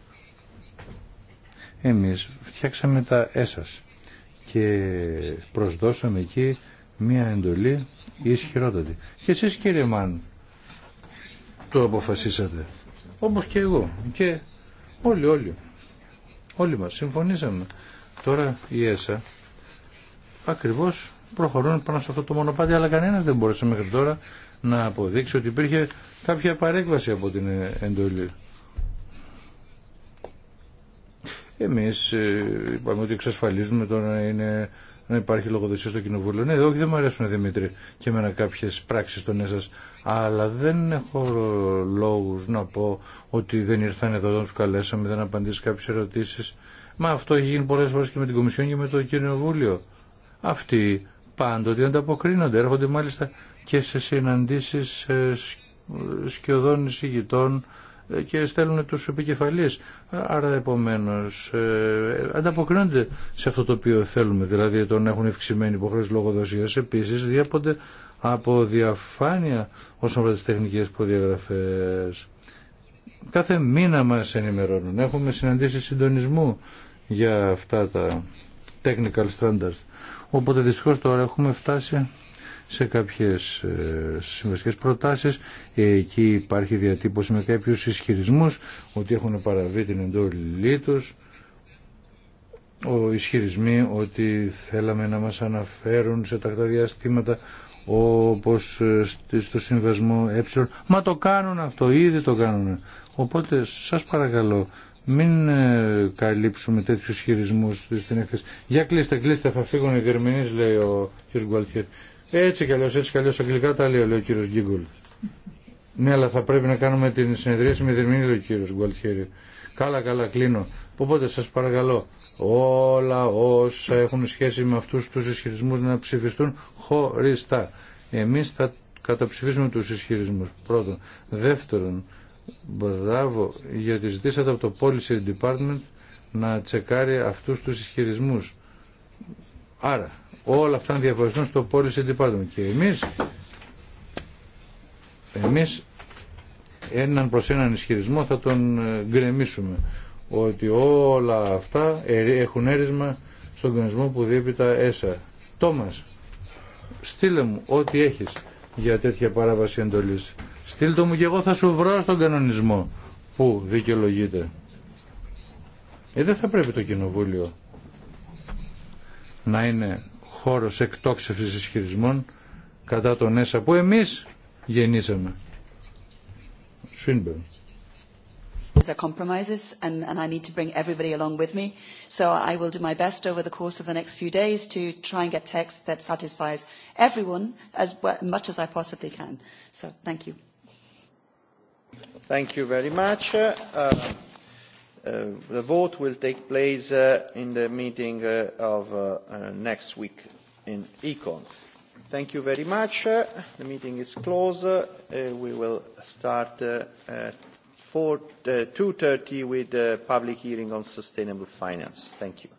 Εμείς φτιάξαμε τα έσας και προσδώσαμε εκεί μία εντολή η ισχυρότατη. Και εσείς κύριε Μάν το αποφασίσατε. Όπως και εγώ. Και όλοι, όλοι. Όλοι μας συμφωνήσαμε. Τώρα η ΕΣΑ ακριβώς προχωρούν πάνω σε αυτό το μονοπάτι αλλά κανένας δεν μπορούσε μέχρι τώρα να αποδείξει ότι υπήρχε κάποια παρέκβαση από την εντολή. Εμείς ε, είπαμε ότι εξασφαλίζουμε τώρα να είναι να υπάρχει λογοδοσία στο κοινοβούλιο. Ναι, όχι, δεν μου αρέσουν Δημήτρη και εμένα κάποιε πράξει των ΕΣΑ. Αλλά δεν έχω λόγου να πω ότι δεν ήρθαν εδώ, δεν του καλέσαμε, δεν απαντήσει κάποιε ερωτήσει. Μα αυτό έχει γίνει πολλέ φορέ και με την Κομισιόν και με το Κοινοβούλιο. Αυτοί πάντοτε ανταποκρίνονται. Έρχονται μάλιστα και σε συναντήσει ε, σκιωδών εισηγητών και στέλνουν τους επικεφαλείς. Άρα επομένως ε, ανταποκρίνονται σε αυτό το οποίο θέλουμε, δηλαδή τον έχουν ευξημένη υποχρέωση λογοδοσίας. Επίσης διέπονται από διαφάνεια όσον αφορά τις τεχνικές προδιαγραφές. Κάθε μήνα μας ενημερώνουν. Έχουμε συναντήσει συντονισμού για αυτά τα technical standards. Οπότε δυστυχώς τώρα έχουμε φτάσει σε κάποιες ε, συμβαστικές προτάσεις. Εκεί υπάρχει διατύπωση με κάποιους ισχυρισμούς ότι έχουν παραβεί την εντόλή τους. Ο ισχυρισμοί ότι θέλαμε να μας αναφέρουν σε τακτά διαστήματα όπως ε, στο συμβασμό ε. Μα το κάνουν αυτό, ήδη το κάνουν. Οπότε σας παρακαλώ μην ε, καλύψουμε τέτοιους χειρισμούς στην έκθεση. Για κλείστε, κλείστε, θα φύγουν οι διερμηνεί, λέει ο κ. Έτσι κι αλλιώ, έτσι κι αλλιώ, αγγλικά τα λέει, ο κύριο Γκίγκουλ. Ναι, αλλά θα πρέπει να κάνουμε την συνεδρίαση με την λέει ο κύριο Γκουαλτιέρη. Καλά, καλά, κλείνω. Οπότε σα παρακαλώ, όλα όσα έχουν σχέση με αυτού του ισχυρισμού να ψηφιστούν χωριστά. Εμεί θα καταψηφίσουμε του ισχυρισμού. Πρώτον. Δεύτερον, μπράβο, γιατί ζητήσατε από το Policy Department να τσεκάρει αυτού του ισχυρισμού. Άρα, όλα αυτά να στο policy department. Και εμείς, εμείς έναν προς έναν ισχυρισμό θα τον ε, γκρεμίσουμε ότι όλα αυτά έχουν έρισμα στον κανονισμό που διέπει τα ΕΣΑ. Τόμας, στείλε μου ό,τι έχεις για τέτοια παράβαση εντολής. Στείλ μου και εγώ θα σου βρω στον κανονισμό που δικαιολογείται. Ε, δεν θα πρέπει το κοινοβούλιο να είναι χώρος εκτόξευσης ισχυρισμών κατά τον ΕΣΑ που εμείς γεννήσαμε. These are compromises and, and I need to bring everybody along with me. So I will do my best over the course of the next few days to try and get text that satisfies everyone as much as I possibly can. So thank you. Thank you very much. The vote will take place in the meeting of next week in Econ. Thank you very much. The meeting is closed. We will start at 2.30 with the public hearing on sustainable finance. Thank you.